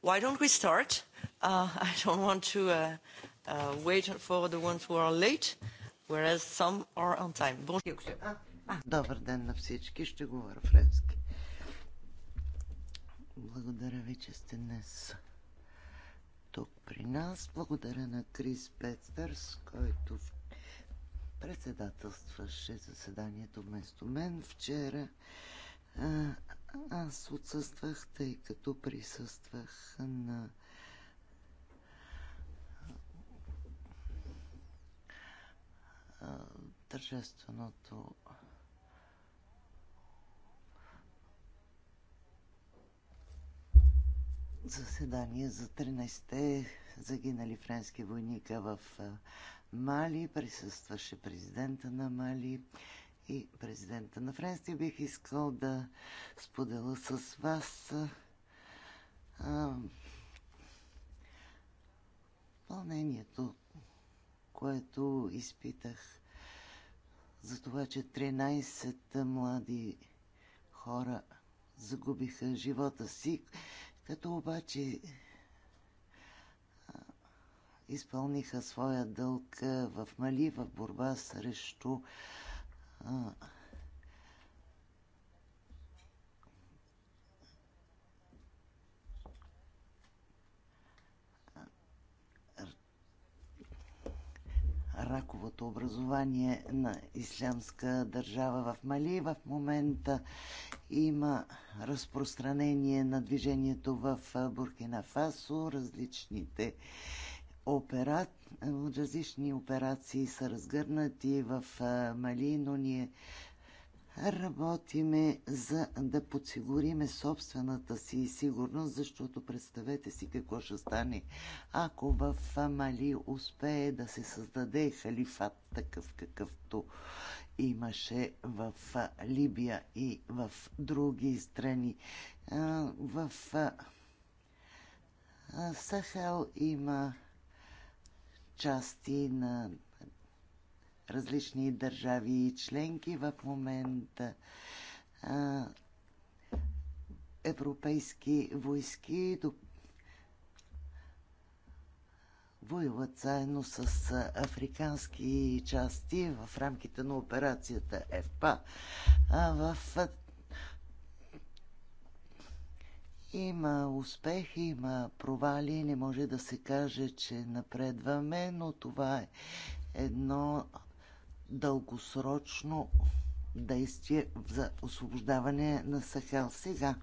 Why don't we start? Uh, I don't want to uh, uh, wait for the ones who are late, whereas some are on time. Bonjour. Добър ден на всички, ще говоря френски. Благодаря ви, че сте днес тук при нас. Благодаря на Крис Петърс, който председателстваше заседанието вместо мен вчера. Аз отсъствах, тъй като присъствах на тържественото заседание за 13-те загинали френски войника в Мали. Присъстваше президента на Мали, и президента на Франция. Бих искал да споделя с вас а, пълнението, което изпитах за това, че 13 млади хора загубиха живота си, като обаче изпълниха своя дълг в Мали в борба срещу раковото образование на Ислямска държава в Мали. В момента има разпространение на движението в Буркина Фасо, различните опера... Е, различни операции са разгърнати в е, Мали, но ние работиме за да подсигуриме собствената си сигурност, защото представете си какво ще стане, ако в е, Мали успее да се създаде халифат такъв какъвто имаше в Либия и в други страни. В Сахел има части на различни държави и членки. В момента европейски войски до... воюват заедно с африкански части в рамките на операцията ЕФПА. в има успехи, има провали, не може да се каже, че напредваме, но това е едно дългосрочно действие за освобождаване на Сахел. Сега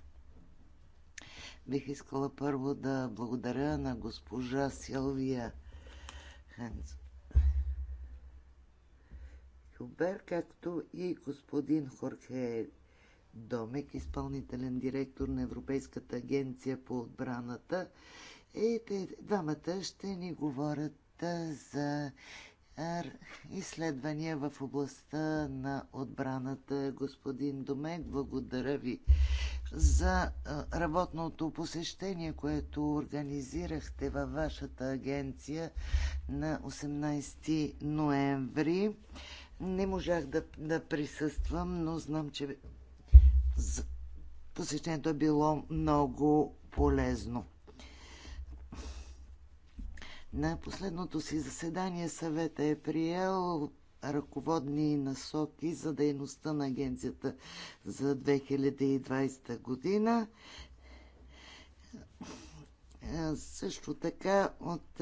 бих искала първо да благодаря на госпожа Силвия Ханс Хюбер, както и господин Хорхе Домек, изпълнителен директор на Европейската агенция по отбраната. И те, двамата ще ни говорят за изследвания в областта на отбраната. Господин Домек, благодаря ви за работното посещение, което организирахте във вашата агенция на 18 ноември. Не можах да, да присъствам, но знам, че посещението е било много полезно. На последното си заседание съвета е приел ръководни насоки за дейността на агенцията за 2020 година. Е, също така от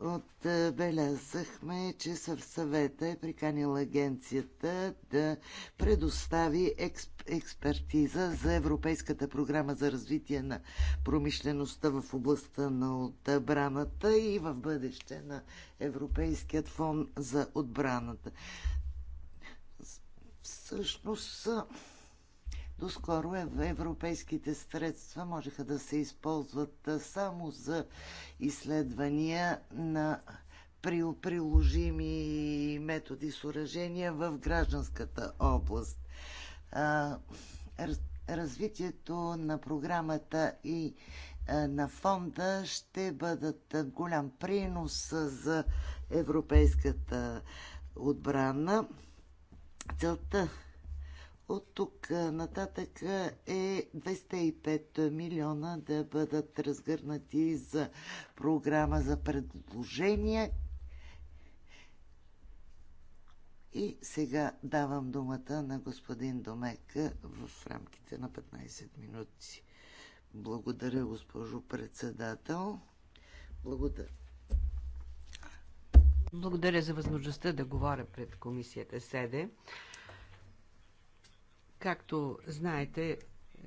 Отбелязахме, е, че в съвета е приканила агенцията да предостави експ, експертиза за Европейската програма за развитие на промишлеността в областта на отбраната и в бъдеще на Европейският фонд за отбраната. Всъщност, Доскоро е- европейските средства можеха да се използват само за изследвания на приложими методи с уражения в гражданската област. Развитието на програмата и на фонда ще бъдат голям принос за европейската отбрана. Целта от тук нататък е 205 милиона да бъдат разгърнати за програма за предложения. И сега давам думата на господин Домек в рамките на 15 минути. Благодаря, госпожо председател. Благодаря. Благодаря за възможността да говоря пред комисията СЕДЕ. Както знаете,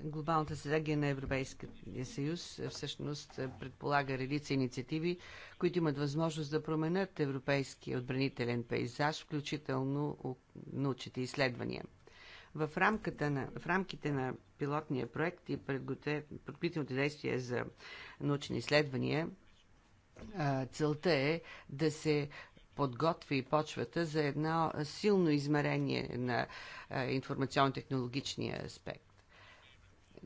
Глобалната стратегия на Европейския съюз всъщност предполага редица инициативи, които имат възможност да променят европейския отбранителен пейзаж, включително научните изследвания. В, рамката на, в рамките на пилотния проект и предпитаните действия за научни изследвания, целта е да се подготви почвата за едно силно измерение на е, информационно-технологичния аспект.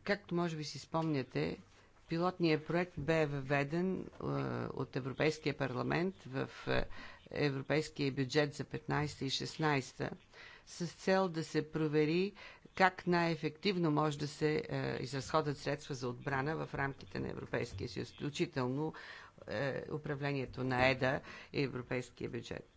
Както може би си спомняте, пилотният проект бе въведен е, от Европейския парламент в е, Европейския бюджет за 15 и 16 с цел да се провери как най-ефективно може да се изразходят средства за отбрана в рамките на Европейския съюз, включително е, управлението на ЕДА и европейския бюджет.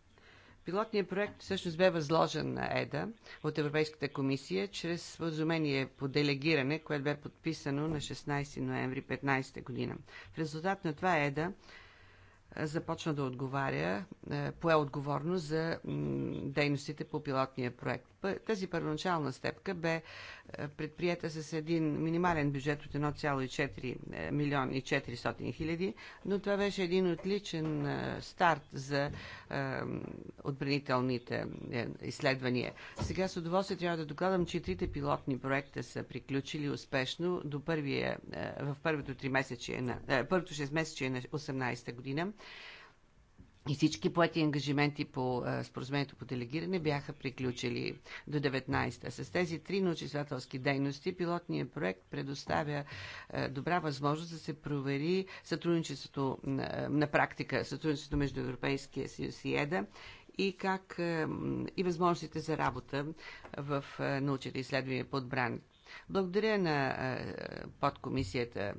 Пилотният проект всъщност бе възложен на ЕДА от Европейската комисия чрез споразумение по делегиране, което бе подписано на 16 ноември 15 година. В резултат на това ЕДА е, започна да отговаря, е, пое отговорност за дейностите по пилотния проект. Тази първоначална степка бе е, предприета с един минимален бюджет от 1,4 е, милион и 400 хиляди, но това беше един отличен е, старт за отбранителните изследвания. Сега с удоволствие трябва да докладам, че трите пилотни проекта са приключили успешно до първия, в първото 6 месече на 18 та година и всички поети ангажименти по споразумението по делегиране бяха приключили до 19-та. С тези три научно-изследователски дейности пилотният проект предоставя добра възможност да се провери сътрудничеството на практика, сътрудничеството между Европейския съюз и ЕДА и как и възможностите за работа в научните изследвания по отбрана. Благодаря на подкомисията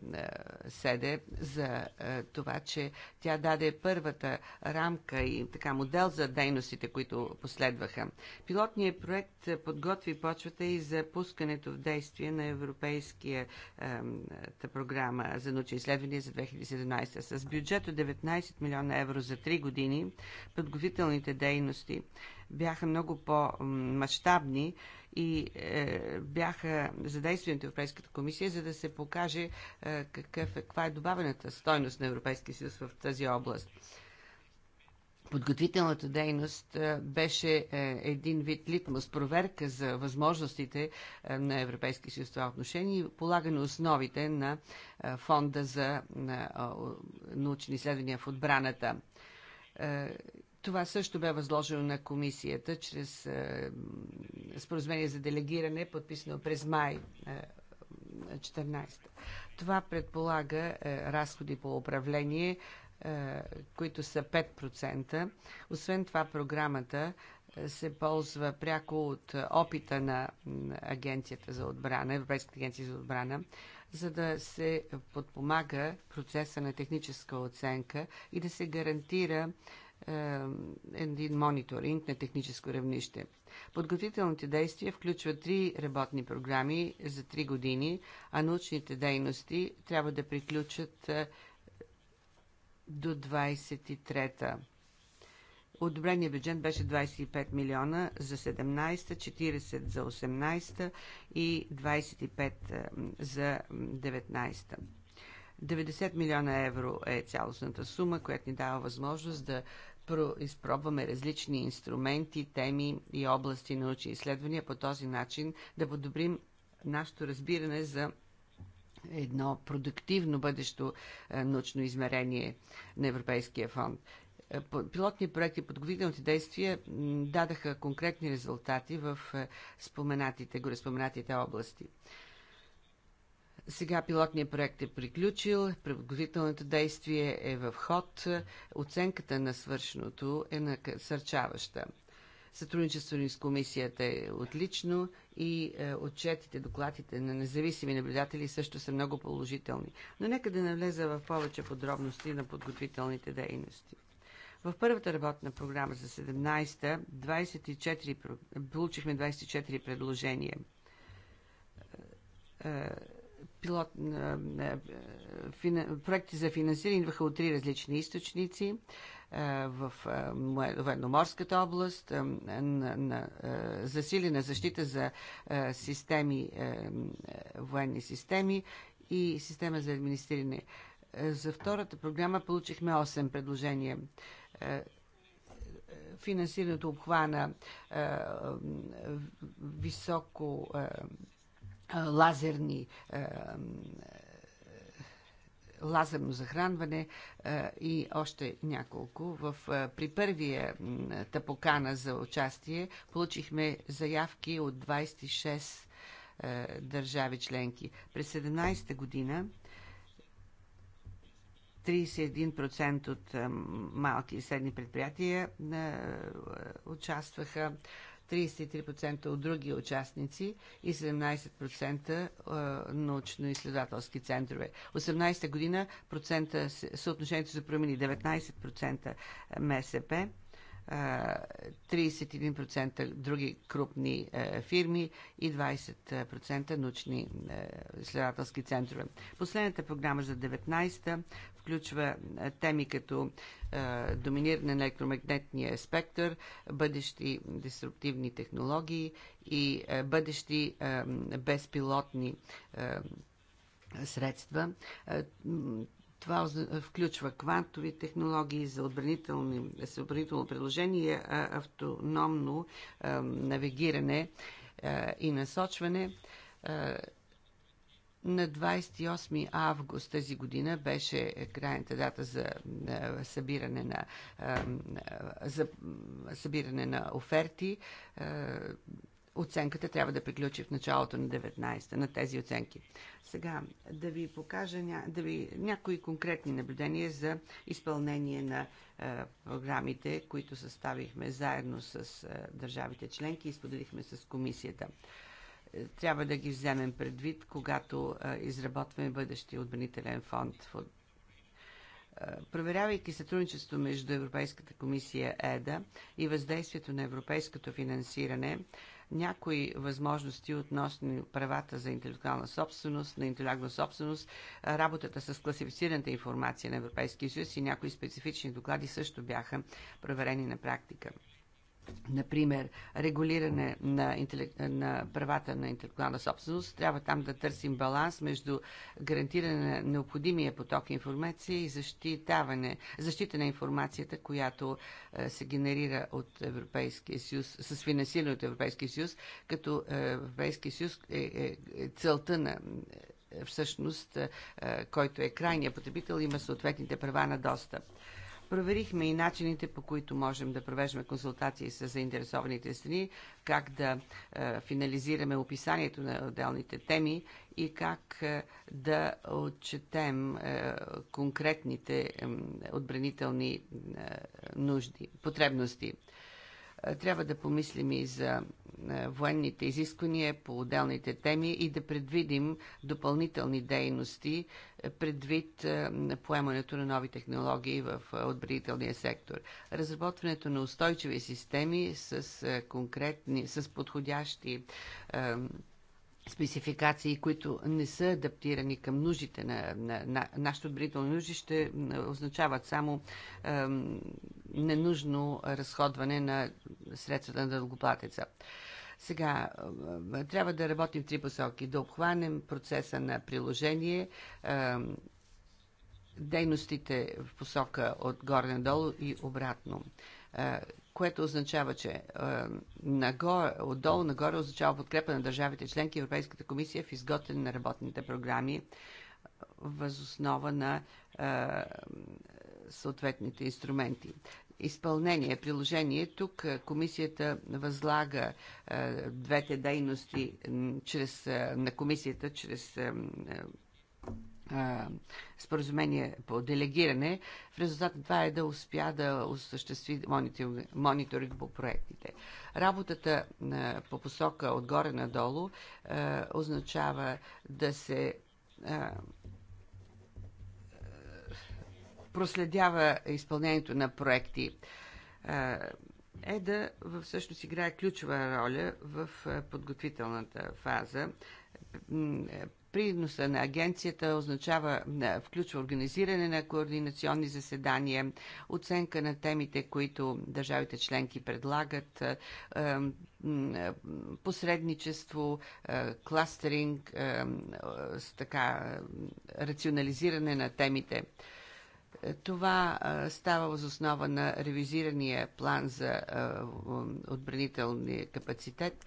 СЕДЕ за това, че тя даде първата рамка и така модел за дейностите, които последваха. Пилотният проект подготви почвата и за пускането в действие на Европейския програма за научни изследвания за 2017. С бюджет от 19 милиона евро за 3 години подготвителните дейности бяха много по-масштабни и е, бяха задействани от Европейската комисия, за да се покаже е, какъв е, каква е добавената стойност на Европейския съюз в тази област. Подготвителната дейност е, беше е, един вид литмус, проверка за възможностите е, на Европейския съюз в това отношение и полагане основите на фонда за научни изследвания в отбраната това също бе възложено на комисията чрез е, споразумение за делегиране, подписано през май 14. Е, това предполага е, разходи по управление, които са 5%. Освен това, програмата се ползва пряко от опита на Агенцията за отбрана, Европейската агенция за отбрана, за да се подпомага процеса на техническа оценка и да се гарантира е, един мониторинг на техническо равнище. Подготвителните действия включват три работни програми за три години, а научните дейности трябва да приключат е, до 23-та. Одобрения бюджет беше 25 милиона за 17-та, 40 за 18-та и 25 е, за 19-та. 90 милиона евро е цялостната сума, която ни дава възможност да изпробваме различни инструменти, теми и области научни изследвания по този начин да подобрим нашето разбиране за едно продуктивно бъдещо е, научно измерение на Европейския фонд. Е, пилотни проекти, подготвителните действия дадаха конкретни резултати в е, споменатите, гореспоменатите области. Сега пилотният проект е приключил, приготовителното действие е в ход, оценката на свършеното е насърчаваща. Сътрудничеството ни с комисията е отлично и е, отчетите, докладите на независими наблюдатели също са много положителни. Но нека да навлеза в повече подробности на подготвителните дейности. В първата работна програма за 17-та получихме 24 предложения е, е, пилот, е, е, фина, проекти за финансиране идваха от три различни източници е, в военноморската област, на, на засилена защита за системи, военни системи и система за администриране. За втората програма получихме 8 предложения финансирането обхвана високо лазерни лазерно захранване и още няколко. В, при първия покана за участие получихме заявки от 26 държави членки. През 17-та година 31% от малки и средни предприятия участваха. 33% от други участници и 17% е, научно-изследователски центрове. 18-та година процента, съотношението се промени 19% МСП. 31% е, други крупни е, фирми и 20% научни изследователски центрове. Последната програма за 19-та включва е, теми като е, доминиране на електромагнетния спектър, бъдещи деструктивни технологии и е, бъдещи безпилотни средства. Това включва квантови технологии за отбранително приложение, автономно навигиране и насочване на 28 август тази година беше крайната дата за е, събиране на, е, за събиране на оферти. Е, оценката трябва да приключи в началото на 19-та, на тези оценки. Сега да ви покажа да ви... някои конкретни наблюдения за изпълнение на е, програмите, които съставихме заедно с е, държавите членки и споделихме с комисията. Е, трябва да ги вземем предвид, когато изработваме бъдещия отбранителен фонд. Проверявайки сътрудничество между Европейската комисия ЕДА и въздействието на европейското финансиране, някои възможности относно правата за интелектуална собственост, на интелектуална собственост, работата с класифицираната информация на Европейския съюз и някои специфични доклади също бяха проверени на практика например, регулиране на, интелек... на правата на интелектуална собственост, трябва там да търсим баланс между гарантиране на необходимия поток информация и защитаване, защита на информацията, която е, се генерира от Европейския съюз, с финансиране от Европейския съюз, като е, Европейския съюз е, е, е целта на всъщност, който е крайния потребител, има съответните права на достъп. Проверихме и начините, по които можем да провеждаме консултации с заинтересованите страни, как да е, финализираме описанието на отделните теми и как е, да отчетем е, конкретните отбранителни нужди, потребности. Е, трябва да помислим и за е, военните изисквания по отделните теми и да предвидим допълнителни дейности е, предвид поемането на нови технологии в отбранителния сектор. Разработването на устойчиви системи с конкретни, с подходящи спецификации, които не са адаптирани към нуждите на, на, на нашите отбранителни нужди, ще означават само е, ненужно разходване на средствата на дългоплатеца. Сега, трябва да работим в три посоки. Да обхванем процеса на приложение, е, дейностите в посока от горе надолу и обратно което означава, че е, нагоре, отдолу нагоре означава подкрепа на държавите членки Европейската комисия в изготвяне на работните програми е, възоснова на е, съответните инструменти. Изпълнение, приложение. Тук е, комисията възлага е, двете дейности чрез, е, на комисията чрез е, споразумение по делегиране. В резултат на това е да успя да осъществи мониторинг по проектите. Работата по посока отгоре надолу означава да се проследява изпълнението на проекти. ЕДА всъщност играе ключова роля в подготвителната фаза Приноса на агенцията означава, е, включва организиране на координационни заседания, оценка на темите, които държавите членки предлагат, е, е, посредничество, кластеринг, така, рационализиране на темите. Това става въз основа на ревизирания план за отбранителния капацитет,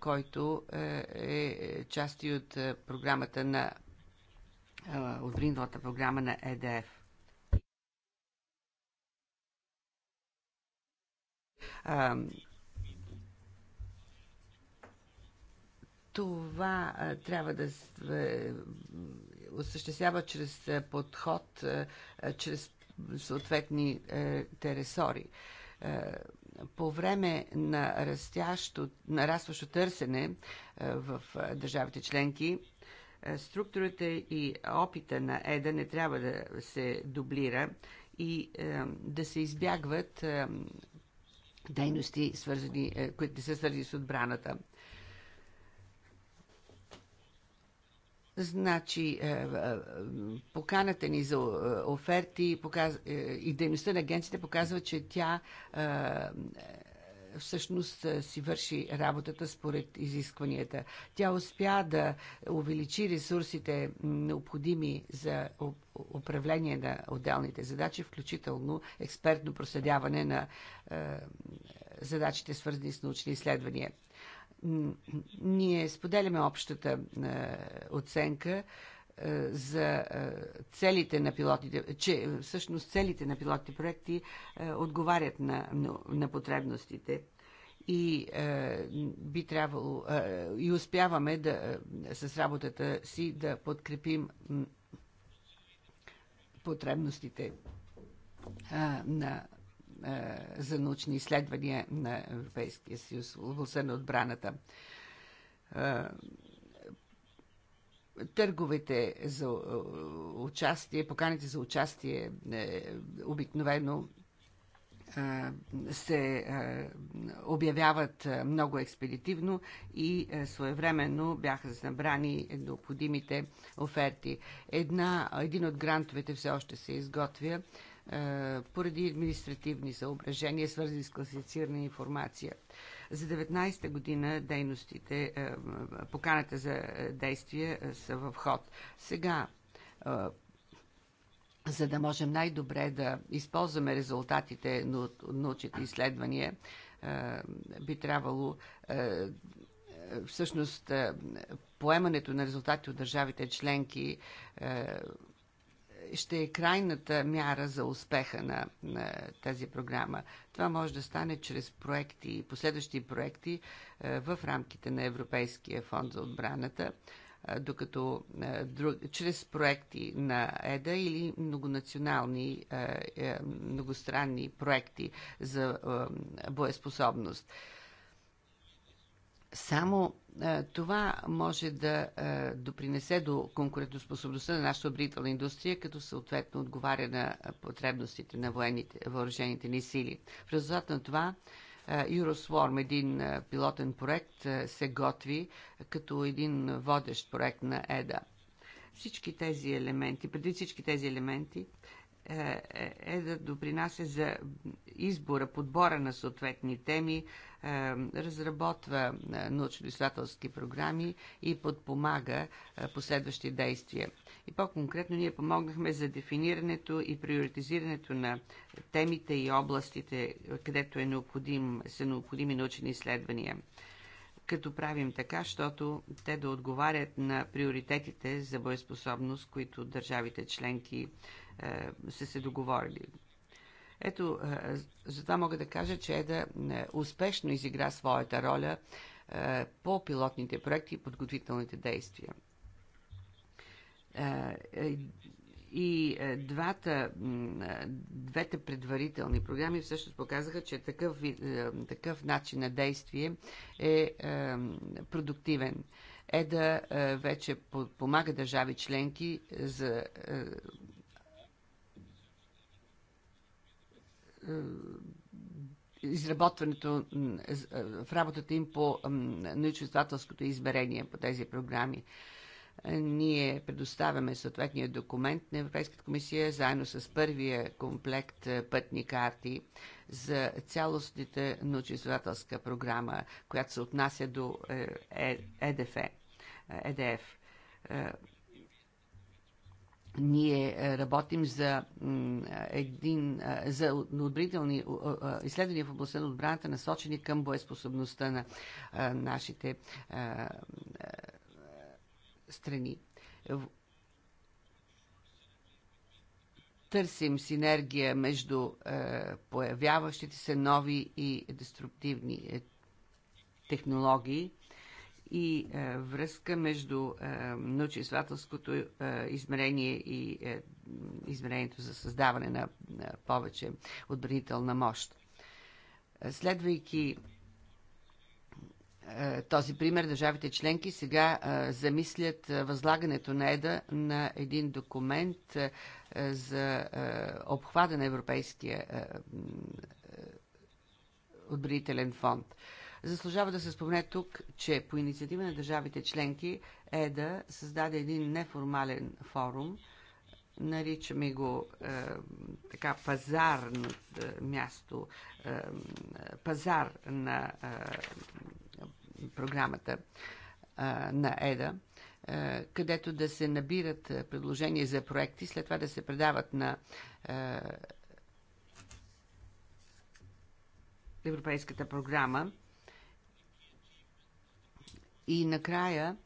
който е част и от програмата на отбранителната програма на ЕДФ. Това трябва да осъществява чрез е, подход, е, е, чрез съответните ресори. По време на растящо, нарастващо търсене в държавите членки, структурата и опита на ЕДА не трябва да се дублира и да се избягват дейности, свързани, които не са свързани с отбраната. Значи, е, е, поканата ни за е, оферти и дейността на агенцията показва, че тя всъщност си върши работата според изискванията. Тя успя да увеличи ресурсите необходими за управление на отделните задачи, включително експертно проследяване на задачите свързани с научни изследвания. Ние споделяме общата е, оценка е, за е, целите на пилотите, че всъщност целите на пилотните проекти отговарят на, на, на потребностите и а, би трябвало а, и успяваме да с работата си да подкрепим потребностите а, на е, за научни изследвания на Европейския съюз в на отбраната. Е, търговете за е, участие, поканите за участие обикновено се обявяват много експедитивно и своевременно бяха набрани необходимите оферти. Една, един от грантовете все още се изготвя е, поради административни съображения, свързани с класифицирана информация. За 19-та година дейностите, е, поканата за действия е, са в ход. Сега за да можем най-добре да използваме резултатите на научните изследвания, би трябвало всъщност поемането на резултати от държавите членки ще е крайната мяра за успеха на, на тази програма. Това може да стане чрез проекти, последващи проекти е, в рамките на Европейския фонд за отбраната, е, докато е, друг, чрез проекти на ЕДА или многонационални, многостранни проекти за боеспособност. Само е, това може да е, допринесе до конкурентоспособността на нашата отбранителна индустрия, като съответно отговаря на потребностите на военните, въоръжените ни сили. В резултат на това Юросворм, е, един пилотен проект, се готви като един водещ проект на ЕДА. Всички тези елементи, преди всички тези елементи, е, е, е да допринася за избора, подбора на съответни теми, е, разработва научно-изследователски програми и подпомага последващи действия. И по-конкретно ние помогнахме за дефинирането и приоритизирането на темите и областите, където е необходим, са необходими научни изследвания като правим така, защото те да отговарят на приоритетите за боеспособност, които държавите членки е, са се договорили. Ето, е, затова мога да кажа, че ЕДА е, успешно изигра своята роля по пилотните проекти и подготвителните действия. И двата, двете предварителни програми всъщност показаха, че такъв, такъв начин на действие е продуктивен. ЕДА вече помага държави членки за изработването в работата им по научествателското измерение по тези програми. Е, ние предоставяме съответния документ на Европейската комисия заедно с първия комплект е, пътни карти за цялостните научествателска програма, която се отнася до ЕДФ. Е, ЕДФ ние е, работим за един, е, за отбранителни изследвания в областта на отбраната, насочени към боеспособността на е, нашите страни. Търсим синергия между появяващите се нови и деструктивни технологии и а, е, връзка между а, е, научно-изследователското е, измерение и а, измерението за създаване на, на повече отбранителна мощ. Следвайки този пример, държавите членки сега а, замислят възлагането на ЕДА на един документ а, за а, обхвата на Европейския а, а, отбранителен фонд. А, Заслужава да се спомне тук, че по инициатива на държавите членки ЕДА създаде един неформален форум, наричаме го е, така пазарно е, място, е, пазар на е, програмата е, на ЕДА, е, където да се набират предложения за проекти, след това да се предават на е, Европейската програма и накрая,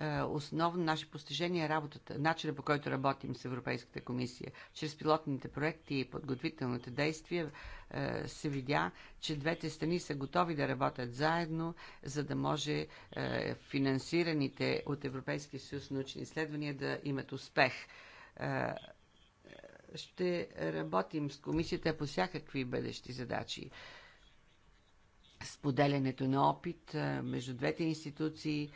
е, основно наше постижение е работата, начинът по който работим с Европейската комисия. Чрез пилотните проекти и подготвителните действия е, се видя, че двете страни са готови да работят заедно, за да може е, финансираните от Европейския съюз научни изследвания да имат успех ще работим с комисията по всякакви бъдещи задачи споделянето на опит е, между двете институции. Е,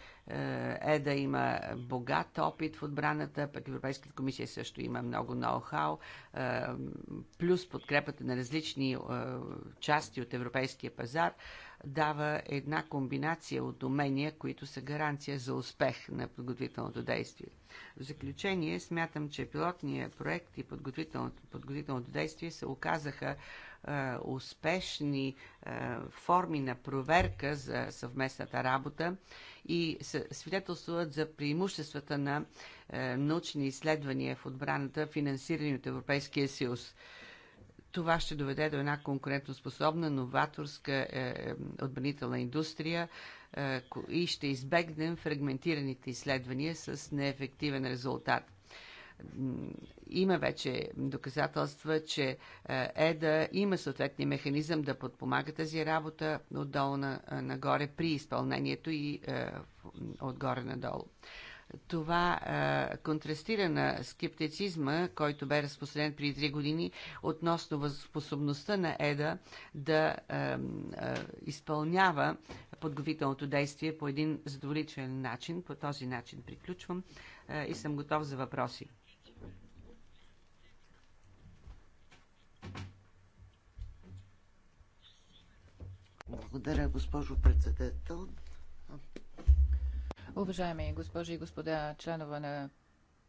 ЕДА има богат опит в отбраната, пък Европейската комисия също има много ноу-хау, е, плюс подкрепата на различни части от европейския пазар дава една комбинация от умения, които са гаранция за успех на подготвителното действие. В заключение смятам, че пилотният проект и подготвителното, подготвителното действие се оказаха е, успешни е, форми на проверка за съвместната работа и свидетелстват за преимуществата на е, научни изследвания в отбраната, финансирани от Европейския съюз. Това ще доведе до една конкурентоспособна, новаторска отбранителна индустрия и ще избегнем фрагментираните изследвания с неефективен резултат. Има вече доказателства, че е, ЕДА има съответния механизъм да подпомага тази работа отдолу на, е, нагоре при изпълнението и е, отгоре надолу. Това е, контрастира на скептицизма, който бе разпространен преди три години относно възпособността на ЕДА да е, е, изпълнява подготвителното действие по един задоволичен начин. По този начин приключвам е, и съм готов за въпроси. Благодаря, госпожо председател. Уважаеми госпожи и господа, членове на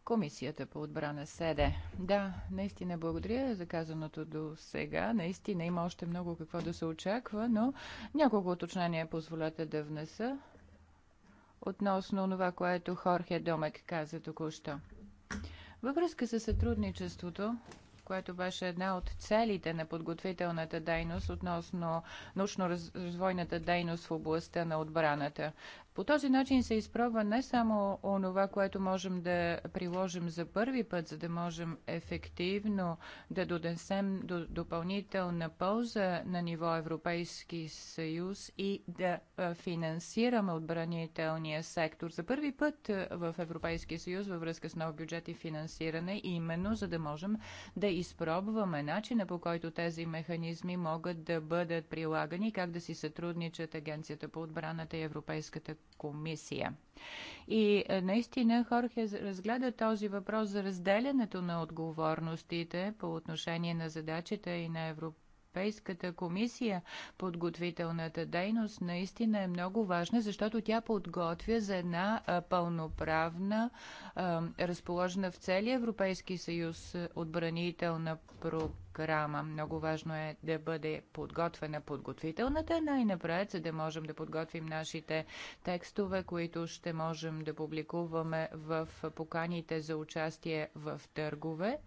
Комисията по отбрана СЕДЕ. Да, наистина благодаря за казаното до сега. Наистина има още много какво да се очаква, но няколко уточнения позволете да внеса относно това, което Хорхе Домек каза току-що. Във връзка с сътрудничеството което беше една от целите на подготвителната дейност относно научно-развойната дейност в областта на отбраната. По този начин се изпробва не само онова, което можем да приложим за първи път, за да можем ефективно да донесем до допълнителна полза на ниво Европейски съюз и да финансираме отбранителния сектор. За първи път в Европейския съюз във връзка с нов бюджет и финансиране, именно за да можем да изпробваме начина по който тези механизми могат да бъдат прилагани, как да си сътрудничат Агенцията по отбраната и Европейската комисия. И е, наистина Хорхе разгледа този въпрос за разделянето на отговорностите по отношение на задачите и на Европа Европейската комисия. Подготвителната дейност наистина е много важна, защото тя подготвя за една пълноправна, разположена в целия Европейски съюз отбранителна програма програма. Много важно е да бъде подготвена подготвителната най-напред, за да можем да подготвим нашите текстове, които ще можем да публикуваме в поканите за участие в търгове.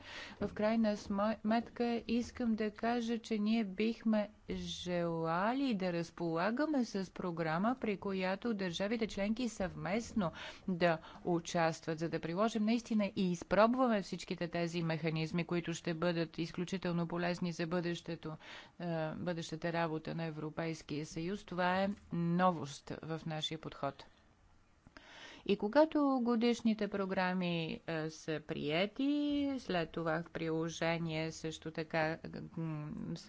В крайна сметка искам да кажа, че ние бихме желали да разполагаме с програма, при която държавите членки съвместно да участват, за да приложим наистина и изпробваме всичките тези механизми, които ще бъдат изключително полезни за бъдещето, е, бъдещата работа на Европейския съюз. Това е новост в нашия подход. И когато годишните програми а, е, са приети, след това в приложение също така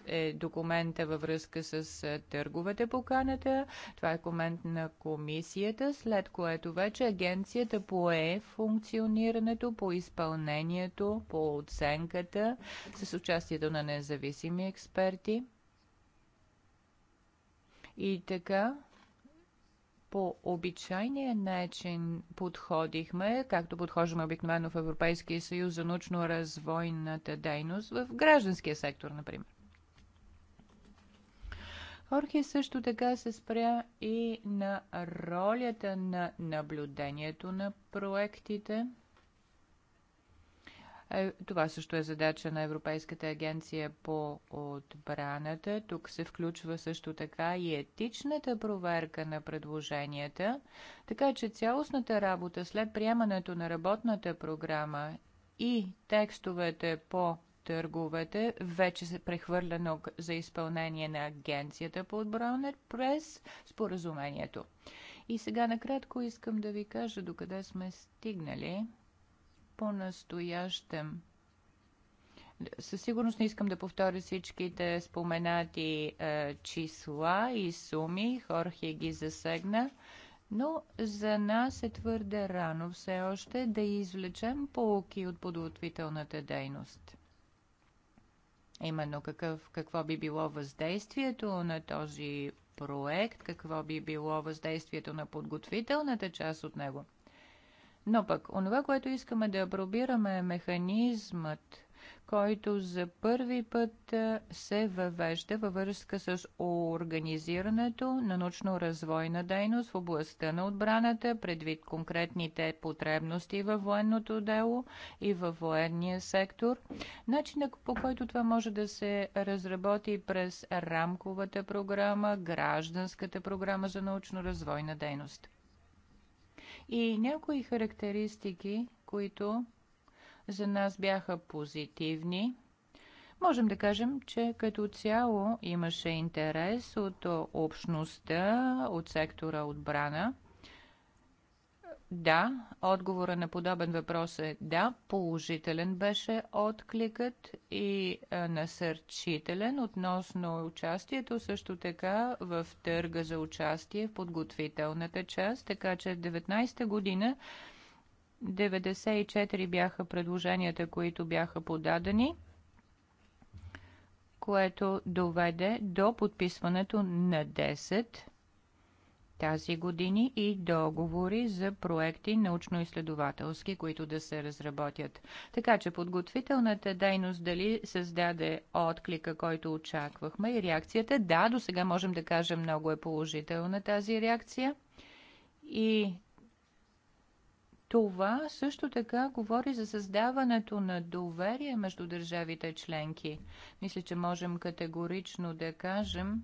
е документа във връзка с е, търговете поканата, това е комент на комисията, след което вече агенцията пое функционирането, по изпълнението, по оценката, с участието на независими експерти. И така, по обичайния начин подходихме, както подхождаме обикновено в Европейския съюз за научно-развойната дейност в гражданския сектор, например. Хорхе също така се спря и на ролята на наблюдението на проектите – е, това също е задача на Европейската агенция по отбраната. Тук се включва също така и етичната проверка на предложенията. Така че цялостната работа след приемането на работната програма и текстовете по търговете вече се прехвърлено за изпълнение на агенцията по отбрана през споразумението. И сега накратко искам да ви кажа докъде сме стигнали по-настоящем със сигурност не искам да повторя всичките споменати е, числа и суми. Хорхе ги засегна. Но за нас е твърде рано все още да извлечем полуки от подготвителната дейност. Именно какъв, какво би било въздействието на този проект, какво би било въздействието на подготвителната част от него. Но пък, онова, което искаме да апробираме е механизмът, който за първи път се въвежда във връзка с организирането на научно-развойна дейност в областта на отбраната, предвид конкретните потребности във военното дело и във военния сектор. Начинът по който това може да се разработи през рамковата програма, гражданската програма за научно-развойна дейност и някои характеристики, които за нас бяха позитивни. Можем да кажем, че като цяло имаше интерес от общността, от сектора отбрана да, отговора на подобен въпрос е да, положителен беше откликът и насърчителен относно участието също така в търга за участие в подготвителната част, така че 19-та година 94 бяха предложенията, които бяха подадени, което доведе до подписването на 10 тази години и договори за проекти научно-изследователски, които да се разработят. Така че подготвителната дейност дали създаде отклика, който очаквахме и реакцията? Да, до сега можем да кажем много е положителна тази реакция. И това също така говори за създаването на доверие между държавите членки. Мисля, че можем категорично да кажем,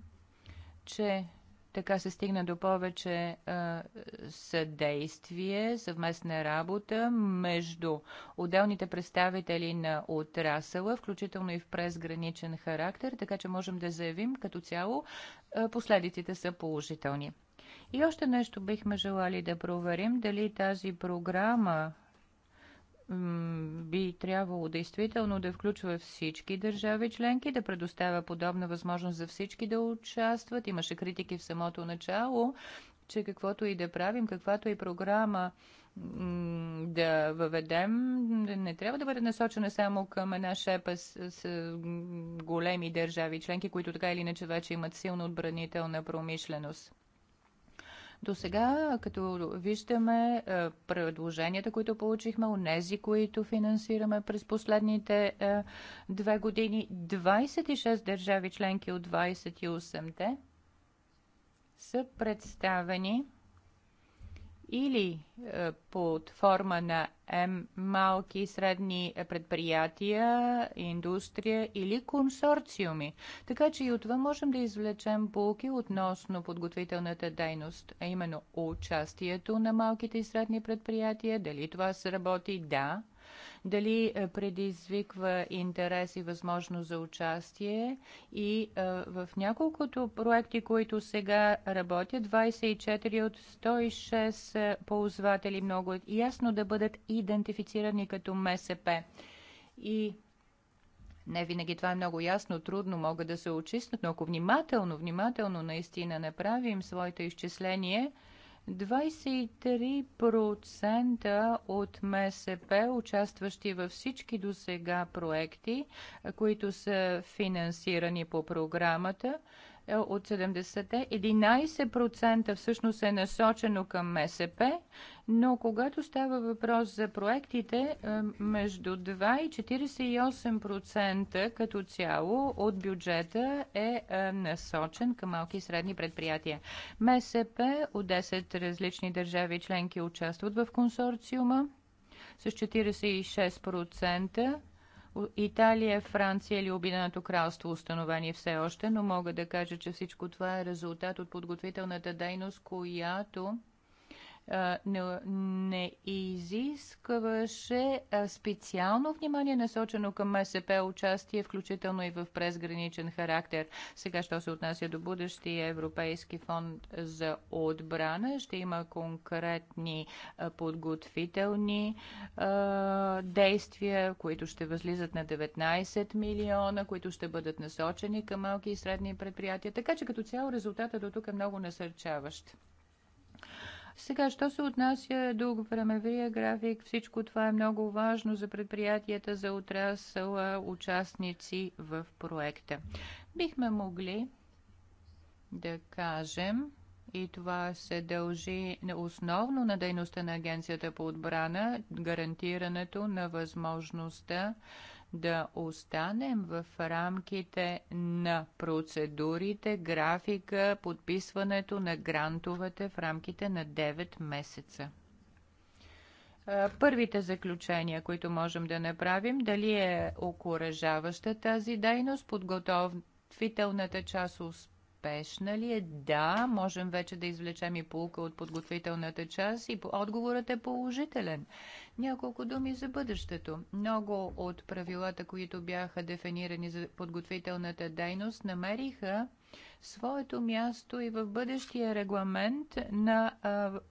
че така се стигна до повече а, съдействие, съвместна работа между отделните представители на отрасъла, включително и в презграничен характер, така че можем да заявим като цяло а, последиците са положителни. И още нещо бихме желали да проверим дали тази програма би трябвало действително да включва всички държави членки, да предоставя подобна възможност за всички да участват. Имаше критики в самото начало, че каквото и да правим, каквато и програма да въведем, не трябва да бъде насочена само към една шепа с, с големи държави членки, които така или иначе вече имат силно отбранителна промишленост. До сега, като виждаме е, предложенията, които получихме, онези, които финансираме през последните е, две години, 26 държави членки от 28-те са представени или е, под форма на М малки и средни предприятия, индустрия или консорциуми. Така че и от това можем да извлечем полки относно подготвителната дейност, а именно участието на малките и средни предприятия, дали това се работи, да, дали е, предизвиква интерес и възможност за участие. И е, в няколкото проекти, които сега работят, 24 от 106 е, ползватели много ясно да бъдат идентифицирани като МСП. И не винаги това е много ясно, трудно могат да се очистят, но ако внимателно, внимателно наистина направим своите изчисление, 23% от МСП, участващи във всички до сега проекти, които са финансирани по програмата, от 70-те, 11% всъщност е насочено към МСП, но когато става въпрос за проектите, е, между 2 и 48% като цяло от бюджета е, е насочен към малки и средни предприятия. МСП от 10 различни държави членки участват в консорциума с 46% Италия, Франция или Обединеното кралство установени все още, но мога да кажа, че всичко това е резултат от подготвителната дейност, която не, не изискваше специално внимание насочено към МСП участие, включително и в презграничен характер. Сега, що се отнася до бъдещия Европейски фонд за отбрана, ще има конкретни подготвителни а, действия, които ще възлизат на 19 милиона, които ще бъдат насочени към малки и средни предприятия. Така че като цяло резултата до тук е много насърчаващ. Сега, що се отнася до времевия график, всичко това е много важно за предприятията, за отрасъла, участници в проекта. Бихме могли да кажем, и това се дължи основно на дейността на Агенцията по отбрана, гарантирането на възможността да останем в рамките на процедурите, графика, подписването на грантовете в рамките на 9 месеца първите заключения, които можем да направим, дали е окоръжаваща тази дейност, подготовителната част успешна, успешна ли е? Да, можем вече да извлечем и полука от подготвителната част и отговорът е положителен. Няколко думи за бъдещето. Много от правилата, които бяха дефинирани за подготвителната дейност, намериха своето място и в бъдещия регламент на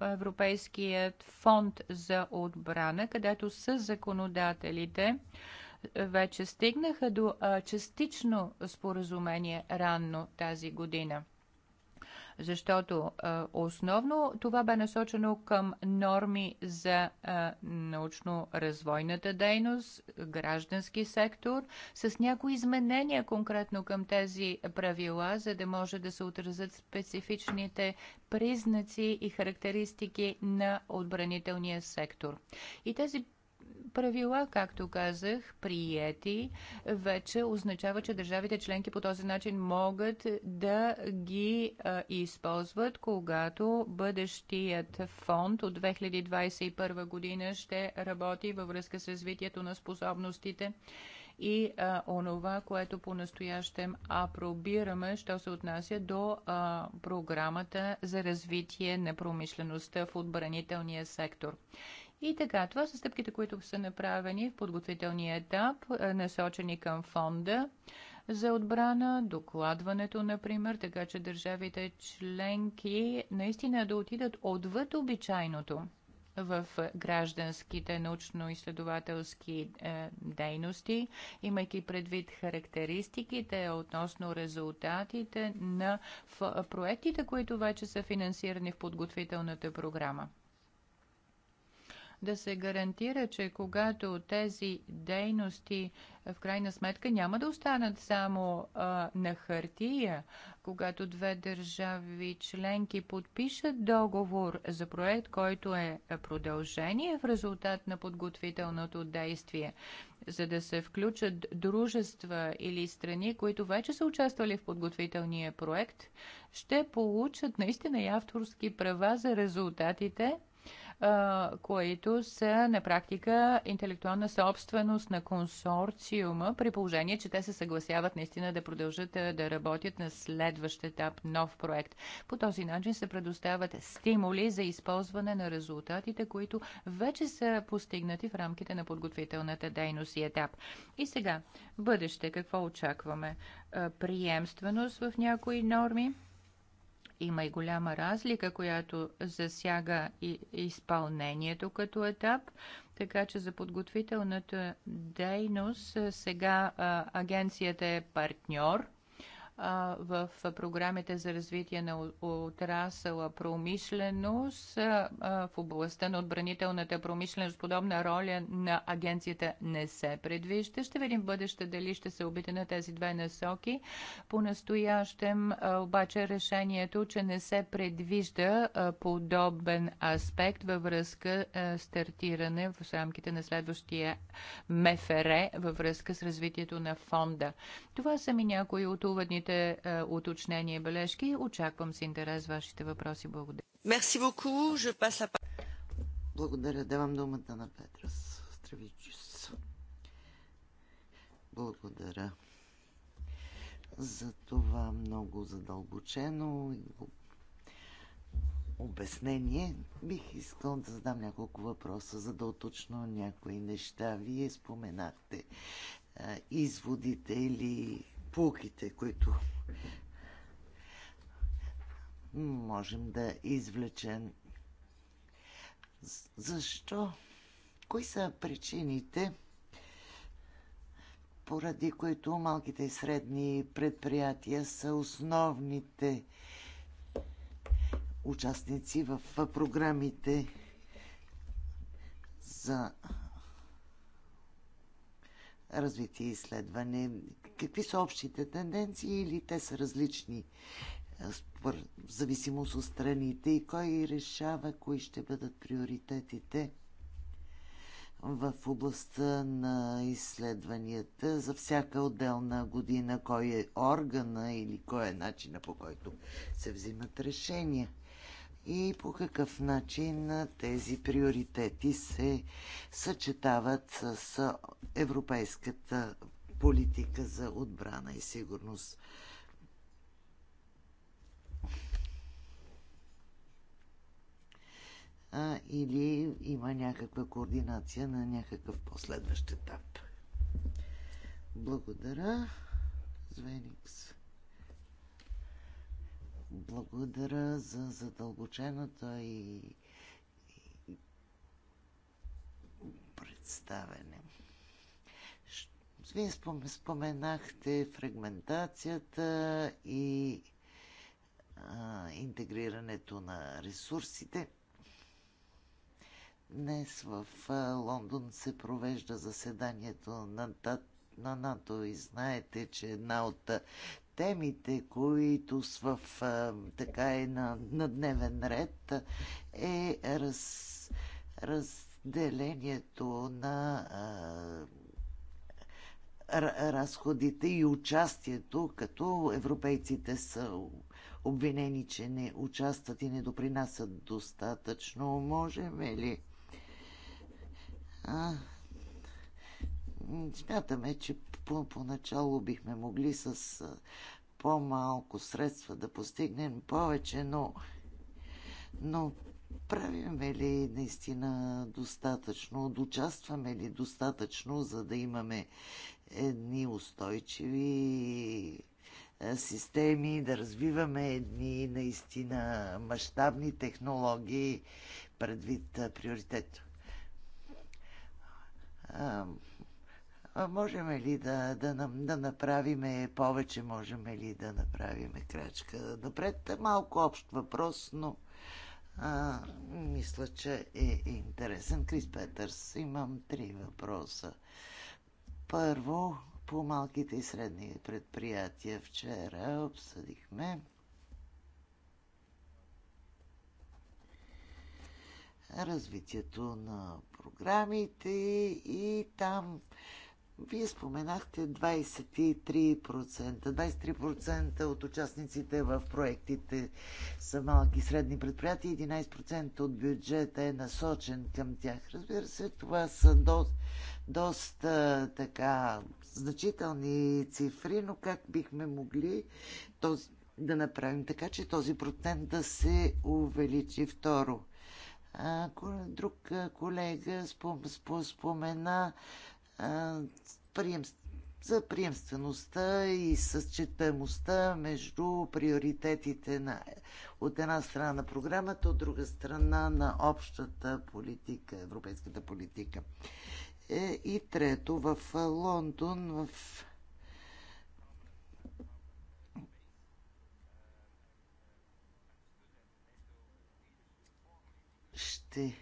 Европейският фонд за отбрана, където са законодателите вече стигнаха до частично споразумение ранно тази година защото а, основно това бе насочено към норми за научно-развойната дейност, граждански сектор, с някои изменения конкретно към тези правила, за да може да се отразят специфичните признаци и характеристики на отбранителния сектор. И тези правила, както казах, приети, вече означава, че държавите членки по този начин могат да ги а, използват, когато бъдещият фонд от 2021 година ще работи във връзка с развитието на способностите и а, онова, което по-настоящем апробираме, що се отнася до а, програмата за развитие на промишлеността в отбранителния сектор. И така, това са стъпките, които са направени в подготвителния етап, е, насочени към фонда за отбрана, докладването, например, така че държавите членки наистина да отидат отвъд обичайното в гражданските научно-изследователски е, дейности, имайки предвид характеристиките относно резултатите на проектите, които вече са финансирани в подготвителната програма да се гарантира, че когато тези дейности е, в крайна сметка няма да останат само а, на хартия, когато две държави членки подпишат договор за проект, който е, е продължение в резултат на подготвителното действие, за да се включат дружества или страни, които вече са участвали в подготвителния проект, ще получат наистина и авторски права за резултатите които са на практика интелектуална собственост на консорциума, при положение, че те се съгласяват наистина да продължат да работят на следващ етап нов проект. По този начин се предоставят стимули за използване на резултатите, които вече са постигнати в рамките на подготвителната дейност и етап. И сега, бъдеще, какво очакваме? Приемственост в някои норми? Има и голяма разлика, която засяга и изпълнението като етап. Така че за подготвителната дейност сега агенцията е партньор в програмите за развитие на отрасъла промишленост в областта на отбранителната промишленост. Подобна роля на агенцията не се предвижда. Ще видим в бъдеще дали ще се обиде на тези две насоки. По-настоящем обаче решението, че не се предвижда подобен аспект във връзка стартиране в рамките на следващия МФР във връзка с развитието на фонда. Това са ми някои от уводните вашите е, уточнения и бележки. Очаквам с интерес вашите въпроси. Благодаря. Мерси боку. Je passe la... Благодаря. Давам думата на Петрас Стравичис. Благодаря за това много задълбочено обяснение. Бих искал да задам няколко въпроса, за да уточно някои неща. Вие споменахте е, изводите или пулките, които можем да извлечем. Защо? Кои са причините, поради които малките и средни предприятия са основните участници в програмите за развитие и изследване. Какви са общите тенденции или те са различни е, в зависимост от страните и кой решава кои ще бъдат приоритетите в областта на изследванията за всяка отделна година, кой е органа или кой е начина по който се взимат решения и по какъв начин тези приоритети се съчетават с европейската политика за отбрана и сигурност. а, или има някаква координация на някакъв последващ етап. Благодаря, Звеникс благодаря за задълбочената и, и представене. Вие споменахте фрагментацията и а, интегрирането на ресурсите. Днес в а, Лондон се провежда заседанието на, на НАТО и знаете, че една от темите, които са в а, така е на, на дневен ред, е раз, разделението на а, разходите и участието, като европейците са обвинени, че не участват и не допринасят достатъчно. Можем е ли? А, смятаме, че по, поначало бихме могли с по-малко средства да постигнем повече, но, но правиме ли наистина достатъчно, участваме ли достатъчно, за да имаме едни устойчиви системи, да развиваме едни наистина мащабни технологии предвид приоритет можем ли да, да, да направим повече, можем ли да направим крачка напред. Малко общ въпрос, но а, мисля, че е интересен. Крис Петърс, имам три въпроса. Първо, по малките и средни предприятия вчера обсъдихме развитието на програмите и там вие споменахте 23%. 23% от участниците в проектите са малки и средни предприятия, 11% от бюджета е насочен към тях. Разбира се, това са до, доста така значителни цифри, но как бихме могли този, да направим така, че този процент да се увеличи второ? друг колега спомена прием, за приемствеността и съчетаемостта между приоритетите на, от една страна на програмата, от друга страна на общата политика, европейската политика. Е, и трето, в Лондон, в ще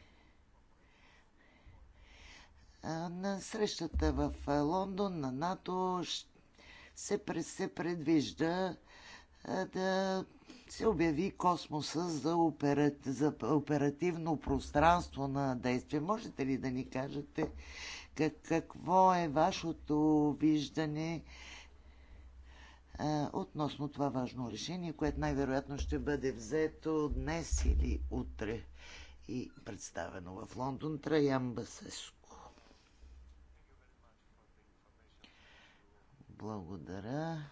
на срещата в Лондон на НАТО се, се предвижда да се обяви космоса за, операт, за оперативно пространство на действие. Можете ли да ни кажете как, какво е вашето виждане а, относно това важно решение, което най-вероятно ще бъде взето днес или утре и представено в Лондон Траян Басеско? Благодаря.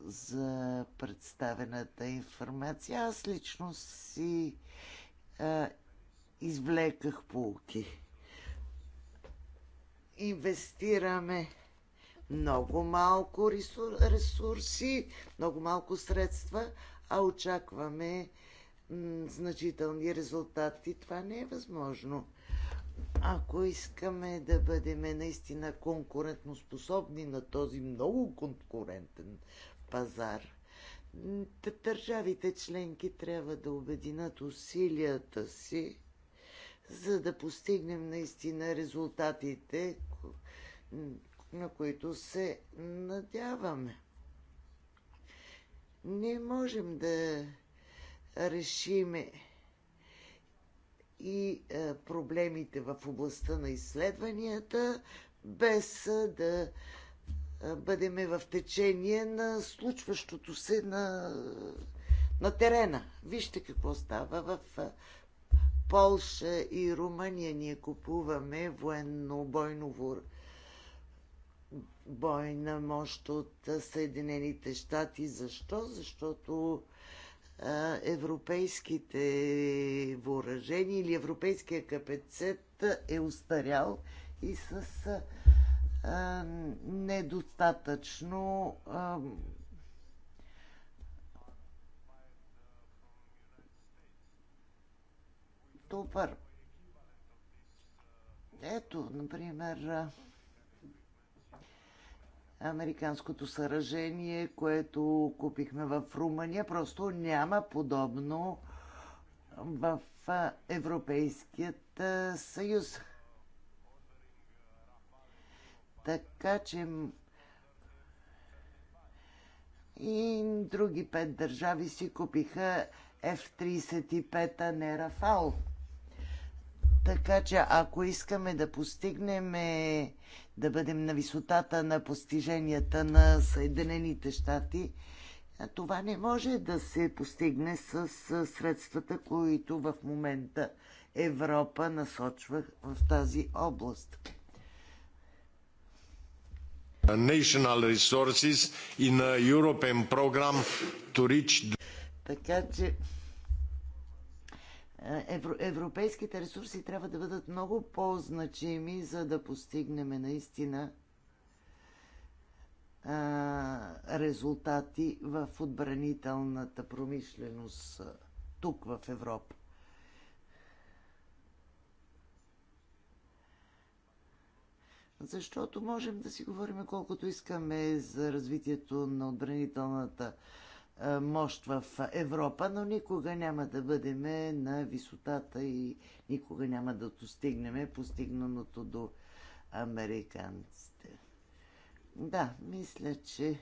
за представената информация. Аз лично си а, извлеках полки. Инвестираме много малко ресурси, много малко средства, а очакваме значителни резултати. Това не е възможно. Ако искаме да бъдем наистина конкурентоспособни на този много конкурентен пазар, държавите членки трябва да обединат усилията си, за да постигнем наистина резултатите, на които се надяваме. Не можем да решиме и е, проблемите в областта на изследванията, без е, да е, бъдеме в течение на случващото се на, на терена. Вижте какво става в Полша и Румъния. Ние купуваме военно-бойно въоръжение бойна мощ от Съединените щати. Защо? Защото европейските въоръжения или европейския капецет е устарял и с а, недостатъчно а, добър. Ето, например, американското съражение, което купихме в Румъния. Просто няма подобно в Европейският съюз. Така че и други пет държави си купиха F-35, а не Рафал. Така че ако искаме да постигнем е, да бъдем на висотата на постиженията на Съединените щати. Това не може да се постигне с средствата, които в момента Европа насочва в тази област. National resources in a European program to reach... Така че европейските ресурси трябва да бъдат много по-значими, за да постигнем наистина резултати в отбранителната промишленост тук в Европа. Защото можем да си говорим колкото искаме за развитието на отбранителната промишленост е, мощ в Европа, но никога няма да бъдем на висотата и никога няма да достигнем постигнаното до американците. Да, мисля, че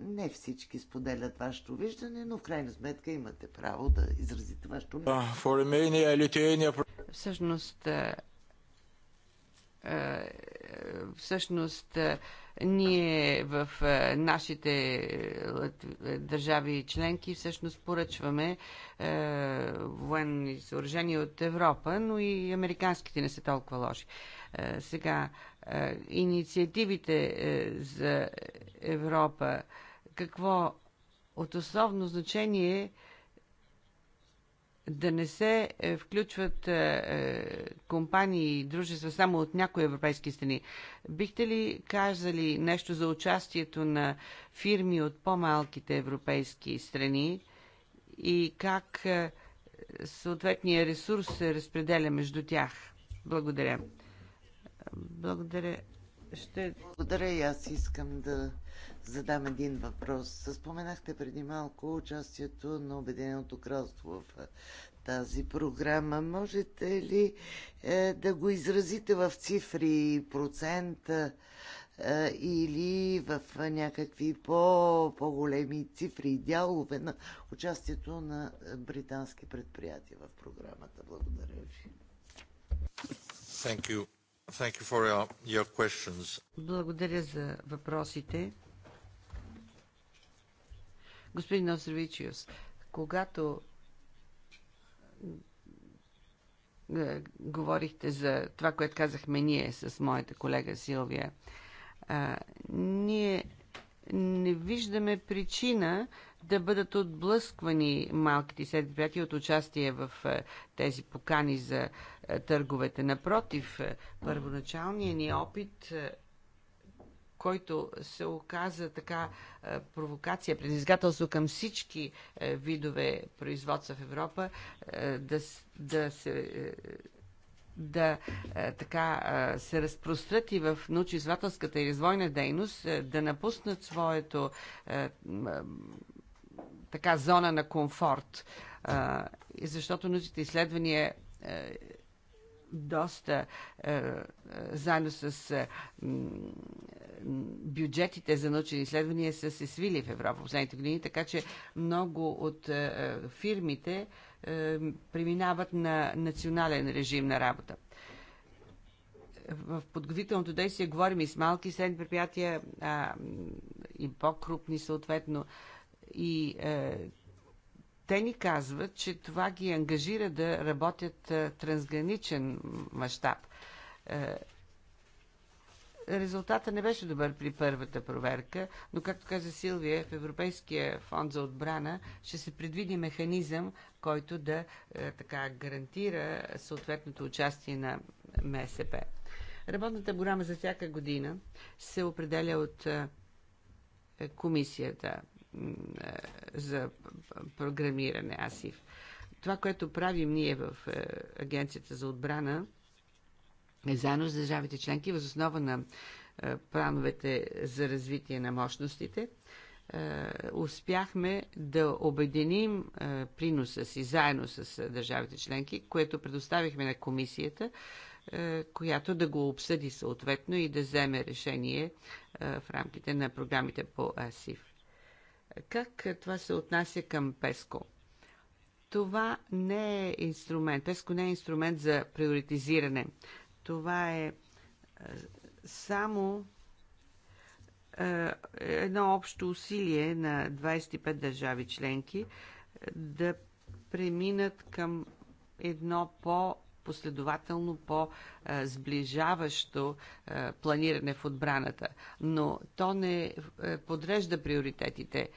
не всички споделят вашето виждане, но в крайна сметка имате право да изразите вашето мнение. Всъщност, е, е, всъщност ние в нашите държави и членки всъщност поръчваме военни съоръжения от Европа, но и американските не са толкова лоши. Сега, инициативите за Европа, какво от основно значение е да не се е, включват е, е, компании и дружества само от някои европейски страни. Бихте ли казали нещо за участието на фирми от по-малките европейски страни и как съответния ресурс се разпределя между тях? Благодаря. Благодаря. Ще... Благодаря и аз искам да задам един въпрос. Споменахте преди малко участието на Обединеното кралство в тази програма. Можете ли е, да го изразите в цифри, процента е, или в някакви по, по-големи цифри и дялове на участието на британски предприятия в програмата? Благодаря ви. Thank you. Thank you for your, your questions. Благодаря за въпросите. Господин Осревичиус, когато е, говорихте за това, което казахме ние с моята колега Силвия, а, е, ние не виждаме причина да бъдат отблъсквани малките и от участие в е, тези покани за търговете. Напротив, първоначалният ни опит който се оказа така е, провокация, предизвикателство към всички е, видове производства в Европа, е, да, да се да така се разпрострат и в научно и развойна дейност, да напуснат своето така зона на комфорт. Защото научните изследвания доста заедно с бюджетите за научни изследвания са се свили в Европа в последните години, така че много от е, фирмите е, преминават на национален режим на работа в подготвителното действие говорим и с малки средни предприятия, а, и по-крупни съответно. И е, те ни казват, че това ги ангажира да работят е, трансграничен мащаб. Е, резултата не беше добър при първата проверка, но както каза Силвия, в Европейския фонд за отбрана ще се предвиди механизъм, който да е, така гарантира съответното участие на МСП. Работната програма за всяка година се определя от е, комисията е, за програмиране АСИФ. Това, което правим ние в Агенцията за отбрана, заедно с държавите членки, възоснова на е, плановете за развитие на мощностите, е, успяхме да обединим е, приноса си заедно с държавите членки, което предоставихме на комисията, която да го обсъди съответно и да вземе решение в рамките на програмите по СИФ. Как това се отнася към ПЕСКО? Това не е инструмент. ПЕСКО не е инструмент за приоритизиране това е, е само е, едно общо усилие на 25 държави членки е, да преминат към едно по- последователно по-сближаващо планиране в отбраната. Но то не подрежда приоритетите.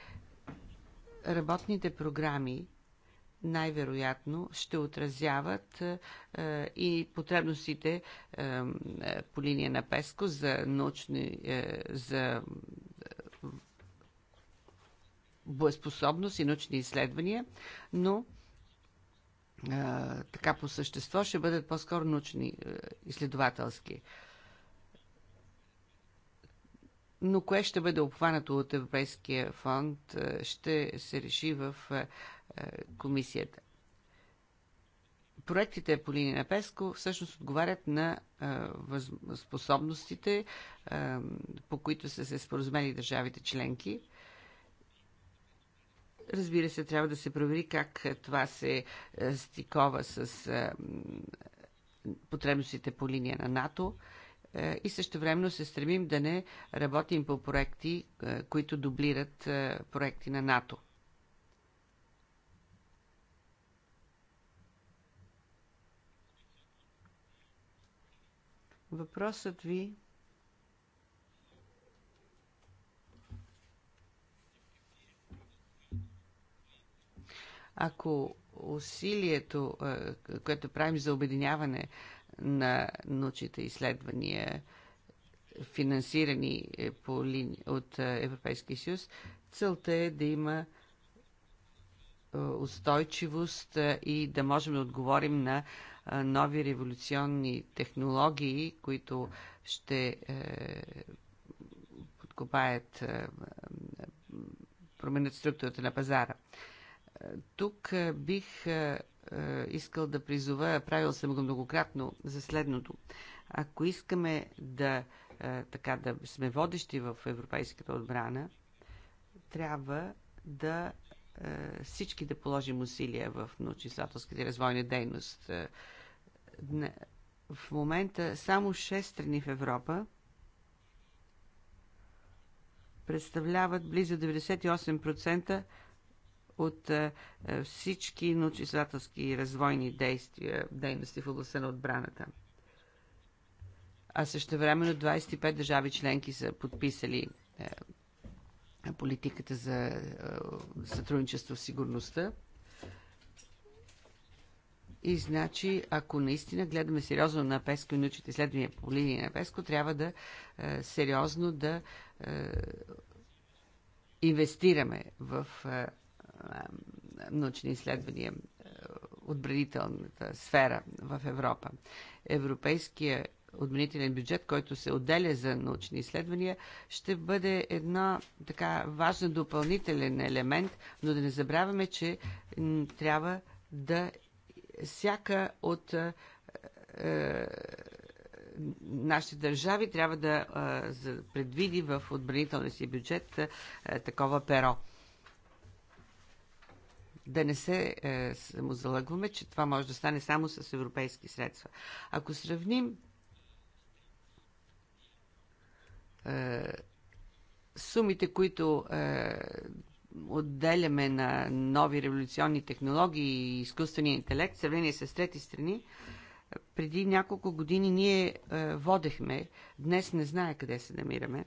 Работните програми най-вероятно ще отразяват е, е, и потребностите е, по линия на ПЕСКО за научни, за боеспособност и научни изследвания, но така по същество ще бъдат по-скоро научни изследователски но кое ще бъде обхванато от Европейския фонд, е, ще се реши в е, е, комисията. Проектите по линия на ПЕСКО всъщност отговарят на способностите, по които са се споразумели държавите членки. Разбира се, трябва да се провери как това се стикова с потребностите по линия на НАТО. Е, и също времено се стремим да не работим по проекти, е, които дублират е, проекти на НАТО. Въпросът ви ако усилието, което правим за обединяване на научните изследвания, финансирани е, по лини... от е, Европейския съюз. Целта е да има е, устойчивост и да можем да отговорим на нови революционни технологии, които ще подкопаят, променят структурата на пазара. Тук бих е, искал да призова, правил съм го многократно за следното. Ако искаме да, е, така, да сме водещи в европейската отбрана, трябва да е, всички да положим усилия в научно-изследователската и развойна дейност. В момента само 6 страни в Европа представляват близо 98% от е, е, всички научно-изследователски и развойни действия, дейности в областта на отбраната. А също времено 25 държави членки са подписали е, политиката за сътрудничество в сигурността. И значи, ако наистина гледаме сериозно на ПЕСКО и научите изследвания по линия на ПЕСКО, трябва да е, сериозно да е, инвестираме в е, научни изследвания е, отбранителната сфера в Европа. Европейския отбранителен бюджет, който се отделя за научни изследвания, ще бъде една така важна допълнителен елемент, но да не забравяме, че трябва да всяка от е, е, нашите държави трябва да е, предвиди в отбранителния си бюджет е, такова перо да не се е, самозалъгваме, че това може да стане само с европейски средства. Ако сравним е, сумите, които е, отделяме на нови революционни технологии и изкуствения интелект, в сравнение с трети страни, преди няколко години ние е, водехме. Днес не знае къде се намираме,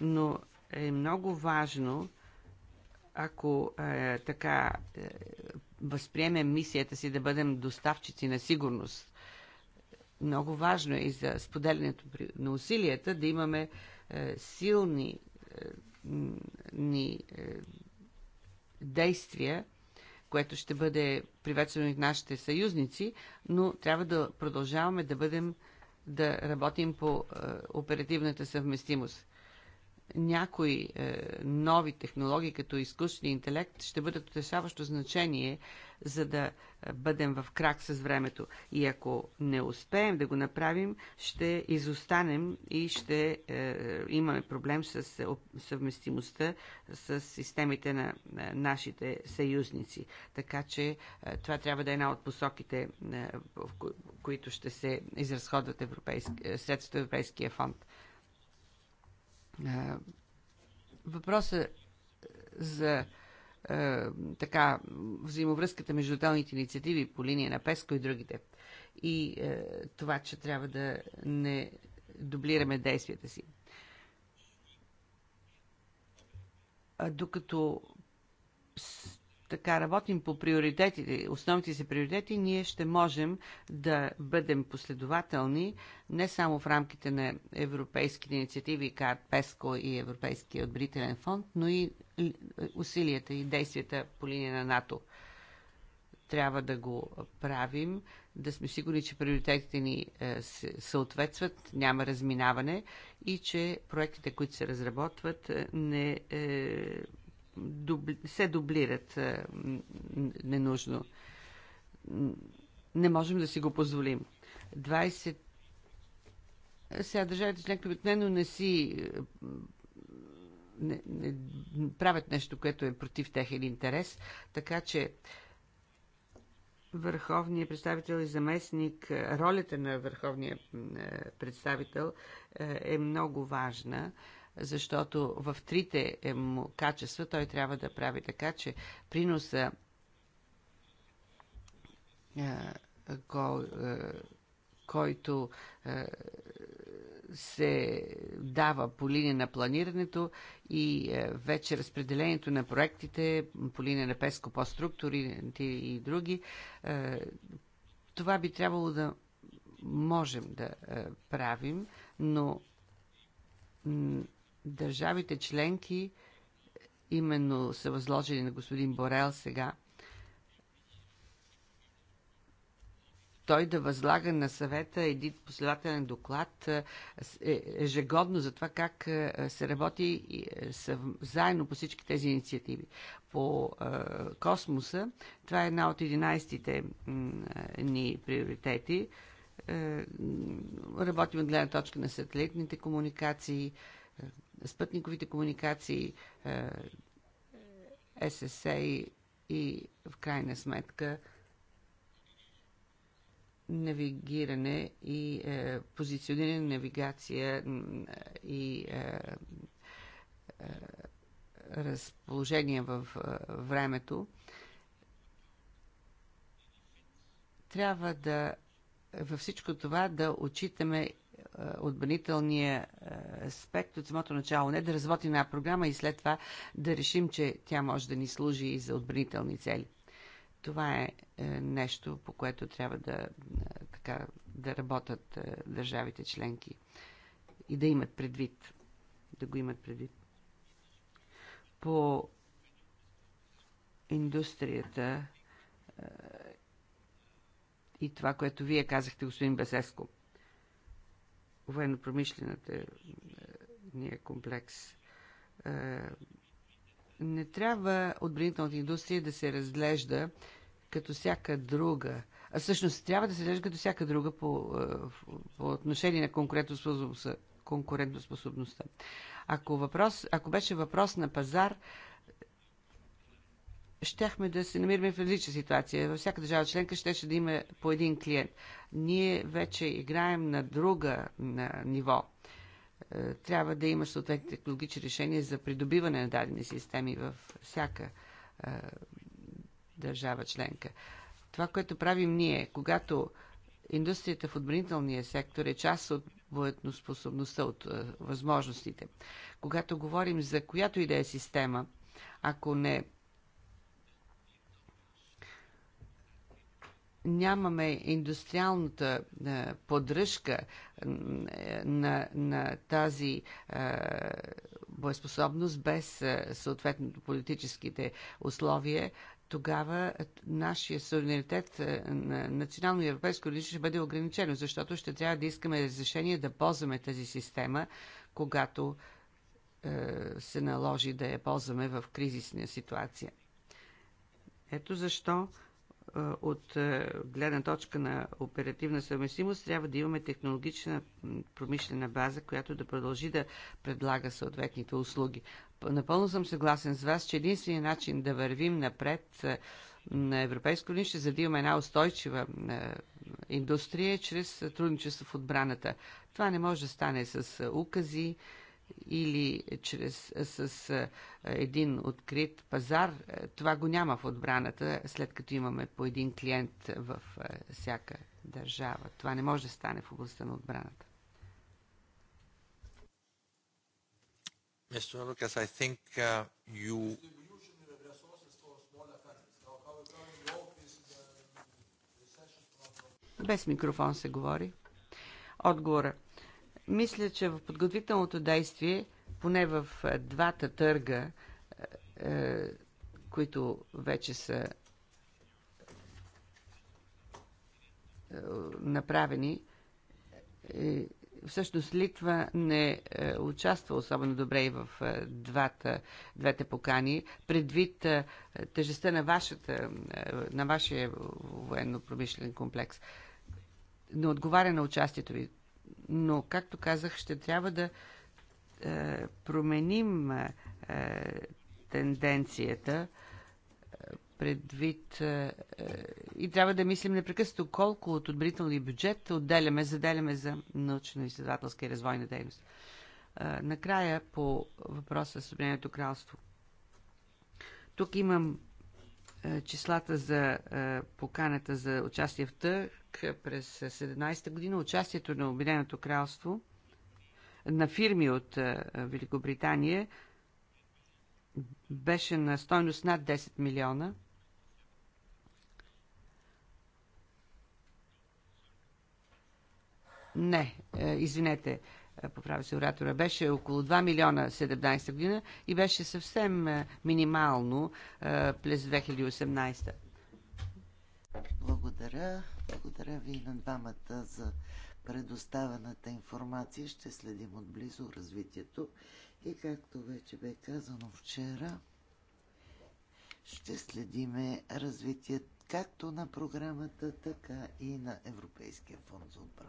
но е много важно ако е, така е, възприемем мисията си да бъдем доставчици на сигурност, много важно е и за споделянето на усилията да имаме е, силни е, ни, е, действия, което ще бъде приветствено и нашите съюзници, но трябва да продължаваме да бъдем да работим по е, оперативната съвместимост някои е, нови технологии, като изкуствения интелект, ще бъдат от решаващо значение, за да е, бъдем в крак с времето. И ако не успеем да го направим, ще изостанем и ще е, имаме проблем с е, съвместимостта с системите на, на нашите съюзници. Така че е, това трябва да е една от посоките, е, в които ще се изразходват европейски, е, средства Европейския фонд. Въпроса е, за е, така взаимовръзката между отделните инициативи по линия на ПЕСКО и другите. И е, това, че трябва да не дублираме действията си. А докато така работим по приоритетите, основните си приоритети, ние ще можем да бъдем последователни не само в рамките на европейските инициативи, КАРТ ПЕСКО и Европейския отбрителен фонд, но и усилията и действията по линия на НАТО. Трябва да го правим, да сме сигурни, че приоритетите ни е, съответстват, няма разминаване и че проектите, които се разработват, е, не е, дубли, се дублират е, ненужно. Не можем да си го позволим. 20... Сега държавите членки обикновено не си е, не, не, правят нещо, което е против техен интерес, така че върховният представител и заместник, е, ролята на върховния представител е много важна защото в трите е, му качества той трябва да прави така, че приноса е, е, който се дава по линия на планирането и вече разпределението на проектите по линия на ПЕСКО по структури и други. Това би трябвало да можем да правим, но държавите членки именно са възложени на господин Борел сега, той да възлага на съвета един последователен доклад е, е, ежегодно за това как е, се работи заедно по всички тези инициативи. По космоса, това е една от 11-те ни приоритети. Работим от гледна точка на сателитните комуникации, спътниковите комуникации, е, ССА и в крайна сметка навигиране и е, позициониране, навигация и е, е, разположение в е, времето, трябва да във всичко това да отчитаме е, отбранителния е, аспект от самото начало. Не да разводим една програма и след това да решим, че тя може да ни служи и за отбранителни цели. Това е, е нещо, по което трябва да, така, да работят държавите членки и да имат предвид. Да го имат предвид. По индустрията и това, което вие казахте, господин Басеско, военно-промишлената е, ния комплекс. Е, не трябва отбранителната индустрия да се разглежда като всяка друга. А всъщност трябва да се разглежда като всяка друга по, е, по отношение на конкурентоспособността. конкурентоспособността. Ако, въпрос, ако беше въпрос на пазар, щяхме да се намираме в различна ситуация. Във всяка държава членка щеше да има по един клиент. Ние вече играем на друга на ниво. Е, трябва да има съответни технологични решения за придобиване на дадени системи във всяка е, държава членка. Това, което правим ние, когато индустрията в отбранителния сектор е част от военноспособността, от е, възможностите, когато говорим за която и да е система, ако не нямаме индустриалната е, поддръжка е, на, на тази е, боеспособност без съответното политическите условия, тогава нашия суверенитет на национално и европейско равнище ще бъде ограничено, защото ще трябва да искаме разрешение да ползваме тази система, когато се наложи да я ползваме в кризисна ситуация. Ето защо от гледна точка на оперативна съвместимост, трябва да имаме технологична промишлена база, която да продължи да предлага съответните услуги. Напълно съм съгласен с вас, че единственият начин да вървим напред на европейско нище, за да имаме една устойчива индустрия е чрез сътрудничество в отбраната. Това не може да стане с укази, или чрез, с един открит пазар, това го няма в отбраната, след като имаме по един клиент в всяка държава. Това не може да стане в областта на отбраната. Mr. Lucas, I think uh, you Без микрофон се говори. Отговора. Мисля, че в подготвителното действие, поне в е, двата търга, е, е, които вече са направени, всъщност Литва не участва особено добре и в двата, двете покани, предвид тежестта на, вашата, на вашия военно-промишлен комплекс. Не отговаря на участието ви но, както казах, ще трябва да е, променим е, е тенденцията е, предвид е, е, и трябва да мислим непрекъснато колко от отбранителния бюджет отделяме, заделяме за научно-изследователска и развойна дейност. Е, накрая по въпроса с Обединеното кралство. Тук имам е, числата за е, поканата за участие в търг през 17-та година, участието на Обединеното кралство на фирми от е, Великобритания беше на стойност над 10 милиона. Не, извинете, е, поправя се оратора, беше около 2 милиона 17 година и беше съвсем е, минимално е, през 2018. Благодаря. Благодаря ви на двамата за предоставената информация. Ще следим отблизо развитието и както вече бе казано вчера, ще следиме развитието както на програмата, така и на Европейския фонд за отбрана.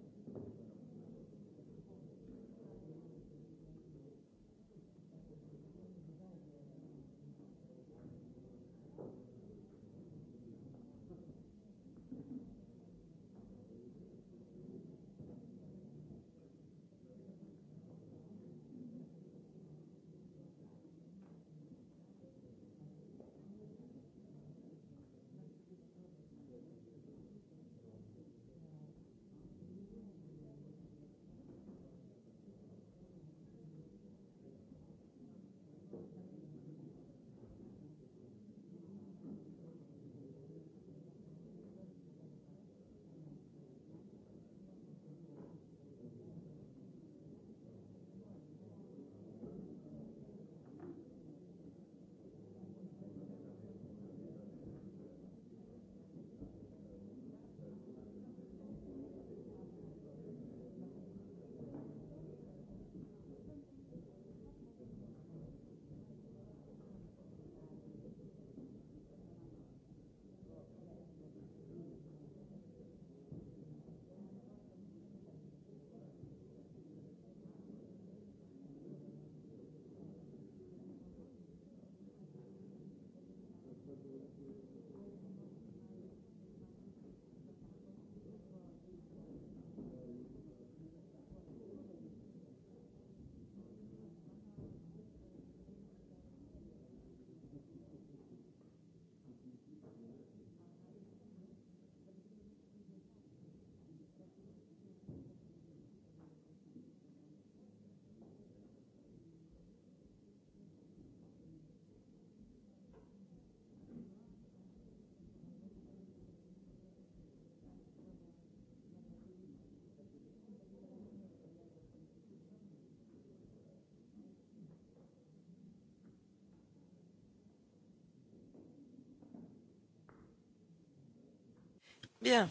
Euh,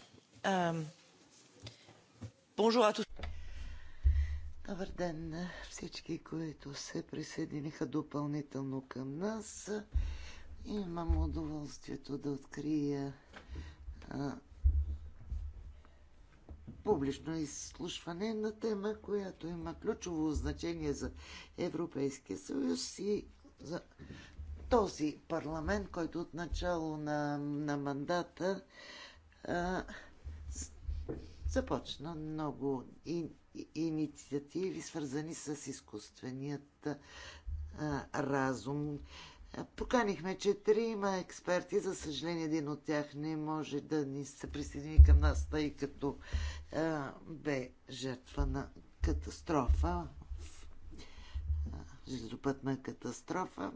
Добър ден на всички, които се присъединиха допълнително към нас. Имам удоволствието да открия а, публично изслушване на тема, която има ключово значение за Европейския съюз и за този парламент, който от начало на, на мандата започна много инициативи, свързани с изкуственият разум. Поканихме четирима експерти. За съжаление, един от тях не може да ни се присъедини към нас, тъй като а, бе жертва на катастрофа, железопътна катастрофа.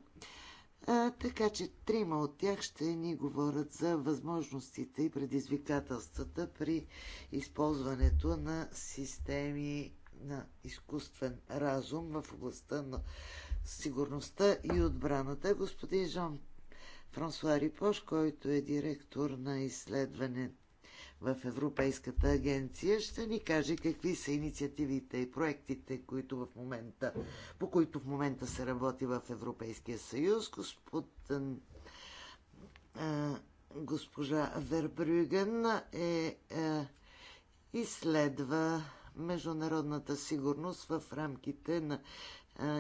А, така че трима от тях ще ни говорят за възможностите и предизвикателствата при използването на системи на изкуствен разум в областта на сигурността и отбраната. Господин Жан Франсуа Рипош, който е директор на изследването в Европейската агенция, ще ни каже какви са инициативите и проектите, които в момента, по които в момента се работи в Европейския съюз. Господ, а, госпожа Вербрюген е, е, изследва международната сигурност в рамките на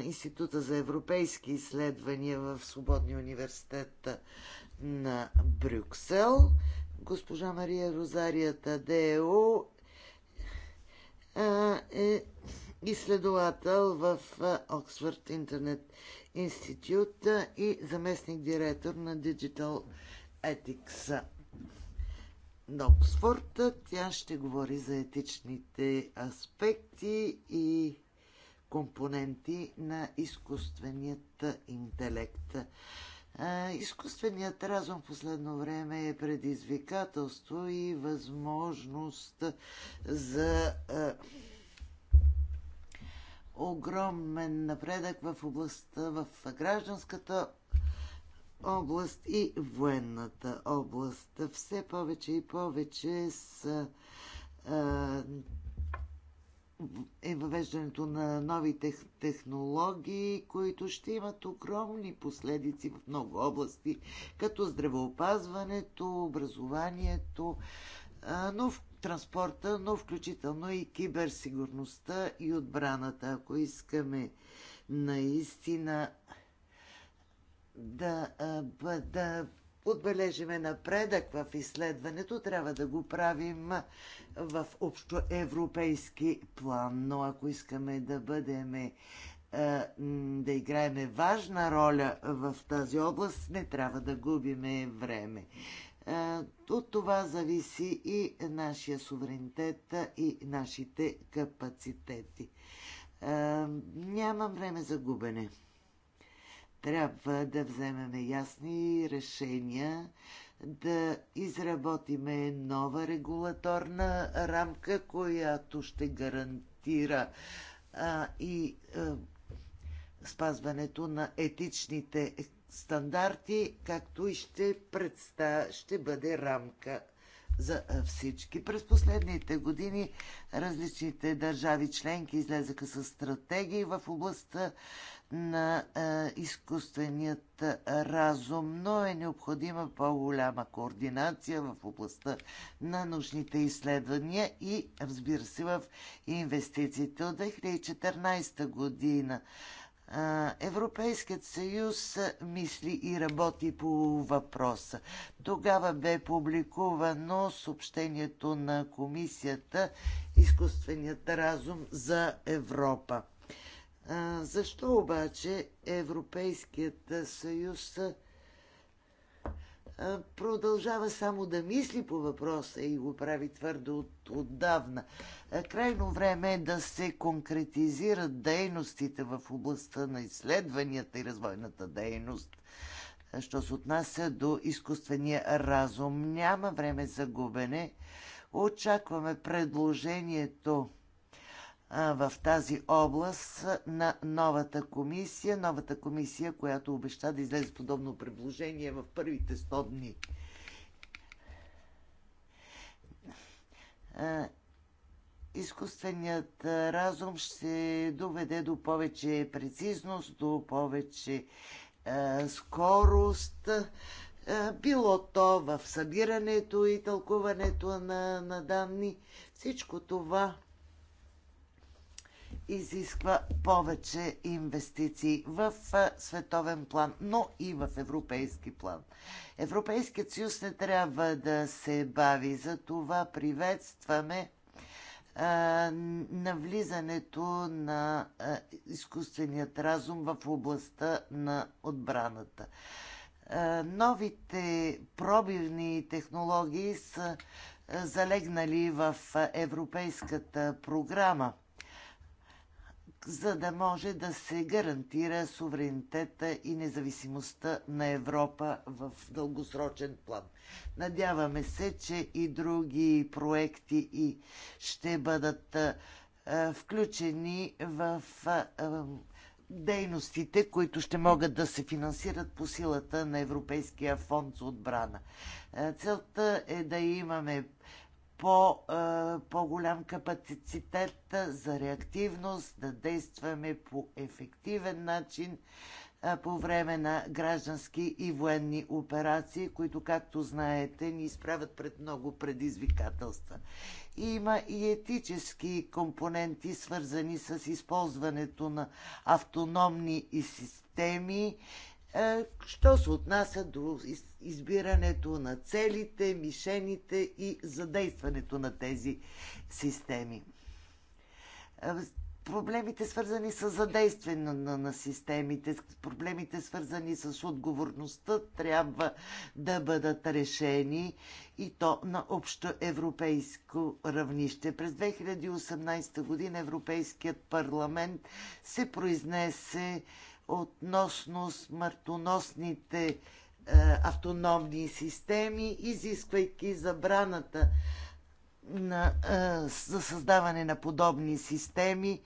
Института за европейски изследвания в Свободния университет на Брюксел госпожа Мария Розарията Део е изследовател в Оксфорд Интернет Институт и заместник директор на Digital Ethics на Оксфорд. Тя ще говори за етичните аспекти и компоненти на изкуственият интелект. Изкуственият разум в последно време е предизвикателство и възможност за огромен напредък в областта, в гражданската област и военната област. Все повече и повече са е въвеждането на нови тех, технологии, които ще имат огромни последици в много области, като здравеопазването, образованието, но в транспорта, но включително и киберсигурността и отбраната. Ако искаме наистина да, да отбележиме напредък в изследването, трябва да го правим в общоевропейски план. Но ако искаме да бъдем е, да играеме важна роля в тази област, не трябва да губиме време. Е, от това зависи и нашия суверенитет е, и нашите капацитети. Нямам време за губене. Трябва да вземем ясни решения, да изработиме нова регулаторна рамка, която ще гарантира а, и а, спазването на етичните стандарти, както и ще, предста... ще бъде рамка за всички. През последните години различните държави членки излезаха с стратегии в областта на е, изкуственият разум, но е необходима по-голяма координация в областта на научните изследвания и, разбира се, в инвестициите. От 2014 година Европейският съюз мисли и работи по въпроса. Тогава бе публикувано съобщението на комисията Изкуственият разум за Европа. Защо обаче Европейският съюз продължава само да мисли по въпроса и го прави твърде от, отдавна. Крайно време е да се конкретизират дейностите в областта на изследванията и развойната дейност. Що се отнася до изкуствения разум, няма време за губене. Очакваме предложението в тази област на новата комисия. Новата комисия, която обеща да излезе подобно предложение в първите 100 дни. Изкуственият разум ще доведе до повече прецизност, до повече скорост, било то в събирането и тълкуването на, на данни. Всичко това изисква повече инвестиции в световен план, но и в европейски план. Европейският съюз не трябва да се бави, за това приветстваме навлизането на изкуственият разум в областта на отбраната. Новите пробивни технологии са залегнали в Европейската програма – за да може да се гарантира суверенитета и независимостта на Европа в дългосрочен план. Надяваме се, че и други проекти и ще бъдат включени в дейностите, които ще могат да се финансират по силата на Европейския фонд за отбрана. Целта е да имаме по, е, по-голям капацитет е, за реактивност, да действаме по ефективен начин е, по време на граждански и военни операции, които, както знаете, ни изправят пред много предизвикателства. Има и етически компоненти, свързани с използването на автономни и системи е, що се отнася до избирането на целите, мишените и задействането на тези системи. Е, проблемите свързани с задействане на, на системите, проблемите свързани с отговорността трябва да бъдат решени и то на общо европейско равнище. През 2018 година Европейският парламент се произнесе относно смъртоносните е, автономни системи, изисквайки забраната на, е, за създаване на подобни системи,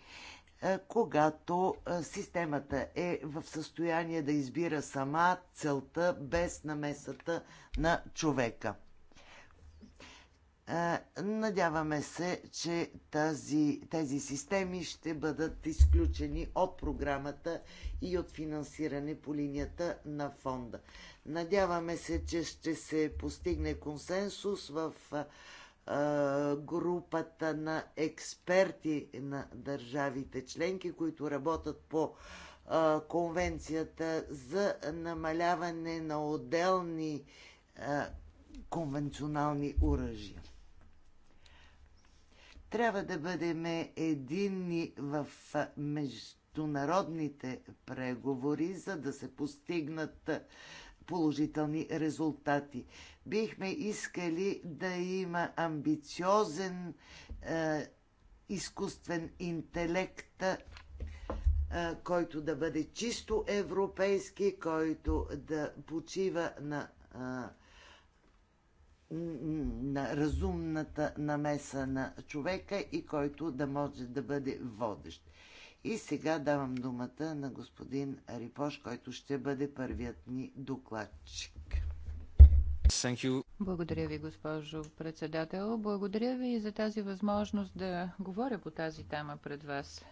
е, когато е, системата е в състояние да избира сама целта без намесата на човека. Е, надяваме се, че тази, тези системи ще бъдат изключени от програмата и от финансиране по линията на фонда. Надяваме се, че ще се постигне консенсус в е, групата на експерти на държавите членки, които работят по е, конвенцията за намаляване на отделни конвенционални оръжия. Трябва да бъдем единни в международните преговори, за да се постигнат положителни резултати. Бихме искали да има амбициозен е, изкуствен интелект, е, който да бъде чисто европейски, който да почива на на разумната намеса на човека и който да може да бъде водещ. И сега давам думата на господин Рипош, който ще бъде първият ни докладчик. Благодаря ви, госпожо председател. Благодаря ви за тази възможност да говоря по тази тема пред вас.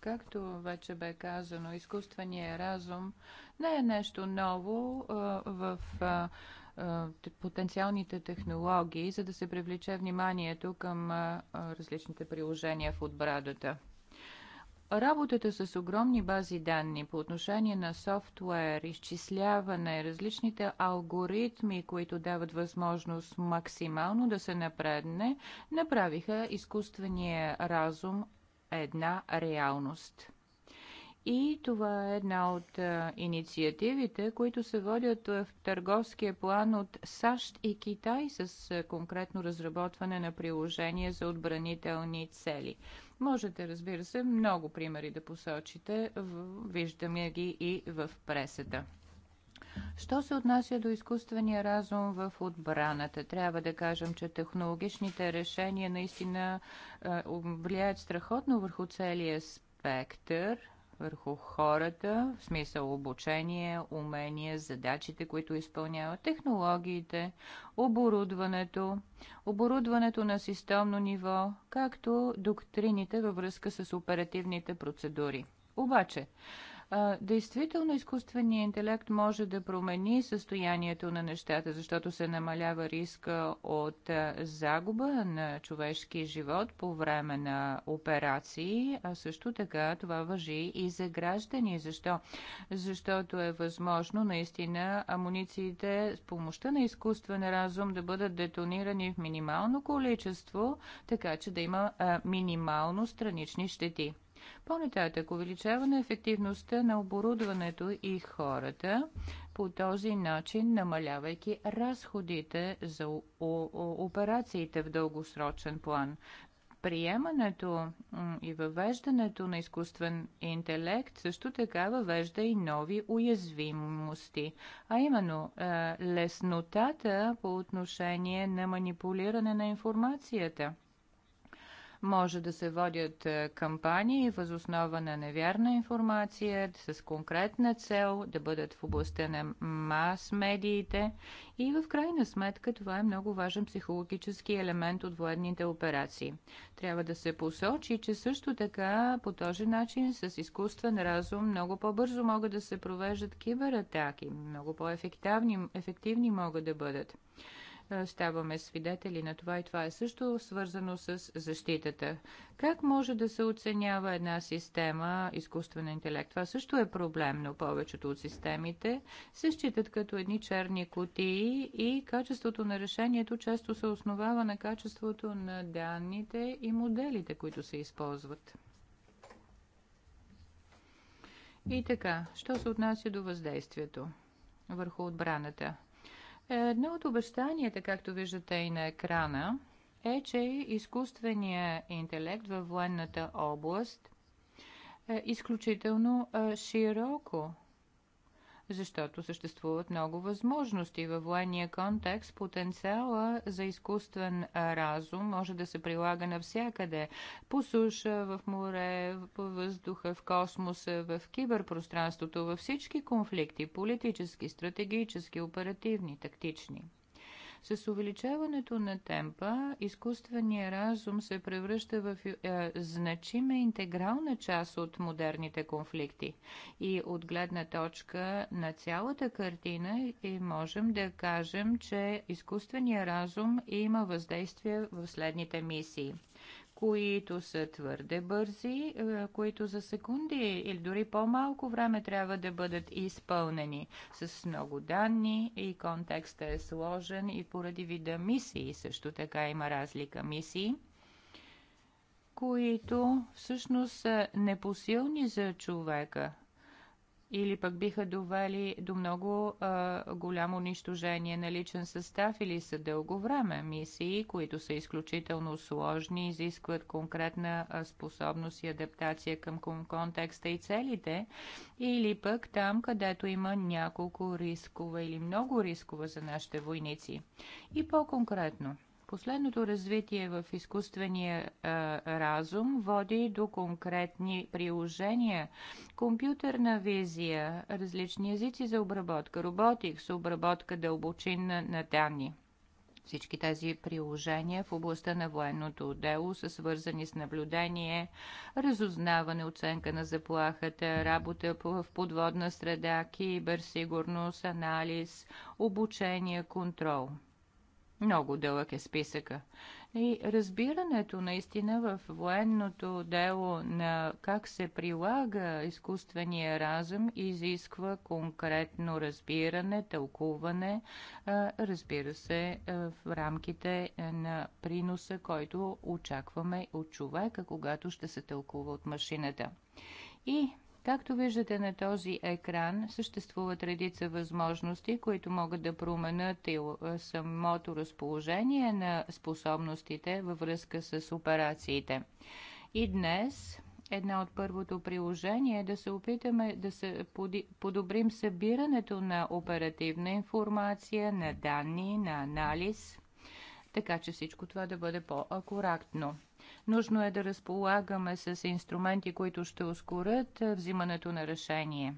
Както вече бе казано, изкуственият разум не е нещо ново в потенциалните технологии, за да се привлече вниманието към различните приложения в отбрадата. Работата с огромни бази данни по отношение на софтуер, изчисляване, различните алгоритми, които дават възможност максимално да се напредне, направиха изкуствения разум една реалност. И това е една от а, инициативите, които се водят в търговския план от САЩ и Китай с а, конкретно разработване на приложения за отбранителни цели. Можете, разбира се, много примери да посочите. Виждаме ги и в пресата. Що се отнася до изкуствения разум в отбраната? Трябва да кажем, че технологичните решения наистина а, влияят страхотно върху целия спектър – върху хората, в смисъл обучение, умения, задачите, които изпълняват, технологиите, оборудването, оборудването на системно ниво, както доктрините във връзка с оперативните процедури. Обаче, действително изкуственият интелект може да промени състоянието на нещата, защото се намалява риска от загуба на човешки живот по време на операции, а също така това въжи и за граждани. Защо? Защото е възможно наистина амунициите с помощта на изкуствен разум да бъдат детонирани в минимално количество, така че да има а, минимално странични щети. По-нататък увеличаване ефективността на оборудването и хората, по този начин намалявайки разходите за операциите в дългосрочен план приемането и въвеждането на изкуствен интелект също така въвежда и нови уязвимости, а именно е, леснотата по отношение на манипулиране на информацията. Може да се водят е, кампании възоснова на невярна информация с конкретна цел да бъдат в областта на мас-медиите и в крайна сметка това е много важен психологически елемент от военните операции. Трябва да се посочи, че също така по този начин с изкуствен разум много по-бързо могат да се провеждат кибератаки, много по-ефективни могат да бъдат ставаме свидетели на това и това е също свързано с защитата. Как може да се оценява една система изкуствен интелект? Това също е проблемно. Повечето от системите се считат като едни черни кутии и качеството на решението често се основава на качеството на данните и моделите, които се използват. И така, що се отнася до въздействието върху отбраната – Едно от обещанията, както виждате и на екрана, е, че изкуственият интелект във военната област е изключително широко защото съществуват много възможности. Във военния контекст потенциала за изкуствен разум може да се прилага навсякъде. По суша, в море, по въздуха, в космоса, в киберпространството, във всички конфликти, политически, стратегически, оперативни, тактични. С увеличаването на темпа, изкуственият разум се превръща в е, значима интегрална част от модерните конфликти. И от гледна точка на цялата картина и е, можем да кажем, че изкуственият разум има въздействие в следните мисии – които са твърде бързи, е, които за секунди или дори по-малко време трябва да бъдат изпълнени с много данни и контекста е сложен и поради вида мисии също така има разлика мисии които всъщност са непосилни за човека или пък биха довели до много а, голямо унищожение на личен състав или са дълго време мисии, които са изключително сложни, изискват конкретна способност и адаптация към контекста и целите, или пък там, където има няколко рискова или много рискова за нашите войници. И по-конкретно – Последното развитие в изкуствения а, е, разум води до конкретни приложения. Компютърна визия, различни езици за обработка, роботикс, обработка дълбочина на данни. Всички тези приложения в областта на военното дело са свързани с наблюдение, разузнаване, оценка на заплахата, работа в подводна среда, киберсигурност, анализ, обучение, контрол – много дълъг е списъка. И разбирането наистина в военното дело на как се прилага изкуствения разум изисква конкретно разбиране, тълкуване, разбира се, в рамките на приноса, който очакваме от човека, когато ще се тълкува от машината. И Както виждате на този екран, съществуват редица възможности, които могат да променят и самото разположение на способностите във връзка с операциите. И днес Една от първото приложение е да се опитаме да се подобрим събирането на оперативна информация, на данни, на анализ, така че всичко това да бъде по-акуратно. Нужно е да разполагаме с инструменти, които ще ускорят е, взимането на решение.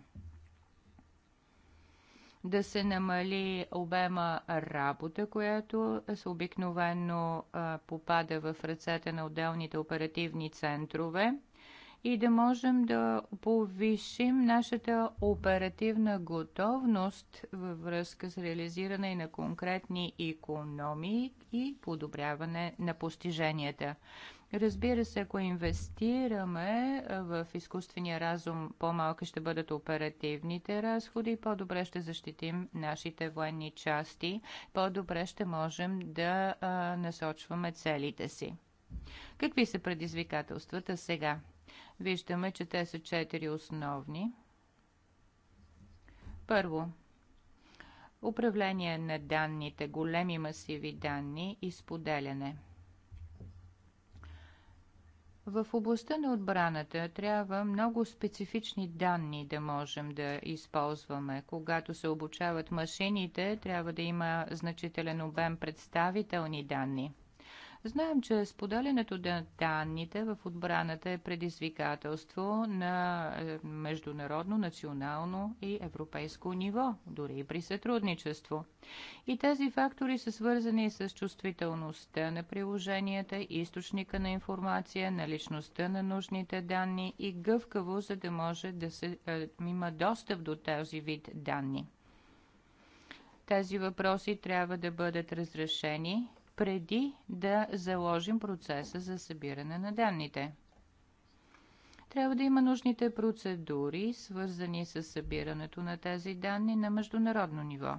Да се намали обема работа, която се обикновено е, попада в ръцете на отделните оперативни центрове и да можем да повишим нашата оперативна готовност във връзка с реализиране на конкретни економии и подобряване на постиженията. Разбира се, ако инвестираме в изкуствения разум, по малки ще бъдат оперативните разходи, по-добре ще защитим нашите военни части, по-добре ще можем да насочваме целите си. Какви са предизвикателствата сега? Виждаме, че те са четири основни. Първо, управление на данните, големи масиви данни и споделяне – в областта на отбраната трябва много специфични данни да можем да използваме. Когато се обучават машините, трябва да има значителен обем представителни данни. Знаем, че споделянето на данните в отбраната е предизвикателство на е, международно, национално и европейско ниво, дори и при сътрудничество. И тези фактори са свързани с чувствителността на приложенията, източника на информация, наличността на нужните данни и гъвкаво, за да може да се, е, има достъп до този вид данни. Тези въпроси трябва да бъдат разрешени преди да заложим процеса за събиране на данните. Трябва да има нужните процедури, свързани с събирането на тези данни на международно ниво.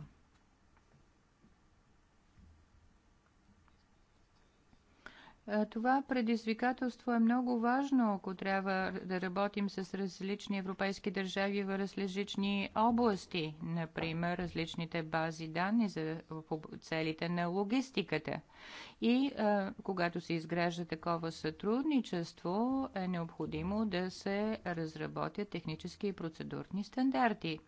Това предизвикателство е много важно, ако трябва да работим с различни европейски държави в различни области, например различните бази данни за целите на логистиката. И а, когато се изгражда такова сътрудничество, е необходимо да се разработят технически и процедурни стандарти.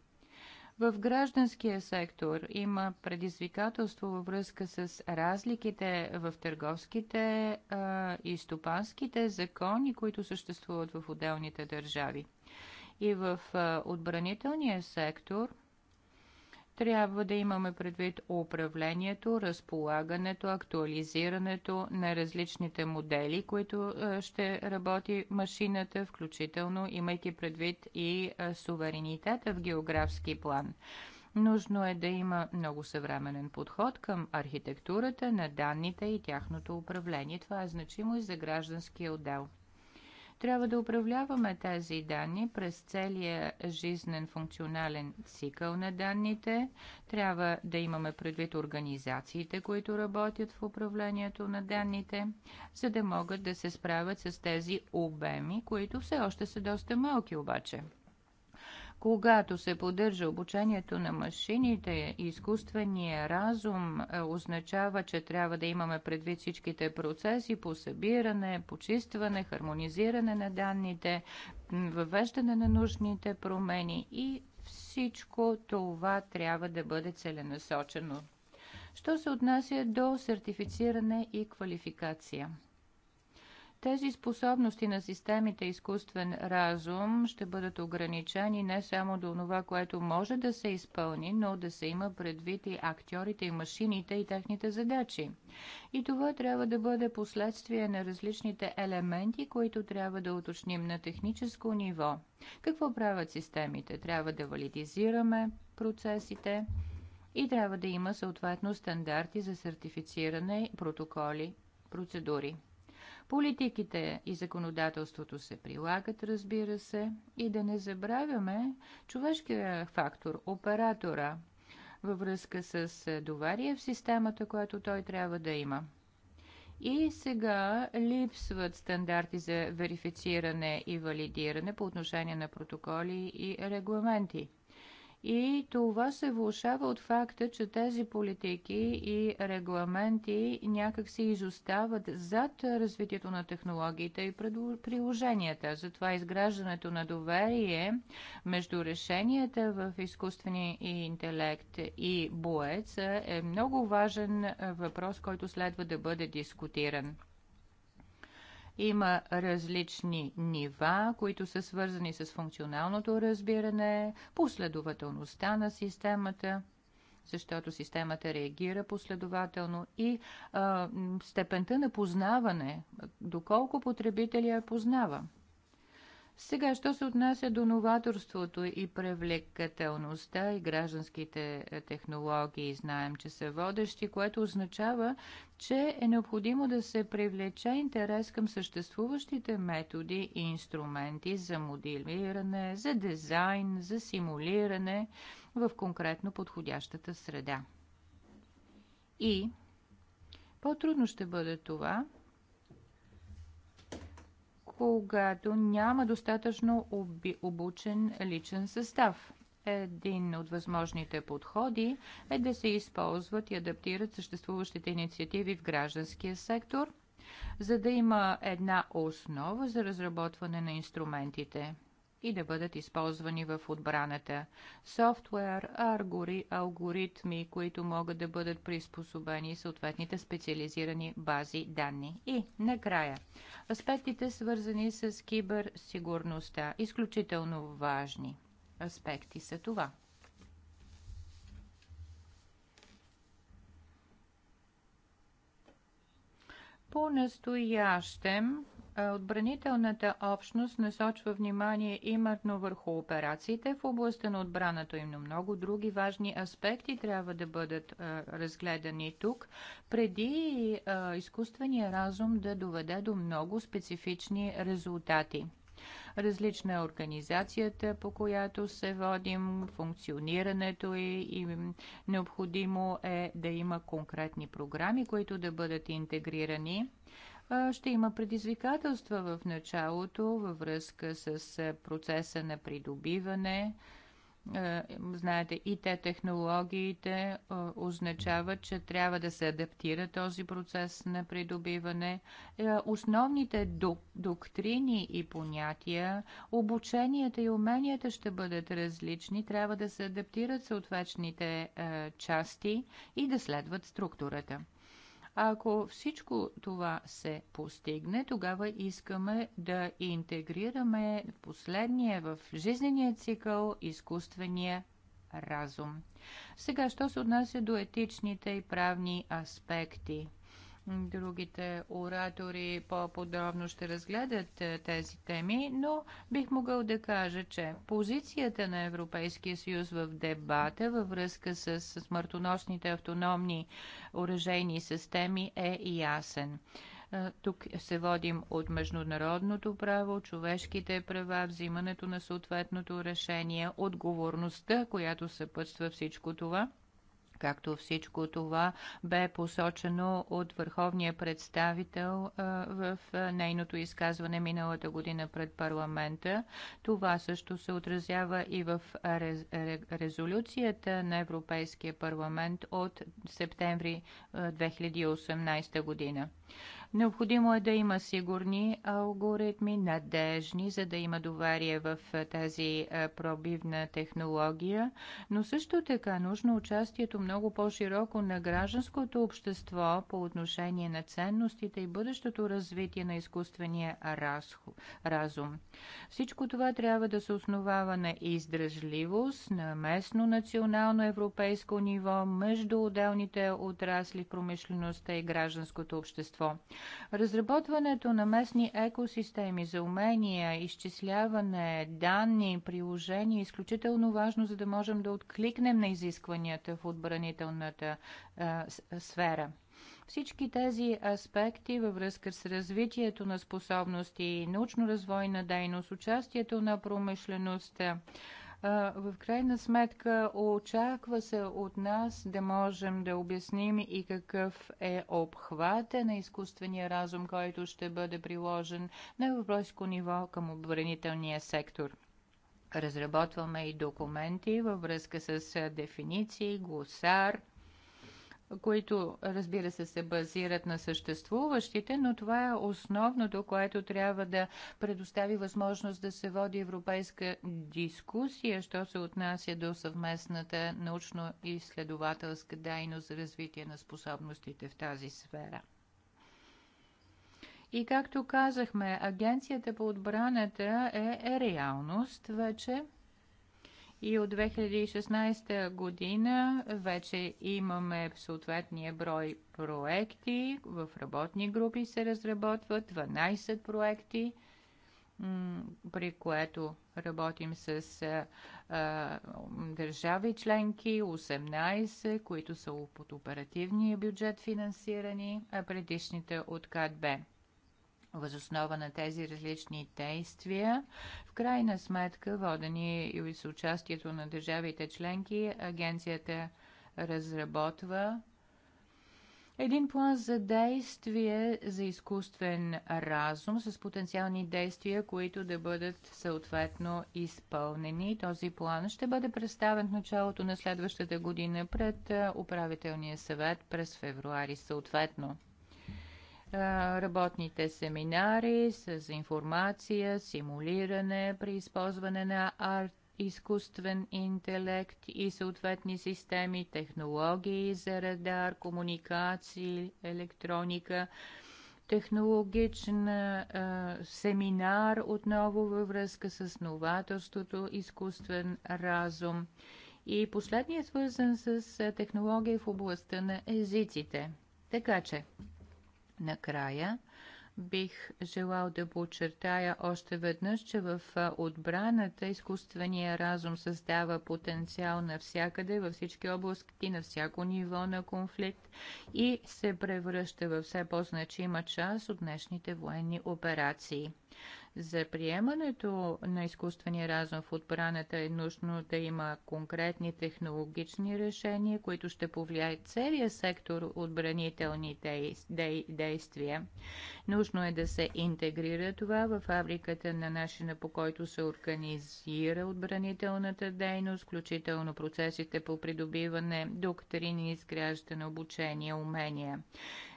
В гражданския сектор има предизвикателство във връзка с разликите в търговските а, и стопанските закони, които съществуват в отделните държави. И в а, отбранителния сектор – трябва да имаме предвид управлението, разполагането, актуализирането на различните модели, които ще работи машината, включително имайки предвид и суверенитета в географски план. Нужно е да има много съвременен подход към архитектурата на данните и тяхното управление. Това е значимо и за гражданския отдел. Трябва да управляваме тези данни през целия жизнен функционален цикъл на данните. Трябва да имаме предвид организациите, които работят в управлението на данните, за да могат да се справят с тези обеми, които все още са доста малки обаче. Когато се поддържа обучението на машините, изкуственият разум е, означава, че трябва да имаме предвид всичките процеси по събиране, почистване, хармонизиране на данните, въвеждане на нужните промени и всичко това трябва да бъде целенасочено. Що се отнася до сертифициране и квалификация? Тези способности на системите изкуствен разум ще бъдат ограничени не само до това, което може да се изпълни, но да се има предвид и актьорите и машините и техните задачи. И това трябва да бъде последствие на различните елементи, които трябва да уточним на техническо ниво. Какво правят системите? Трябва да валидизираме процесите и трябва да има съответно стандарти за сертифициране, протоколи, процедури. Политиките и законодателството се прилагат, разбира се, и да не забравяме човешкия фактор, оператора, във връзка с е, доварие в системата, която той трябва да има. И сега липсват стандарти за верифициране и валидиране по отношение на протоколи и регламенти – и това се влушава от факта, че тези политики и регламенти някак се изостават зад развитието на технологиите и приложенията. Затова изграждането на доверие между решенията в изкуствения интелект и боец е много важен въпрос, който следва да бъде дискутиран. Има различни нива, които са свързани с функционалното разбиране, последователността на системата, защото системата реагира последователно и а, степента на познаване, доколко потребителя я познава. Сега, що се отнася до новаторството и привлекателността и гражданските е, технологии, знаем, че са водещи, което означава, че е необходимо да се привлече интерес към съществуващите методи и инструменти за моделиране, за дизайн, за симулиране в конкретно подходящата среда. И по-трудно ще бъде това, когато няма достатъчно обучен личен състав. Един от възможните подходи е да се използват и адаптират съществуващите инициативи в гражданския сектор, за да има една основа за разработване на инструментите и да бъдат използвани в отбраната. Софтуер, аргори, алгоритми, които могат да бъдат приспособени съответните специализирани бази данни. И накрая, аспектите свързани с киберсигурността. Изключително важни аспекти са това. По-настоящем е, отбранителната общност насочва внимание именно върху операциите в областта на отбраната им, на много други важни аспекти трябва да бъдат е, разгледани тук, преди е, изкуствения разум да доведе до много специфични резултати. Различна е организацията, по която се водим, функционирането и, и необходимо е да има конкретни програми, които да бъдат интегрирани ще има предизвикателства в началото във връзка с процеса на придобиване. Знаете, и те технологиите означават, че трябва да се адаптира този процес на придобиване. Основните доктрини и понятия, обученията и уменията ще бъдат различни. Трябва да се адаптират съответните части и да следват структурата. Ако всичко това се постигне, тогава искаме да интегрираме последния в жизнения цикъл изкуствения разум. Сега, що се отнася до етичните и правни аспекти? другите оратори по-подробно ще разгледат е, тези теми, но бих могъл да кажа, че позицията на Европейския съюз в дебата във връзка с смъртоносните автономни оръжейни системи е ясен. Е, тук се водим от международното право, човешките права, взимането на съответното решение, отговорността, която съпътства всичко това – както всичко това бе посочено от върховния представител в нейното изказване миналата година пред парламента. Това също се отразява и в резолюцията на Европейския парламент от септември 2018 година. Необходимо е да има сигурни алгоритми, надежни, за да има доверие в тази пробивна технология, но също така нужно участието много по-широко на гражданското общество по отношение на ценностите и бъдещото развитие на изкуствения разум. Всичко това трябва да се основава на издръжливост, на местно, национално, европейско ниво, между отделните отрасли в промишлеността и гражданското общество общество. Разработването на местни екосистеми за умения, изчисляване, данни, приложения е изключително важно, за да можем да откликнем на изискванията в отбранителната а, сфера. Всички тези аспекти във връзка с развитието на способности и научно-развойна дейност, участието на промишлеността, в крайна сметка очаква се от нас да можем да обясним и какъв е обхвата на изкуствения разум, който ще бъде приложен на европейско ниво към оборонителния сектор. Разработваме и документи във връзка с дефиниции, гусар които разбира се се базират на съществуващите, но това е основното, което трябва да предостави възможност да се води европейска дискусия, що се отнася до съвместната научно-изследователска дейност за развитие на способностите в тази сфера. И както казахме, агенцията по отбраната е, е реалност вече – и от 2016 година вече имаме съответния брой проекти. В работни групи се разработват 12 проекти, при което работим с а, държави членки, 18, които са под оперативния бюджет финансирани, а предишните от КАДБ възоснова на тези различни действия. В крайна сметка, водени и с участието на държавите членки, агенцията разработва един план за действие за изкуствен разум с потенциални действия, които да бъдат съответно изпълнени. Този план ще бъде представен в началото на следващата година пред управителния съвет през февруари съответно работните семинари с информация, симулиране при използване на арт изкуствен интелект и съответни системи, технологии за радар, комуникации, електроника, технологичен семинар отново във връзка с новаторството, изкуствен разум. И последният свързан с технология в областта на езиците. Така че, Накрая бих желал да подчертая още веднъж, че в отбраната изкуствения разум създава потенциал навсякъде, във всички области, на всяко ниво на конфликт и се превръща в все по-значима част от днешните военни операции. За приемането на изкуствения разум в отбраната е нужно да има конкретни технологични решения, които ще повлияят целия сектор отбранителни действия. Нужно е да се интегрира това в фабриката на начина по който се организира отбранителната дейност, включително процесите по придобиване, доктрини, изграждане, обучение, умения.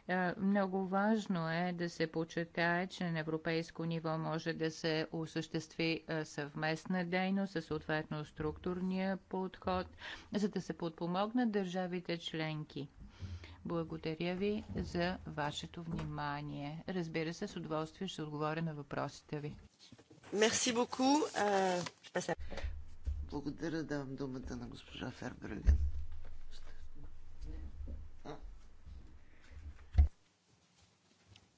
Е, много важно е да се почетае, че на европейско ниво може да се осъществи е, съвместна дейност със съответно структурния подход, за да се подпомогнат държавите членки. Благодаря ви за вашето внимание. Разбира се, с удоволствие ще отговоря на въпросите ви. Мерси боку. Благодаря, давам думата на госпожа Фербрюген.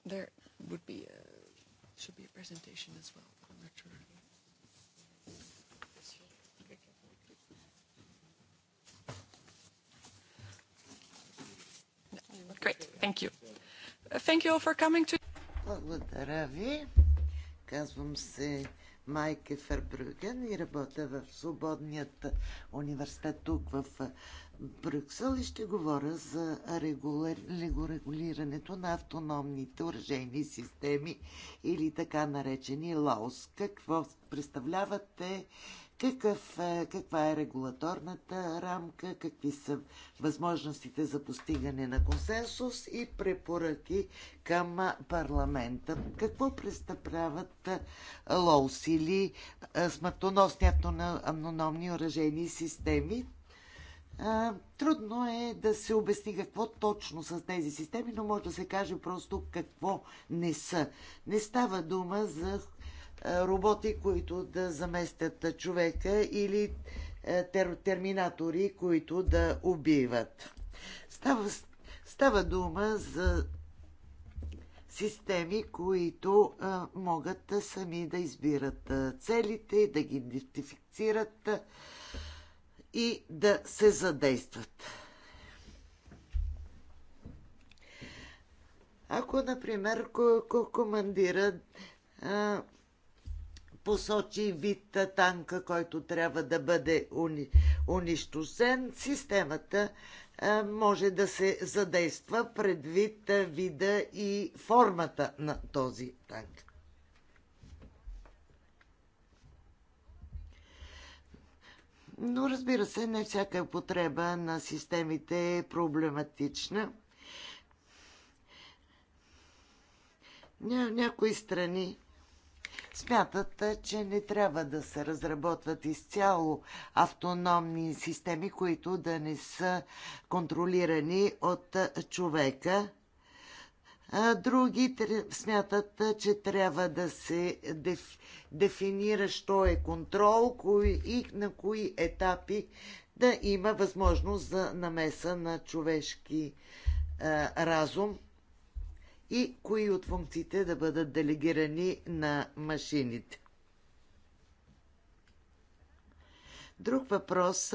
There would be a, should be a presentation as well, I'm not sure. Great, thank you. Thank you all for coming to... Благодаря ви. Казвам се Майке Фербрюген и работя в Свободният университет тук в Брюксел и ще говоря за регулирането на автономните оръжейни системи или така наречени ЛАОС. Какво представлявате? Какъв, е, каква е регулаторната рамка? Какви са възможностите за постигане на консенсус и препоръки към парламента? Какво представляват лоус или е, смъртоносни автономни оръжейни системи? Трудно е да се обясни какво точно са тези системи, но може да се каже просто какво не са. Не става дума за роботи, които да заместят човека или терминатори, които да убиват. Става, става дума за системи, които а, могат сами да избират целите, да ги идентифицират и да се задействат. Ако, например, командира а, посочи вид танка, който трябва да бъде уни, унищожен, системата а, може да се задейства предвид вида и формата на този танк. Но разбира се, не всяка е употреба на системите е проблематична. Ня, някои страни смятат, че не трябва да се разработват изцяло автономни системи, които да не са контролирани от човека Други смятат, че трябва да се дефинира що е контрол и на кои етапи да има възможност за намеса на човешки разум и кои от функциите да бъдат делегирани на машините. Друг въпрос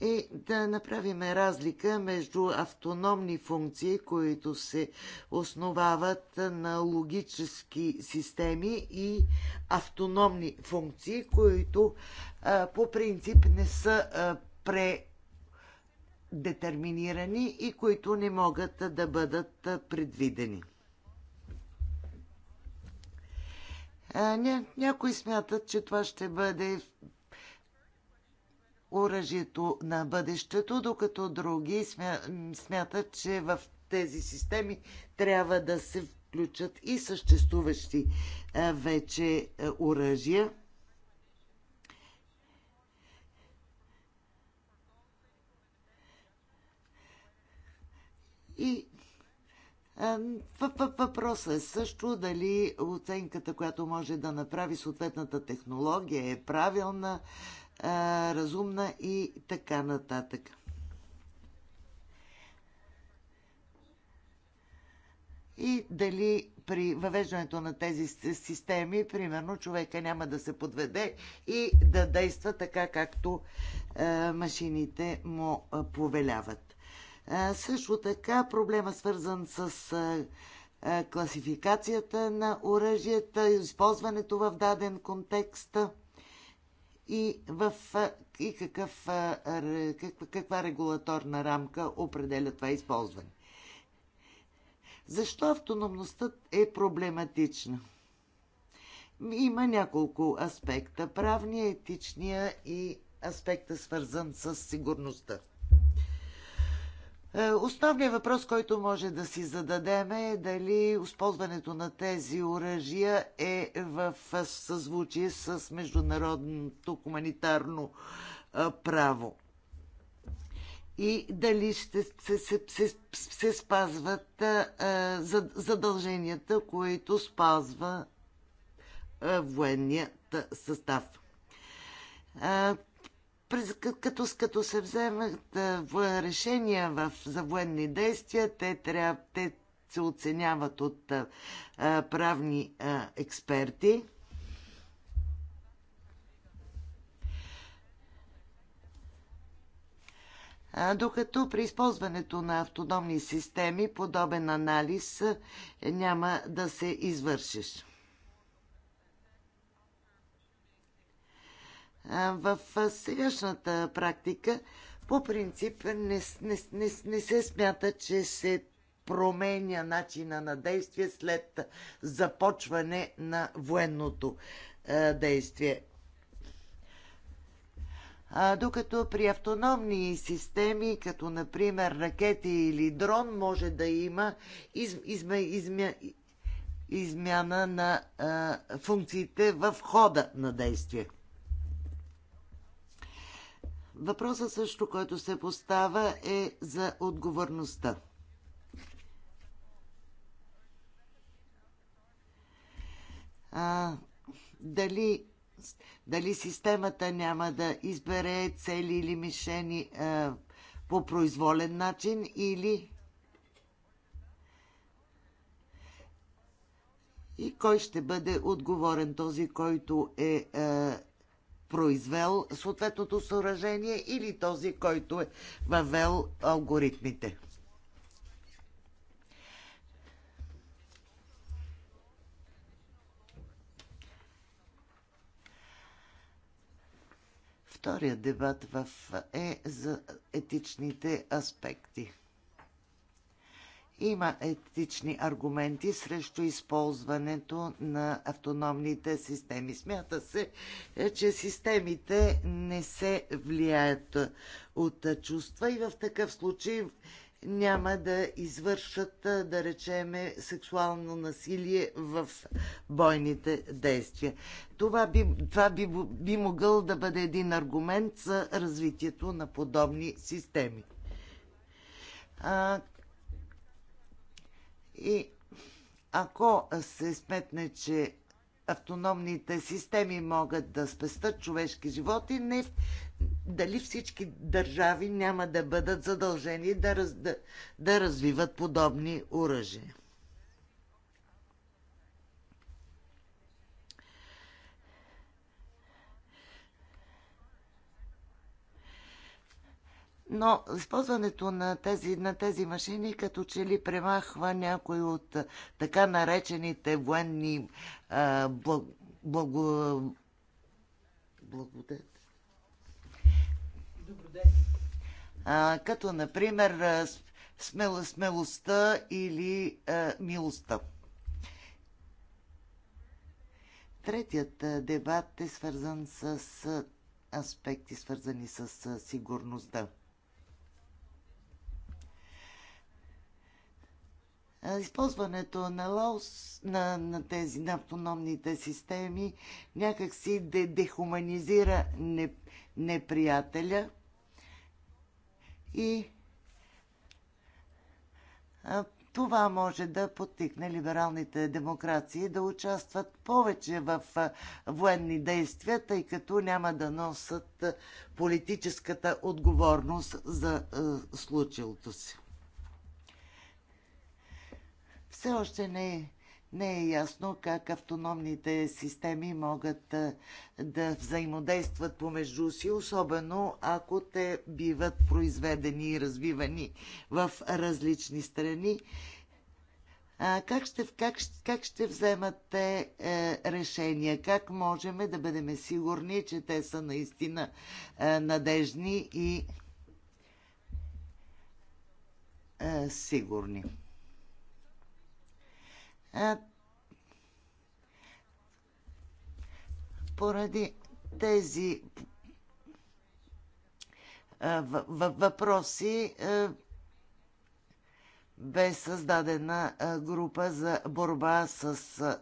е да направим разлика между автономни функции, които се основават на логически системи и автономни функции, които по принцип не са пре детерминирани и които не могат да бъдат предвидени. Някои смятат, че това ще бъде оръжието на бъдещето, докато други смятат, че в тези системи трябва да се включат и съществуващи е, вече е, оръжия. И е, Въпросът е също дали оценката, която може да направи съответната технология е правилна, разумна и така нататък. И дали при въвеждането на тези системи, примерно, човека няма да се подведе и да действа така, както а, машините му а, повеляват. А, също така, проблема свързан с а, класификацията на оръжията, използването в даден контекст – и, в, и какъв, каква, каква регулаторна рамка определя това използване. Защо автономността е проблематична? Има няколко аспекта. Правния, етичния и аспекта свързан с сигурността. Е, основният въпрос, който може да си зададем е дали използването на тези оръжия е в съзвучие с международното хуманитарно е, право и дали ще се, се, се, се спазват е, а, задълженията, които спазва а, военният състав. А, през, като, като се вземат решения в, за военни действия, те, трябва, те се оценяват от а, правни а, експерти. докато при използването на автономни системи подобен анализ няма да се извършиш. В сегашната практика по принцип не, не, не, не се смята, че се променя начина на действие след започване на военното действие. А, докато при автономни системи, като например ракети или дрон, може да има из, изме, измя, измяна на а, функциите в хода на действие. Въпросът също, който се поставя е за отговорността. А, дали, дали системата няма да избере цели или мишени а, по произволен начин или и кой ще бъде отговорен, този, който е, е произвел съответното съоръжение или този, който е въвел алгоритмите. Вторият дебат в е за етичните аспекти. Има етични аргументи срещу използването на автономните системи. Смята се, е, че системите не се влияят от чувства и в такъв случай няма да извършат, е, да речеме, сексуално насилие в бойните действия. Това би, това би, би могъл да бъде един аргумент за развитието на подобни системи. А, и ако се сметне, че автономните системи могат да спестат човешки животи, не, дали всички държави няма да бъдат задължени да, раз, да, да развиват подобни оръжия. но използването на тези, на тези машини като че ли премахва някои от така наречените военни а, благ, благо, благодет. А, като, например, смел, смелостта или а, милостта. Третият дебат е свързан с аспекти, свързани с сигурността. използването на лаос, на, на тези, на автономните системи, някакси де, дехуманизира не, неприятеля и а, това може да подтикне либералните демокрации да участват повече в военни действия, тъй като няма да носят политическата отговорност за а, случилото си. Все още не е, не е ясно как автономните системи могат да взаимодействат помежду си, особено ако те биват произведени и развивани в различни страни. А, как, ще, как, как ще те е, решения? Как можем да бъдем сигурни, че те са наистина е, надежни и е, сигурни? Поради тези въпроси бе създадена група за борба с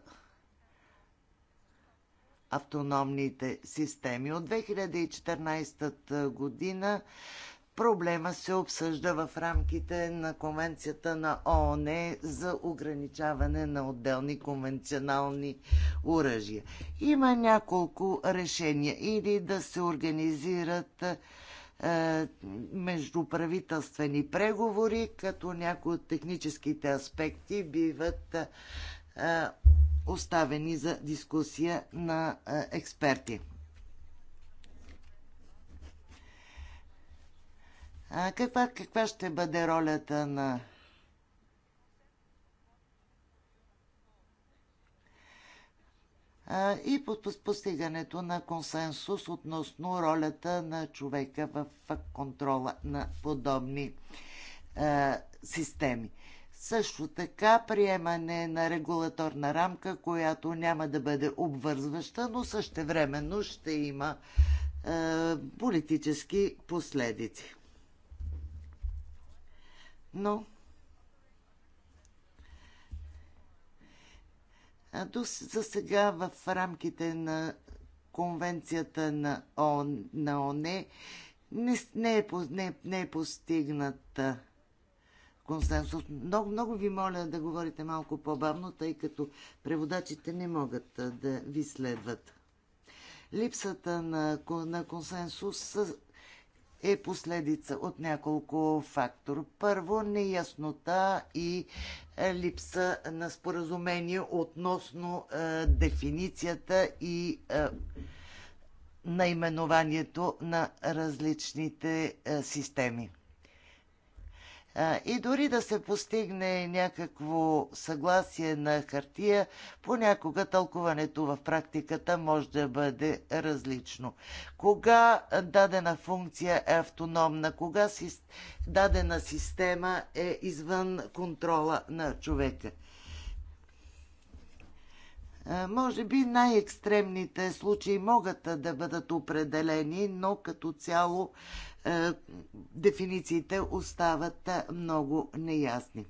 автономните системи. От 2014 година Проблема се обсъжда в рамките на Конвенцията на ООН за ограничаване на отделни конвенционални оръжия. Има няколко решения или да се организират е, междуправителствени преговори, като някои от техническите аспекти биват е, оставени за дискусия на е, експерти. А, каква, каква ще бъде ролята на и по постигането на консенсус относно ролята на човека в контрола на подобни а, системи. Също така приемане на регулаторна рамка, която няма да бъде обвързваща, но същевременно ще има е, политически последици но до, за сега в рамките на конвенцията на, О, на ОНЕ не, не, е, не, не е постигнат консенсус. Много, много ви моля да говорите малко по-бавно, тъй като преводачите не могат да ви следват. Липсата на, на консенсус е последица от няколко фактора. Първо, неяснота и е, липса на споразумение относно е, дефиницията и е, наименованието на различните е, системи. И дори да се постигне някакво съгласие на хартия, понякога тълкуването в практиката може да бъде различно. Кога дадена функция е автономна, кога дадена система е извън контрола на човека. Може би най-екстремните случаи могат да бъдат определени, но като цяло е, дефинициите остават е, много неясни.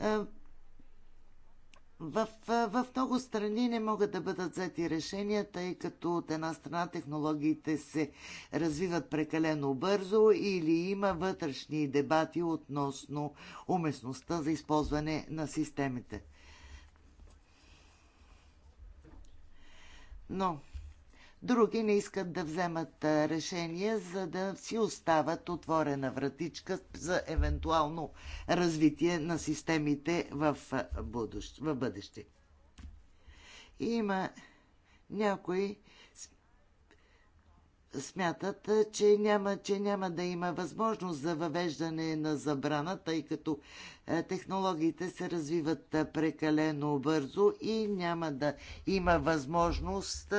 Е, в, в много страни не могат да бъдат взети решения, тъй като от една страна технологиите се развиват прекалено бързо или има вътрешни дебати относно уместността за използване на системите. Но Други не искат да вземат решение, за да си остават отворена вратичка за евентуално развитие на системите в бъдеще. Има някои смятат, че няма, че няма да има възможност за въвеждане на забрана, тъй като технологиите се развиват прекалено бързо и няма да има възможност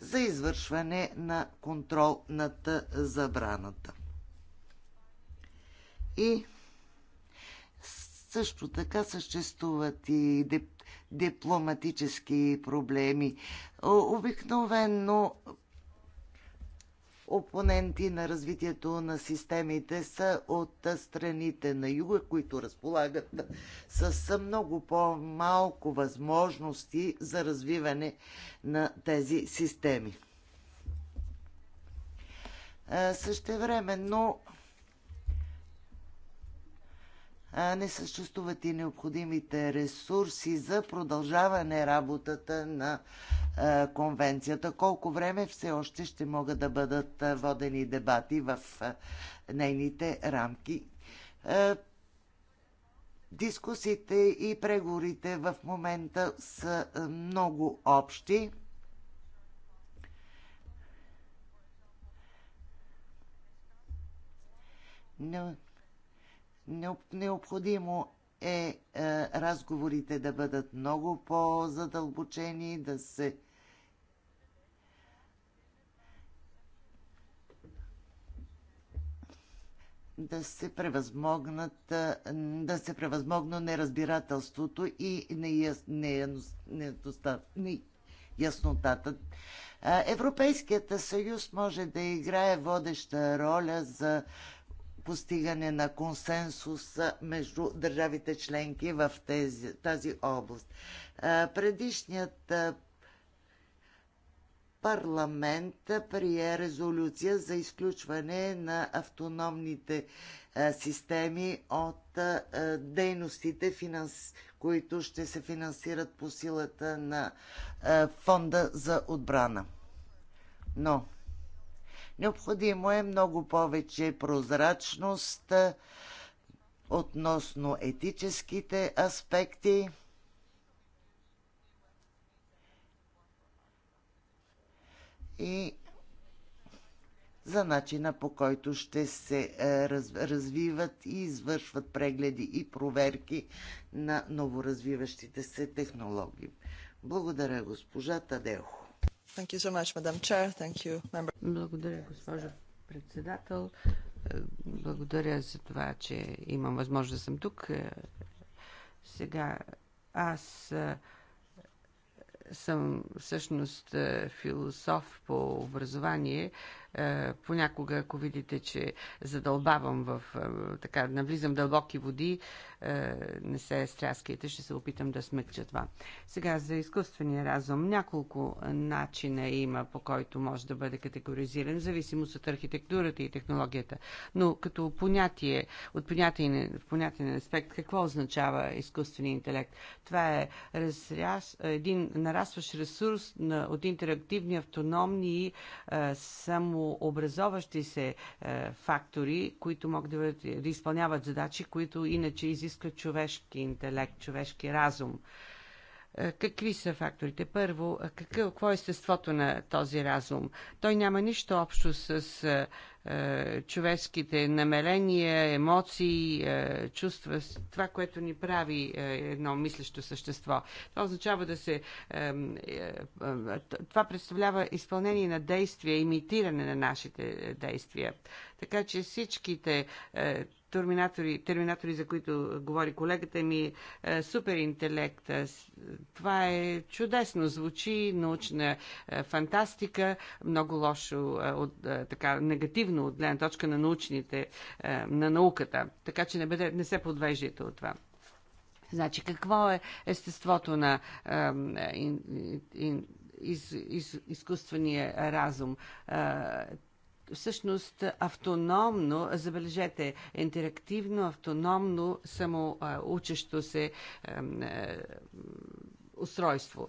за извършване на контрол над забраната. И също така съществуват и дипломатически проблеми. Обикновено опоненти на развитието на системите са от страните на юга, които разполагат с много по-малко възможности за развиване на тези системи. Е, същевременно, не съществуват и необходимите ресурси за продължаване работата на конвенцията. Колко време все още ще могат да бъдат водени дебати в нейните рамки. Дискусите и преговорите в момента са много общи. Но Необходимо е, е разговорите да бъдат много по-задълбочени, да се да се превъзмогнат, е, да се превъзмогна неразбирателството и неяснотата. Е, Европейският съюз може да играе водеща роля за постигане на консенсус между държавите членки в тези, тази област. Предишният парламент прие резолюция за изключване на автономните системи от дейностите, които ще се финансират по силата на фонда за отбрана. Но Необходимо е много повече прозрачност относно етическите аспекти. И за начина по който ще се развиват и извършват прегледи и проверки на новоразвиващите се технологии. Благодаря, госпожа Тадео. Благодаря, госпожо председател. Е, благодаря за това, че имам възможност да съм тук. Е, сега аз е, съм всъщност философ по образование. Е, понякога, ако видите, че задълбавам в... Е, така, навлизам дълбоки води, е, не се стряскайте, ще се опитам да смъкча това. Сега за изкуствения разум. Няколко начина има, по който може да бъде категоризиран, в зависимост от архитектурата и технологията. Но като понятие, от понятен, понятен аспект, какво означава изкуствения интелект? Това е разряз, един нарастващ ресурс на, от интерактивни, автономни и само самообразоващи се е, фактори, които могат да, да изпълняват задачи, които иначе изискват човешки интелект, човешки разум. Е, е, какви са факторите? Първо, е, какво е естеството на този разум? Той няма нищо общо с е, човешките намерения, емоции, чувства, това, което ни прави едно мислещо същество. Това означава да се... Това представлява изпълнение на действия, имитиране на нашите действия. Така че всичките терминатори, терминатори, за които говори колегата ми, е, супер интелект. Е, това е чудесно, звучи научна е, фантастика, много лошо, от, така негативно от гледна точка на научните, на науката. Така че не, бъде, не се подвеждайте от това. Значи, какво е естеството на ин, ин, из, из, изкуствения разум? всъщност автономно, забележете, интерактивно, автономно, самоучещо се устройство.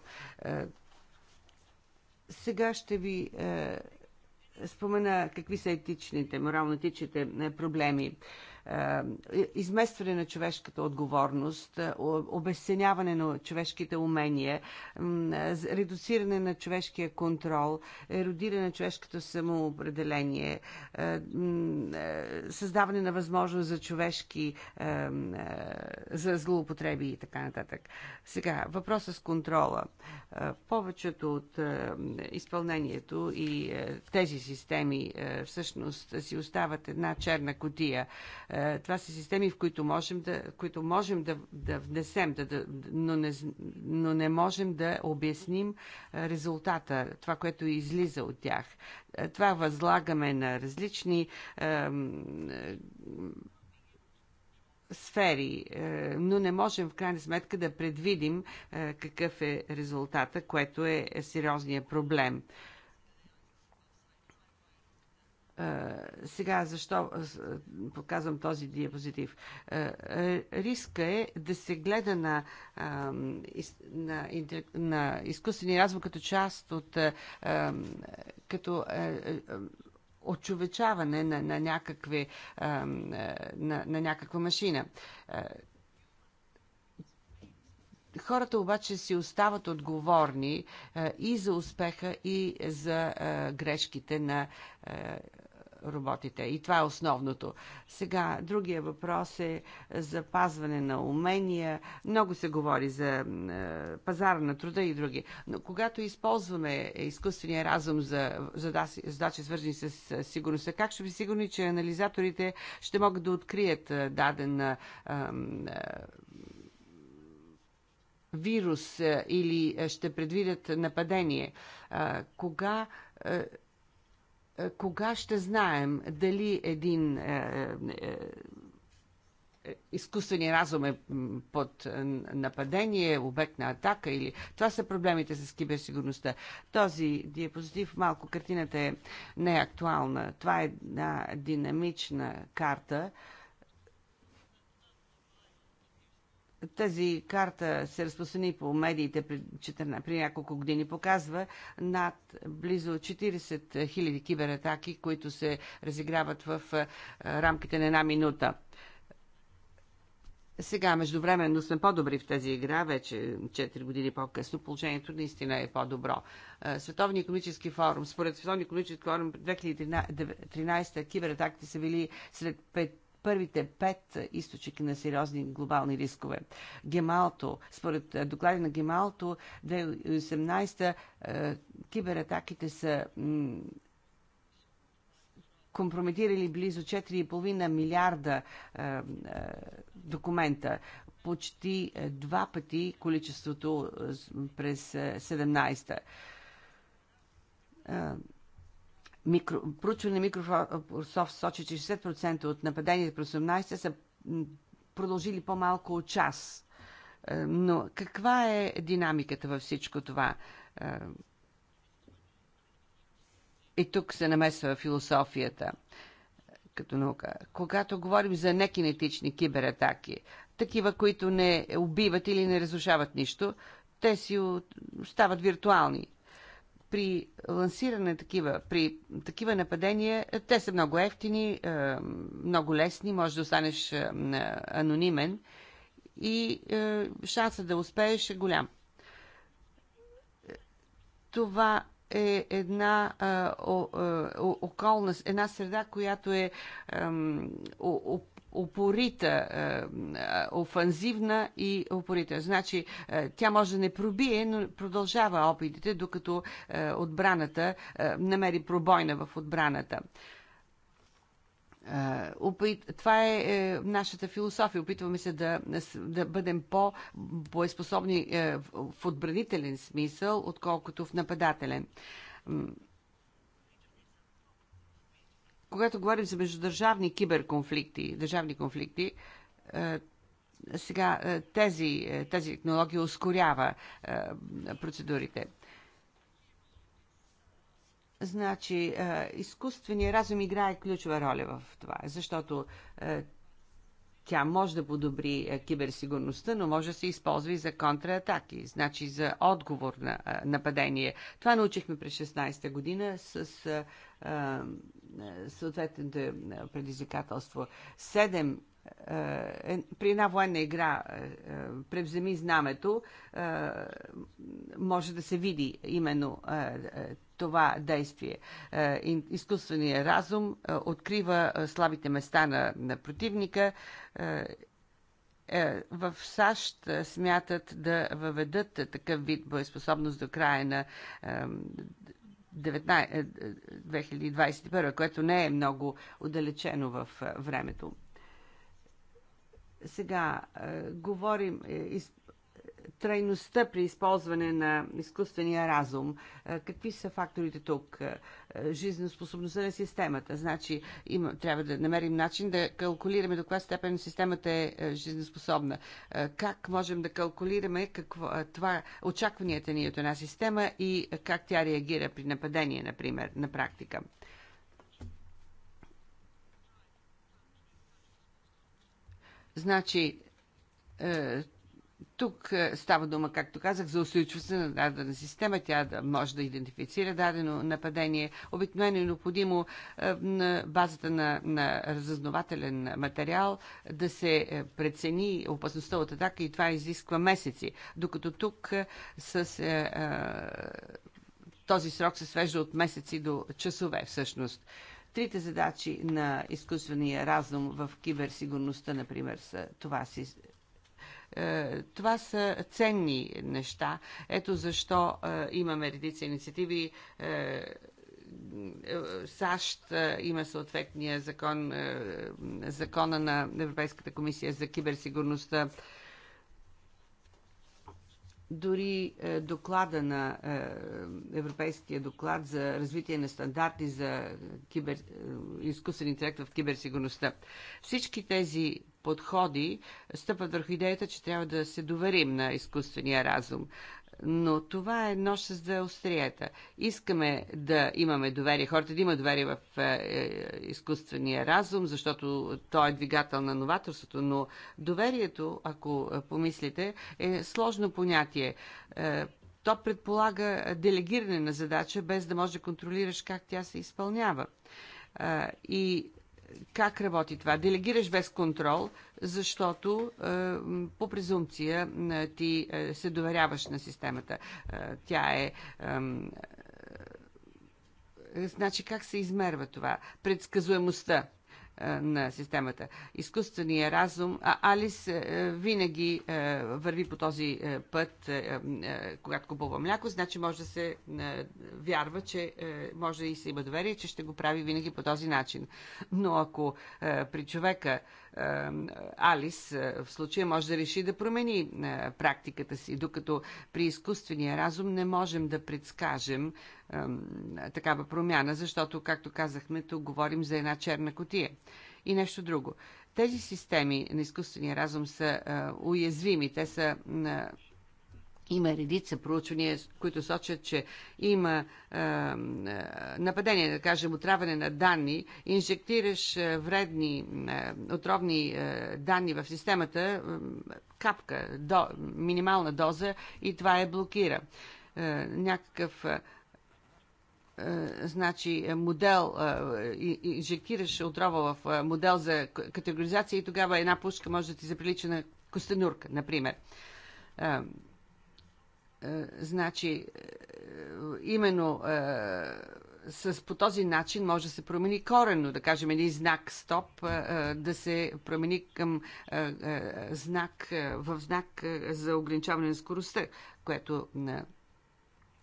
Сега ще ви спомена какви са етичните, морално-етичните проблеми. Е, изместване на човешката отговорност, е, обесценяване на човешките умения, е, редуциране на човешкия контрол, еродиране на човешкото самоопределение, създаване на възможност за човешки за злоупотреби и така нататък. Сега, въпросът с контрола. Повечето от изпълнението и тези системи всъщност си остават една черна котия е, това са системи, в които можем да, които можем да, да внесем, да, да, но, не, но не можем да обясним е, резултата, това, което излиза от тях. Е, това възлагаме на различни сфери, но не можем в крайна сметка да предвидим какъв е резултата, което е сериозният проблем сега защо показвам този диапозитив? Риска е да се гледа на, на, на изкуствения разум като част от като очовечаване на, на, някакви, на, на някаква машина. Хората обаче си остават отговорни и за успеха, и за грешките на роботите. И това е основното. Сега, другия въпрос е запазване на умения. Много се говори за е, пазара на труда и други. Но когато използваме изкуствения разум за задачи, свързани с е, сигурността, как ще ви сигурни, че анализаторите ще могат да открият е, даден вирус или ще предвидят нападение? Кога е, кога ще знаем дали един е, е, е изкуствени разум е под е, нападение, обект на атака или... Това са проблемите с киберсигурността. Този диапозитив, малко картината е неактуална. Това е една динамична карта, Тази карта се разпространи по медиите при, 14, при няколко години. Показва над близо 40 000 кибератаки, които се разиграват в рамките на една минута. Сега, междувременно сме по-добри в тази игра, вече 4 години по-късно. Положението наистина е по-добро. Световния економически форум. Според Световния економически форум 2013 кибератаките са били сред първите пет източники на сериозни глобални рискове. Гемалто, според е, доклади на Гемалто, 2018 е, кибератаките са компрометирали близо 4,5 милиарда е, документа. Почти два пъти количеството през 17-та. Микро, проучване Microsoft сочи, че 60% от нападенията през 18 са продължили по-малко от час. Е, но каква е динамиката във всичко това? Е, и тук се намесва философията е, като наука. Когато говорим за некинетични кибератаки, такива, които не убиват или не разрушават нищо, те си остават виртуални при лансиране такива, при такива нападения, те са много ефтини, е, много лесни, може да останеш е, анонимен и е, шансът да успееш е голям. Това е една а, о, о, околна, една среда, която е ам, о, опорита, е, е, офанзивна и опорита. Значи, е, тя може да не пробие, но продължава опитите, докато отбраната намери пробойна в отбраната. Това е нашата философия. Опитваме се да, да бъдем по-боеспособни в отбранителен смисъл, отколкото в нападателен. Когато говорим за междудържавни киберконфликти, държавни конфликти, е, сега е, тези, е, тези технология ускорява процедурите. Значи, изкуственият разум играе ключова роля в това, защото тя може да подобри киберсигурността, но може да се използва и за контратаки, значи за отговор на нападение. Това научихме през 16-та година с е, съответното е, предизвикателство. Седем е, при една военна игра превземи знамето, може да се види именно това действие. Изкуственият разум открива слабите места на, на противника. В САЩ смятат да въведат такъв вид боеспособност до края на 2021, което не е много отдалечено в е, времето. Сега е, говорим е, трайността при използване на изкуствения разум. какви са факторите тук? жизнеспособността на системата. Значи има, трябва да намерим начин да калкулираме до каква степен системата е, е жизнеспособна. Е, как можем да калкулираме какво, е, това, очакванията ни от една система и как тя реагира при нападение, например, на практика. Значи, тук е, става дума, както казах, за устойчивостта на дадена система. Тя да може да идентифицира дадено нападение. Обикновено е необходимо е, на базата на, на разъзнавателен материал да се е, прецени опасността от атака и това изисква месеци. Докато тук с е, е, този срок се свежда от месеци до часове всъщност. Трите задачи на изкуствения разум в киберсигурността, например, са това си е, това са ценни неща. Ето защо е, имаме редица инициативи. Е, САЩ има съответния закон, закона на Европейската комисия за киберсигурността. Дори доклада на Европейския доклад за развитие на стандарти за кибер, изкуствен интелект в киберсигурността. Всички тези подходи стъпват върху идеята, че трябва да се доверим на изкуствения разум. Но това е нощ с две остриета. Искаме да имаме доверие, хората да имат доверие в е, е, изкуствения разум, защото той е двигател на новаторството, но доверието, ако е, помислите, е сложно понятие. то предполага делегиране на задача, без да може да контролираш как тя се изпълнява. и как работи това? Делегираш без контрол, защото е, по презумпция е, ти е, се доверяваш на системата. Е, тя е, е, е. Значи как се измерва това? Предсказуемостта на системата. Изкуственият разум, а Алис винаги върви по този път, когато купува мляко, значи може да се вярва, че може да и се има доверие, че ще го прави винаги по този начин. Но ако при човека Алис в случая може да реши да промени практиката си, докато при изкуствения разум не можем да предскажем такава промяна, защото, както казахме, тук говорим за една черна котия. И нещо друго. Тези системи на изкуствения разум са уязвими, те са има редица проучвания, които сочат, че има е, е нападение, да кажем, отравяне на данни. Инжектираш е, вредни, е, отровни е, данни в системата, е, капка, до, минимална доза и това е блокира. Е, някакъв е, значи, модел, инжектираш отрова в модел за категоризация и тогава една пушка може да ти заприлича на костенурка, например е, значи, е, именно е, с, по този начин може да се промени коренно, да кажем един знак стоп, да се промени към знак, в знак за ограничаване на скоростта, което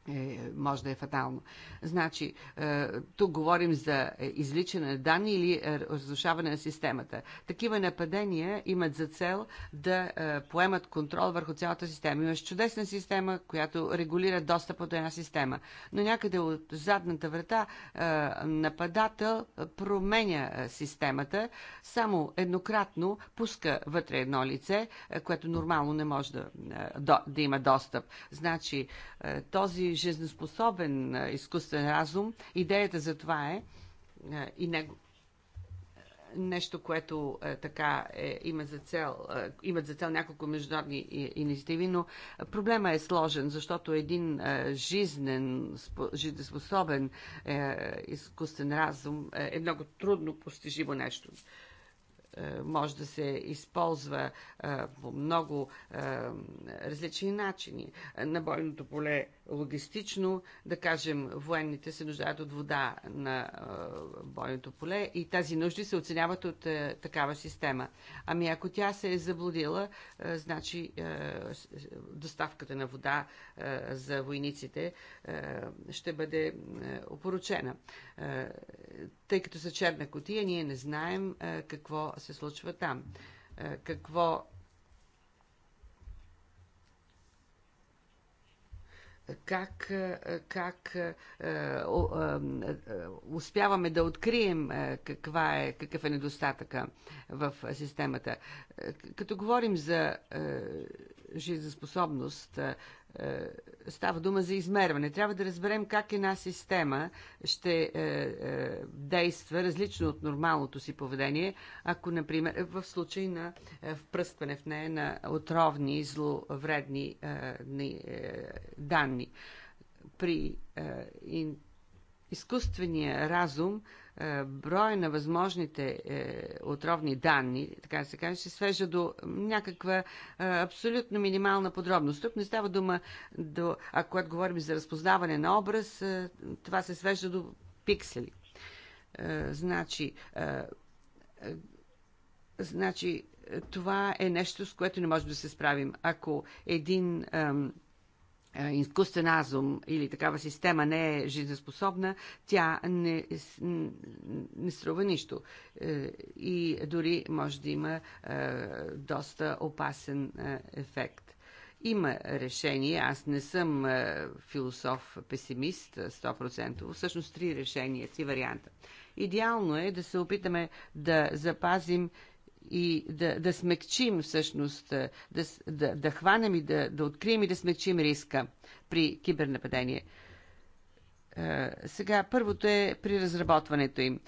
е, може да е фатално. Значи, е, тук говорим за изличане на данни или е, разрушаване на системата. Такива нападения имат за цел да е, поемат контрол върху цялата система. Имаш чудесна система, която регулира достъпа до една система. Но някъде от задната врата е, нападател променя е, системата, само еднократно пуска вътре едно лице, е, което нормално не може да, е, да има достъп. Значи, е, този жизнеспособен изкуствен разум. Идеята за това е и него, нещо, което е, така е, има за цел, е, имат за цел няколко международни инициативи, но проблема е сложен, защото един е, жизнен, спо, жизнеспособен е, изкуствен разум е, е много трудно постижимо нещо. Е, може да се използва е, по много е, различни начини. На бойното поле логистично, да кажем, военните се нуждаят от вода на бойното поле и тези нужди се оценяват от е, такава система. Ами ако тя се е заблудила, е, значи е, доставката на вода за войниците ще бъде опоручена. Тъй като са черна котия, ние не знаем какво се случва там. Какво как, е, как е, е, успяваме да открием каква е, какъв е недостатъка в системата. Като говорим за жизнеспособност. Е, е, става дума за измерване. Трябва да разберем как една система ще е, действа различно от нормалното си поведение, ако, например, в случай на впръскване в нея на отровни и зловредни данни. При изкуствения разум е, брой на възможните е, отровни данни, така да се каже, се свежда до някаква е, абсолютно минимална подробност. Тук не става дума, до, ако говорим за разпознаване на образ, това се свежда до пиксели. Значи, значи това е нещо, с което не можем да се справим. Ако един е, изкуствен азум или такава система не е жизнеспособна, тя не, не струва нищо. Е, и дори може да има е, доста опасен ефект. Има решение. Аз не съм философ-песимист 100%. Всъщност три решения, три варианта. Идеално е да се опитаме да запазим и да, да смекчим всъщност, да, да, да хванем и да, да открием и да смекчим риска при кибернападение. Сега, първото е при разработването им.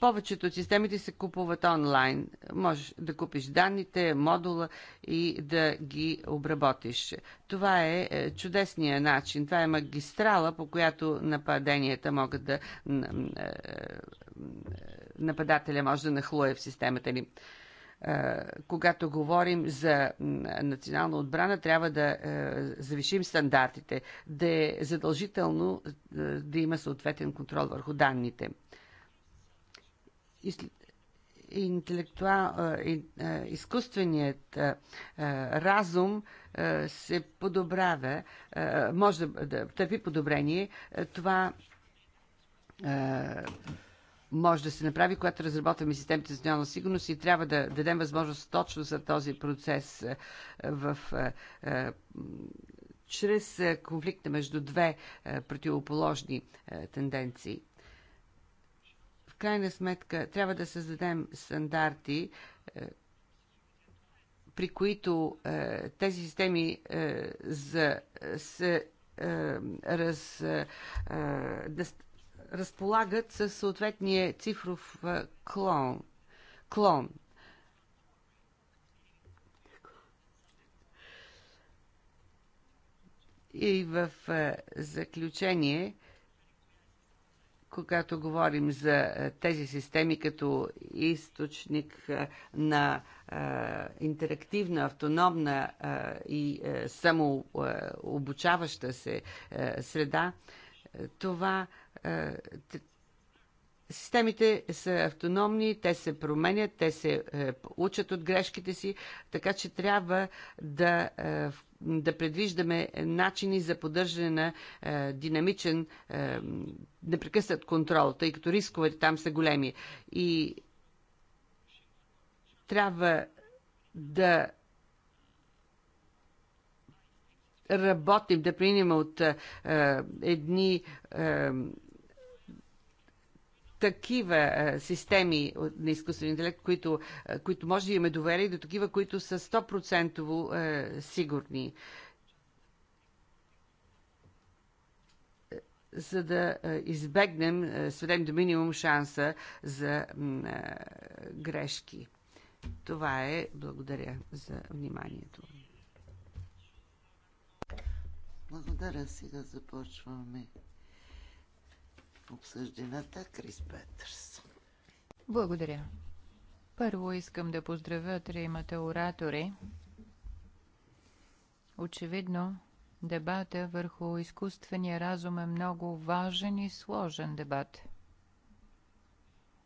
Повечето от системите се купуват онлайн. Можеш да купиш данните, модула и да ги обработиш. Това е, е чудесния начин. Това е магистрала, по която нападенията могат да... Е, е, нападателя може да нахлуе в системата ни когато говорим за национална отбрана, трябва да завишим стандартите, да е задължително да има съответен контрол върху данните. Интелектуал, изкуственият разум се подобрява, може да търпи подобрение. Това може да се направи, когато разработваме системите за национална сигурност и трябва да дадем възможност точно за този процес е, в е, е, чрез конфликта между две противоположни тенденции. В крайна сметка трябва да създадем стандарти, при които тези системи за, се раз, да, разполагат със съответния цифров клон. клон. И в заключение, когато говорим за тези системи като източник на интерактивна, автономна и самообучаваща се среда, това е, Системите са автономни, те се променят, те се е, учат от грешките си, така че трябва да, е, да предвиждаме начини за поддържане на е, динамичен, е, непрекъснат контрол, тъй като рисковете там са големи. И трябва да работим, да приемем от е, едни е, такива е, системи на изкуствен интелект, които, е, които може да имаме доверие, до такива, които са 100% е, сигурни. за да е, избегнем, е, сведем до минимум шанса за е, грешки. Това е. Благодаря за вниманието. Благодаря. Сега започваме обсъждената Крис Петърс. Благодаря. Първо искам да поздравя тримата оратори. Очевидно, дебата върху изкуствения разум е много важен и сложен дебат.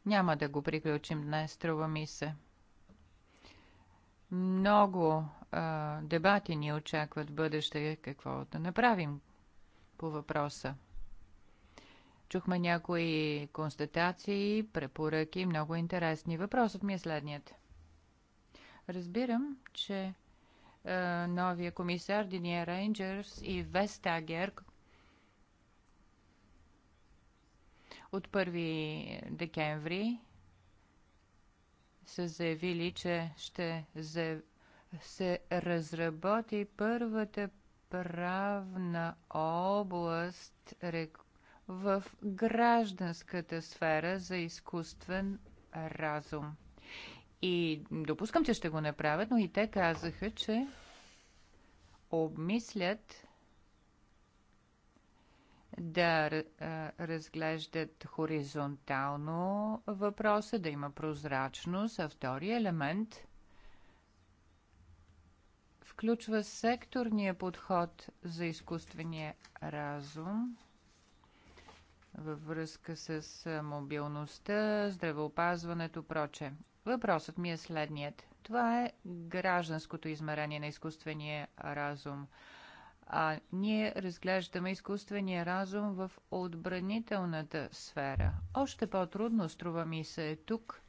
Няма да го приключим днес, струва ми се. Много а, дебати ни очакват бъдеще какво да направим по въпроса. Чухме някои констатации, препоръки, много интересни. Въпросът ми е следният. Разбирам, че а, новия комисар Диния Рейнджерс и Вестагер от 1 декември са заявили, че ще се разработи първата правна област в гражданската сфера за изкуствен разум. И допускам, че ще го направят, но и те казаха, че обмислят да разглеждат хоризонтално въпроса, да има прозрачност, а втори елемент включва секторния подход за изкуствения разум във връзка с мобилността, здравеопазването, проче. Въпросът ми е следният. Това е гражданското измерение на изкуствения разум – а ние разглеждаме изкуствения разум в отбранителната сфера. Още по-трудно струва ми се е тук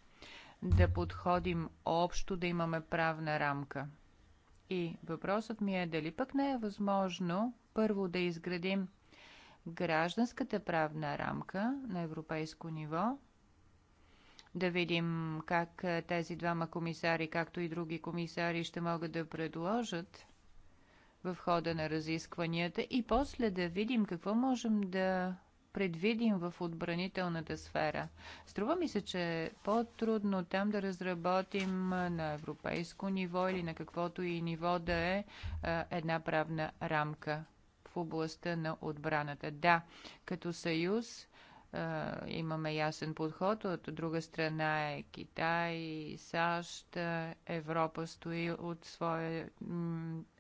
да подходим общо, да имаме правна рамка. И въпросът ми е дали пък не е възможно първо да изградим гражданската правна рамка на европейско ниво, да видим как тези двама комисари, както и други комисари, ще могат да предложат в хода на разискванията и после да видим какво можем да предвидим в отбранителната сфера. Струва ми се, че е по-трудно там да разработим на европейско ниво или на каквото и ниво да е една правна рамка в областта на отбраната. Да, като съюз имаме ясен подход. От друга страна е Китай, САЩ, Европа стои от своя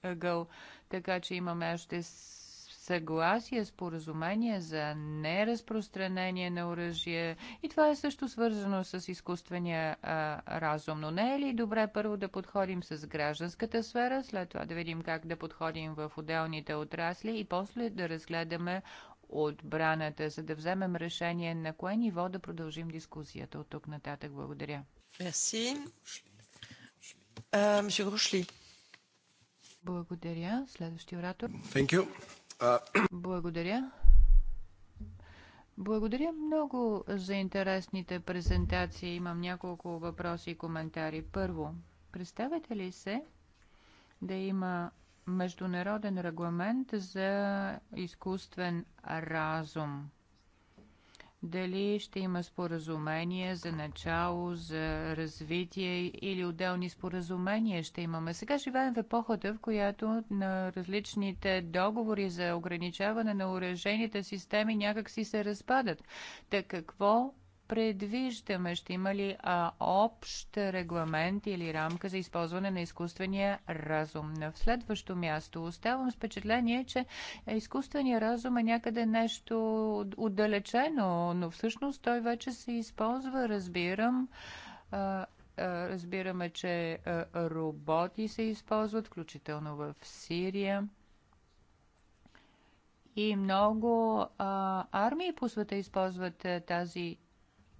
ъгъл, така че имаме още съгласие, споразумение за неразпространение на оръжие. И това е също свързано с изкуствения а, разум. Но не е ли добре първо да подходим с гражданската сфера, след това да видим как да подходим в отделните отрасли и после да разгледаме отбраната, за да вземем решение на кое ниво да продължим дискусията от тук нататък. Благодаря. Мерси. Мсю Рушли. Благодаря. Следващия оратор. Thank you. Uh... Благодаря. Благодаря много за интересните презентации. Имам няколко въпроси и коментари. Първо, представете ли се да има международен регламент за изкуствен разум. Дали ще има споразумение за начало, за развитие или отделни споразумения ще имаме. Сега живеем в епохата, в която на различните договори за ограничаване на уражените системи някак си се разпадат. Та какво предвиждаме? Ще има ли а, общ регламент или рамка за използване на изкуствения разум? На следващо място оставам с впечатление, че изкуственият разум е някъде нещо отдалечено, но всъщност той вече се използва, разбирам. А, разбираме, че роботи се използват, включително в Сирия. И много а, армии по света използват а, тази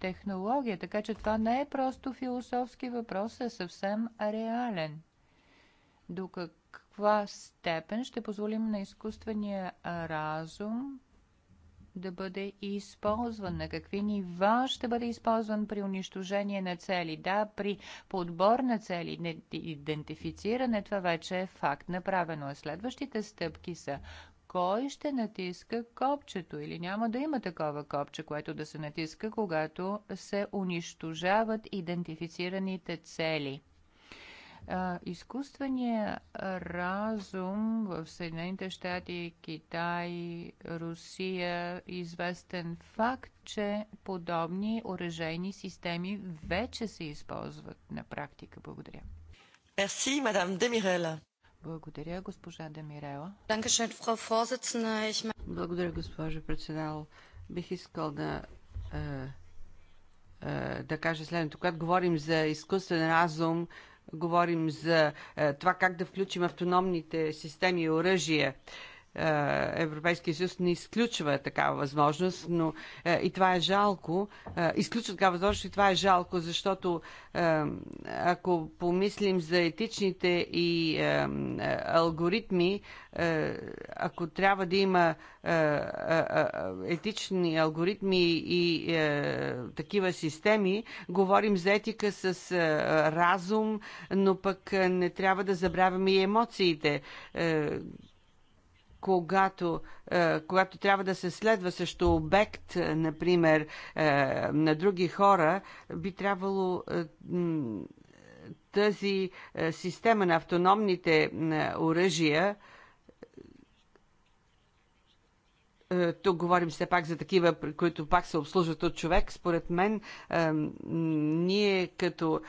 технология. Така че това не е просто философски въпрос, а е съвсем реален. До каква степен ще позволим на изкуствения разум да бъде използван, на какви нива ще бъде използван при унищожение на цели. Да, при подбор на цели, идентифициране, това вече е факт. Направено е. Следващите стъпки са кой ще натиска копчето или няма да има такова копче, което да се натиска, когато се унищожават идентифицираните цели. Изкуственият разум в Съединените щати, Китай, Русия известен факт, че подобни оръжейни системи вече се използват на практика. Благодаря. Merci, мадам Демирела. Благодаря, госпожа Демирела. Благодаря, госпожо председател. Бих искал да е, е, да кажа следното. Когато говорим за изкуствен разум, говорим за е, това как да включим автономните системи и оръжия е, Европейския съюз не изключва такава възможност, но е, и това е жалко. Е, изключва такава възможност и това е жалко, защото ако помислим за етичните и алгоритми, ако трябва да има етични алгоритми и такива системи, говорим за етика с разум, но пък не трябва да забравяме и емоциите когато, е, когато трябва да се следва също обект, е, например, е, на други хора, би трябвало тази система на автономните оръжия тук говорим все пак за такива, които пак се обслужват от човек, според мен ние като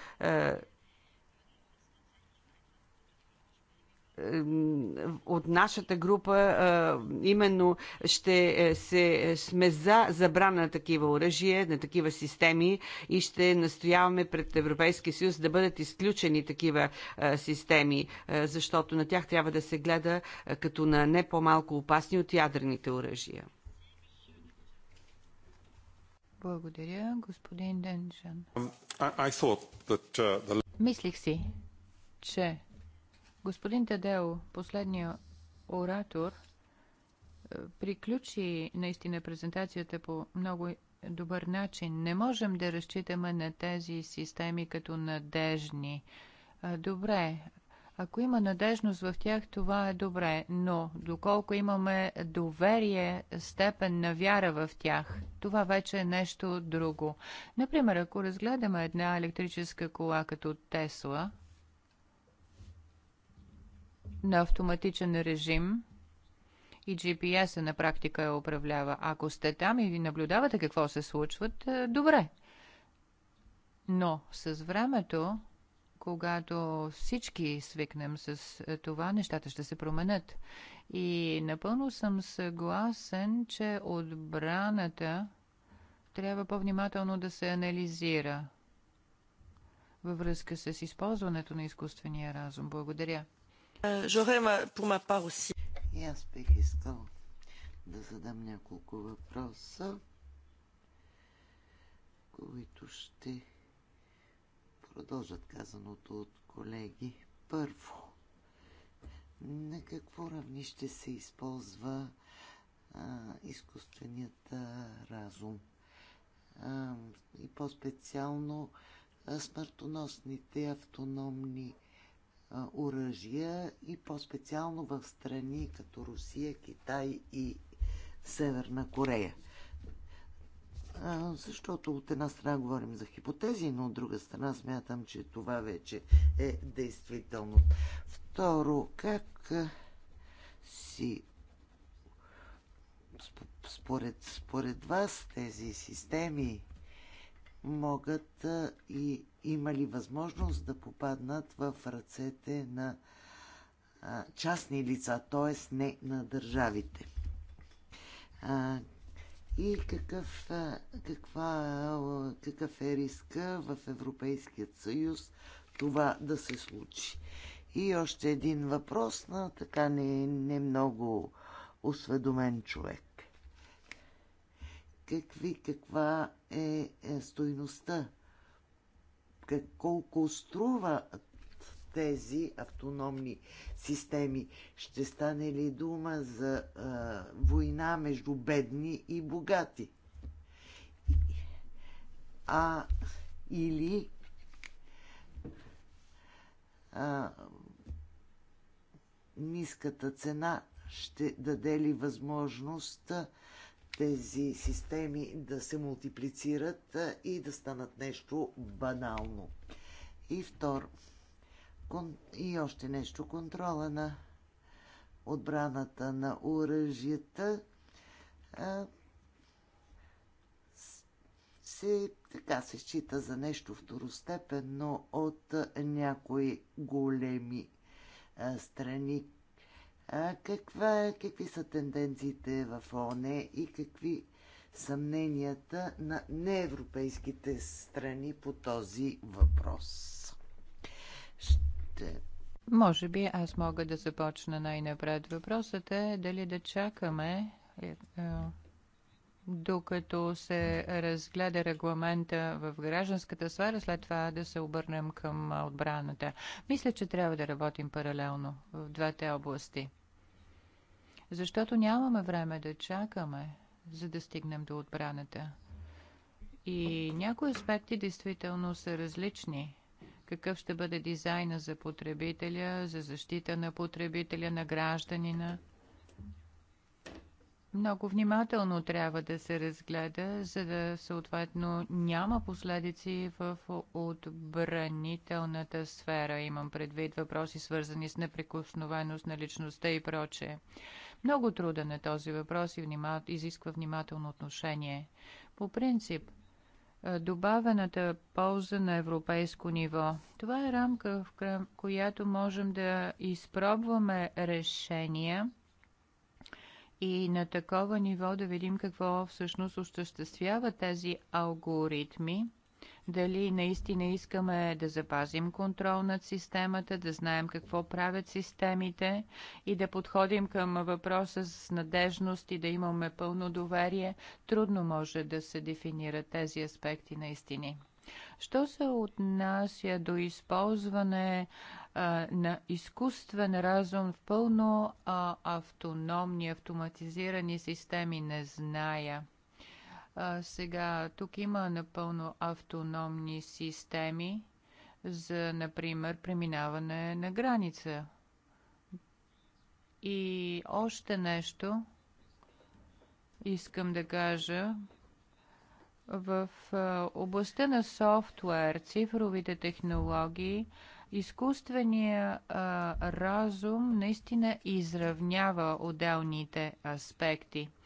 от нашата група е, именно ще е, се е, сме за забрана на такива оръжия, на такива системи и ще настояваме пред Европейския съюз да бъдат изключени такива системи, защото на тях трябва да се гледа като на не по-малко опасни от ядрените оръжия. Благодаря, господин Денджан. Um, uh, Мислих си, че Господин Тадео, последния оратор, е, приключи наистина презентацията по много добър начин. Не можем да разчитаме на тези системи като надежни. Е, добре, ако има надежност в тях, това е добре, но доколко имаме доверие, степен на вяра в тях, това вече е нещо друго. Например, ако разгледаме една електрическа кола като Тесла, на автоматичен режим и GPS-а на практика я управлява. Ако сте там и ви наблюдавате какво се случват, е, добре. Но с времето, когато всички свикнем с е, това, нещата ще се променят. И напълно съм съгласен, че отбраната трябва по-внимателно да се анализира във връзка с използването на изкуствения разум. Благодаря. Euh, и аз бих искал да задам няколко въпроса, които ще продължат казаното от колеги. Първо, на какво равнище се използва а, изкуственият а, разум? А, и по-специално смъртоносните автономни оръжия и по-специално в страни като Русия, Китай и Северна Корея. защото от една страна говорим за хипотези, но от друга страна смятам, че това вече е действително. Второ, как си според, според вас тези системи могат и имали възможност да попаднат в ръцете на частни лица, т.е. не на държавите. И какъв, каква, какъв е риска в Европейският съюз това да се случи? И още един въпрос на така не, не много осведомен човек. Какви, каква е, е стойността колко струва тези автономни системи? Ще стане ли дума за а, война между бедни и богати? А или а, ниската цена ще даде ли възможност тези системи да се мултиплицират и да станат нещо банално. И второ, кон... и още нещо, контрола на отбраната на оръжията се, така се счита за нещо второстепенно от някои големи страни, а каква, е, какви са тенденциите в ООН и какви съмненията на неевропейските страни по този въпрос? Ще може би аз мога да започна най-напред. Въпросът е дали да чакаме е, е, докато се разгледа регламента в гражданската сфера, след това да се обърнем към отбраната. Мисля, че трябва да работим паралелно в двете области. Защото нямаме време да чакаме, за да стигнем до отбраната. И някои аспекти действително са различни какъв ще бъде дизайна за потребителя, за защита на потребителя, на гражданина много внимателно трябва да се разгледа, за да съответно няма последици в отбранителната сфера. Имам предвид въпроси свързани с неприкосновеност на личността и прочее. Много труден е този въпрос и внима... изисква внимателно отношение. По принцип, добавената полза на европейско ниво. Това е рамка, в която можем да изпробваме решения – и на такова ниво да видим какво всъщност осъществява тези алгоритми дали наистина искаме да запазим контрол над системата, да знаем какво правят системите и да подходим към въпроса с надежност и да имаме пълно доверие, трудно може да се дефинират тези аспекти наистина. Що се отнася до използване а, на изкуствен разум в пълно а, автономни, автоматизирани системи, не зная. А, сега, тук има напълно автономни системи за, например, преминаване на граница. И още нещо искам да кажа в областта на софтуер, цифровите технологии, изкуственият разум наистина изравнява отделните аспекти –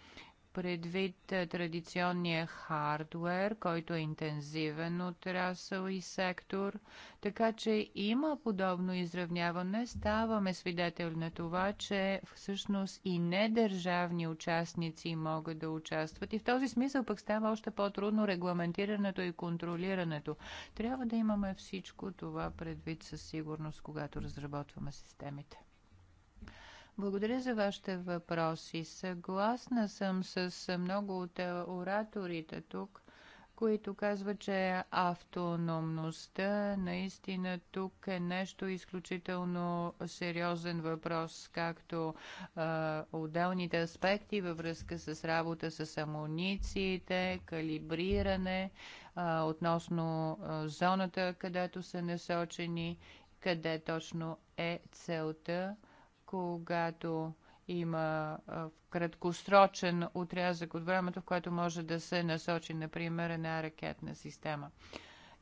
предвид е, традиционния хардвер, който е интензивен отрасъл и сектор, така че има подобно изравняване. Ставаме свидетел на това, че всъщност и недържавни участници могат да участват и в този смисъл пък става още по-трудно регламентирането и контролирането. Трябва да имаме всичко това предвид със сигурност, когато разработваме системите. Благодаря за вашите въпроси. Съгласна съм с много от ораторите тук, които казват, че автономността наистина тук е нещо изключително сериозен въпрос, както е, отделните аспекти във връзка с работа с амунициите, калибриране, е, относно е, зоната, където са насочени, къде точно е целта когато има в краткосрочен отрязък от времето, в което може да се насочи, например, една ракетна система.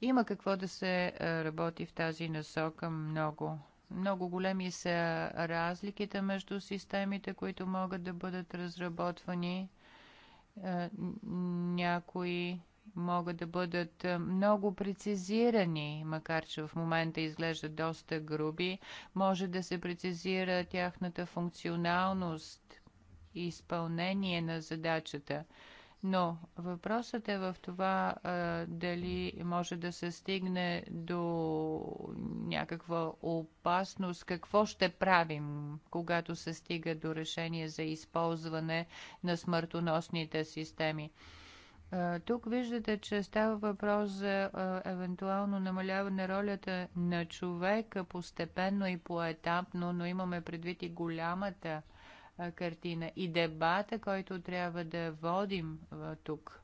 Има какво да се работи в тази насока много. Много големи са разликите между системите, които могат да бъдат разработвани. Някои могат да бъдат е, много прецизирани, макар че в момента изглеждат доста груби. Може да се прецизира тяхната функционалност и изпълнение на задачата. Но въпросът е в това а, е, дали може да се стигне до някаква опасност. Какво ще правим, когато се стига до решение за използване на смъртоносните системи? Тук виждате, че става въпрос за евентуално намаляване ролята на човека постепенно и поетапно, но имаме предвид и голямата картина и дебата, който трябва да водим тук.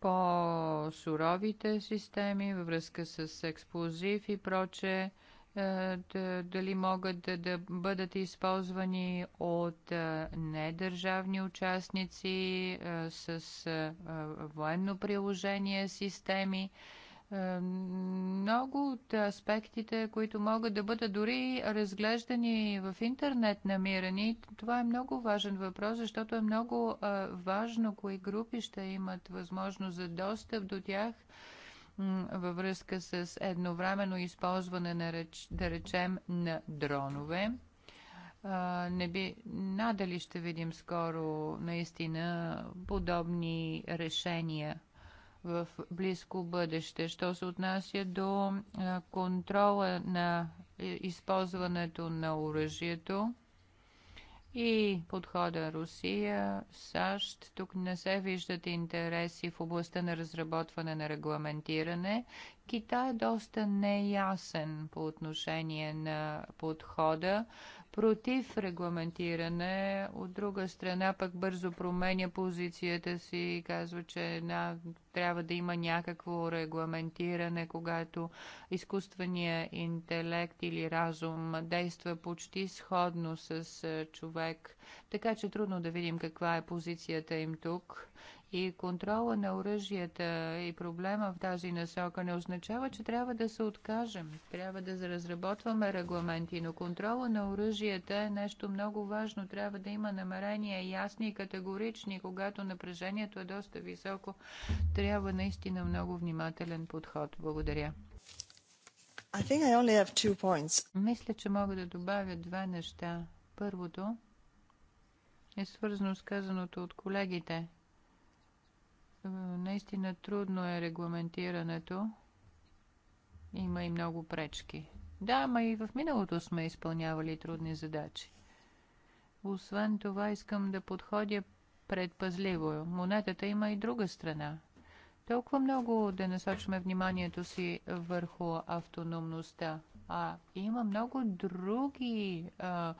По суровите системи, във връзка с експлозив и прочее, е, дали могат да, да бъдат използвани от е, недържавни участници е, с военно приложение системи много от аспектите, които могат да бъдат дори разглеждани в интернет намирани. Това е много важен въпрос, защото е много важно кои групи ще имат възможност за достъп до тях във връзка с едновременно използване на, реч, да речем, на дронове. А, не би, надали ще видим скоро наистина подобни решения в близко бъдеще. Що се отнася до контрола на използването на оръжието, и подхода Русия, САЩ. Тук не се виждат интереси в областта на разработване на регламентиране. Китай е доста неясен по отношение на подхода против регламентиране, от друга страна пък бързо променя позицията си и казва, че на, трябва да има някакво регламентиране, когато изкуственият интелект или разум действа почти сходно с човек. Така че трудно да видим каква е позицията им тук и контрола на оръжията и проблема в тази насока не означава, че трябва да се откажем. Трябва да разработваме регламенти, но контрола на оръжията е нещо много важно. Трябва да има намерения ясни и категорични. Когато напрежението е доста високо, трябва наистина много внимателен подход. Благодаря. I think I only have two points. Мисля, че мога да добавя два неща. Първото е свързано с казаното от колегите – е, наистина трудно е регламентирането. Има и много пречки. Да, ма и в миналото сме изпълнявали трудни задачи. Освен това, искам да подходя предпазливо. Монетата има и друга страна. Толкова много да насочваме вниманието си върху автономността. А има много други а,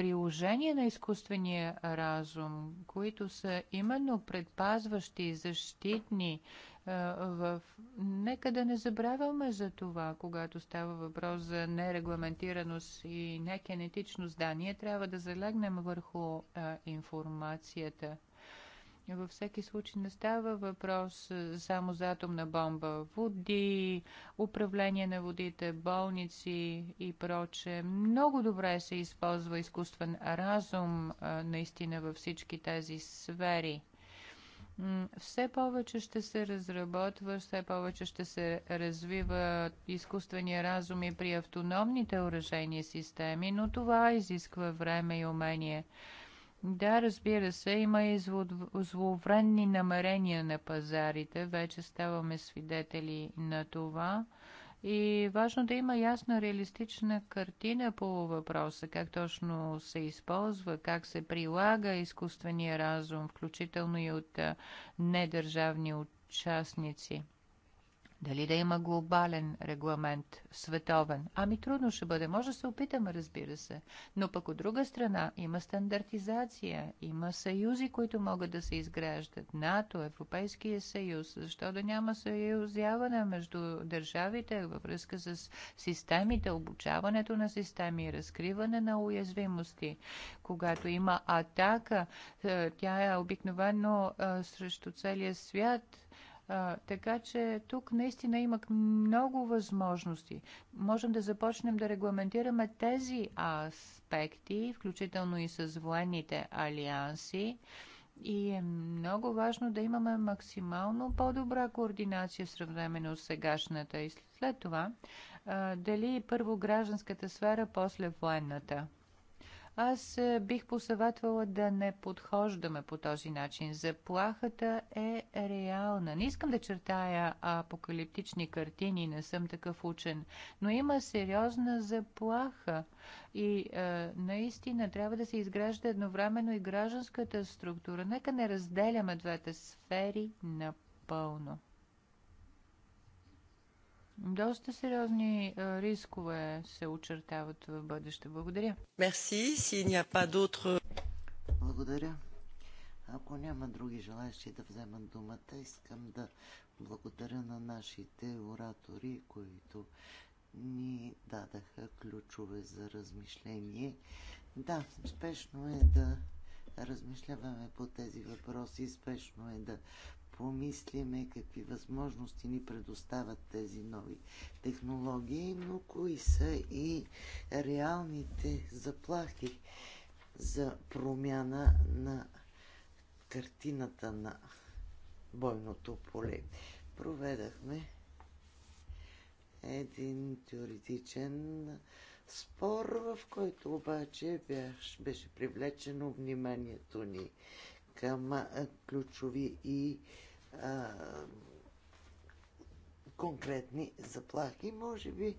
Приложения на изкуствения разум, които са именно предпазващи, защитни. Е, в... Нека да не забравяме за това, когато става въпрос за нерегламентираност и некенетичност. Да, ние трябва да залегнем върху е, информацията. Във всеки случай не става въпрос е, само за атомна бомба. Води, управление на водите, болници и проче. Много добре се използва изкуствен разум е, наистина във всички тези сфери все повече ще се разработва, все повече ще се развива изкуствения разум и при автономните оръжени системи, но това изисква време и умение. Да, разбира се, има и зловренни намерения на пазарите. Вече ставаме свидетели на това. И важно да има ясна реалистична картина по въпроса, как точно се използва, как се прилага изкуствения разум, включително и от недържавни участници. Дали да има глобален регламент, световен? Ами трудно ще бъде. Може да се опитаме, разбира се. Но пък от друга страна има стандартизация, има съюзи, които могат да се изграждат. НАТО, Европейския съюз. Защо да няма съюзяване между държавите във връзка с системите, обучаването на системи, разкриване на уязвимости? Когато има атака, е, тя е обикновено е, срещу целия свят – а, така че тук наистина има много възможности. Можем да започнем да регламентираме тези аспекти, включително и с военните алианси. И е много важно да имаме максимално по-добра координация сравнено с сегашната и след това а, дали първо гражданската сфера, после военната. Аз е, бих посъветвала да не подхождаме по този начин. Заплахата е реална. Не искам да чертая апокалиптични картини, не съм такъв учен, но има сериозна заплаха и е, наистина трябва да се изгражда едновременно и гражданската структура. Нека не разделяме двете сфери напълно. Доста сериозни рискове се очертават в бъдеще. Благодаря. Мерси, си па дотро. Благодаря. Ако няма други желаящи да вземат думата, искам да благодаря на нашите оратори, които ни дадаха ключове за размишление. Да, спешно е да размишляваме по тези въпроси, спешно е да мислиме, какви възможности ни предоставят тези нови технологии, но кои са и реалните заплахи за промяна на картината на бойното поле. Проведахме един теоретичен спор, в който обаче беше привлечено вниманието ни към ключови и конкретни заплахи. Може би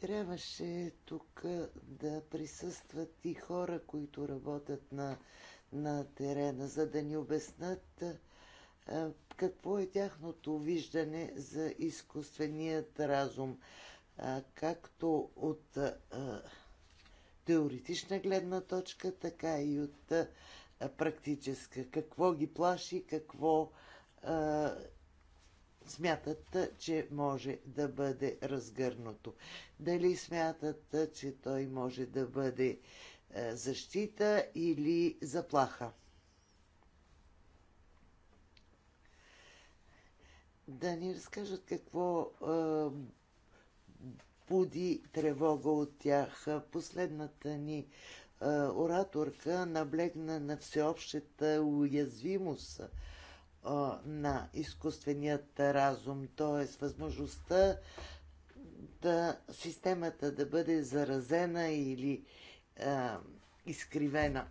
трябваше тук да присъстват и хора, които работят на, на терена, за да ни обяснат какво е тяхното виждане за изкуственият разум. както от теоретична гледна точка, така и от практическа. Какво ги плаши, какво а, смятат, че може да бъде разгърнато. Дали смятат, че той може да бъде защита или заплаха. Да ни разкажат какво буди тревога от тях. Последната ни ораторка наблегна на всеобщата уязвимост на изкуственият разум, т.е. възможността да системата да бъде заразена или а, изкривена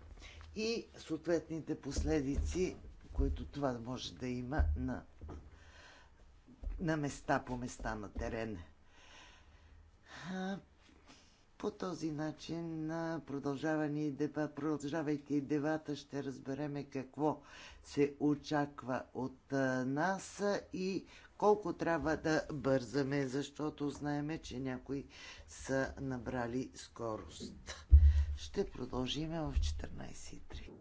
и съответните последици, които това може да има на, на места по места на терена. По този начин, продължавани деба, продължавайки дебата, ще разбереме какво се очаква от нас и колко трябва да бързаме, защото знаеме, че някои са набрали скорост. Ще продължиме в 14.30.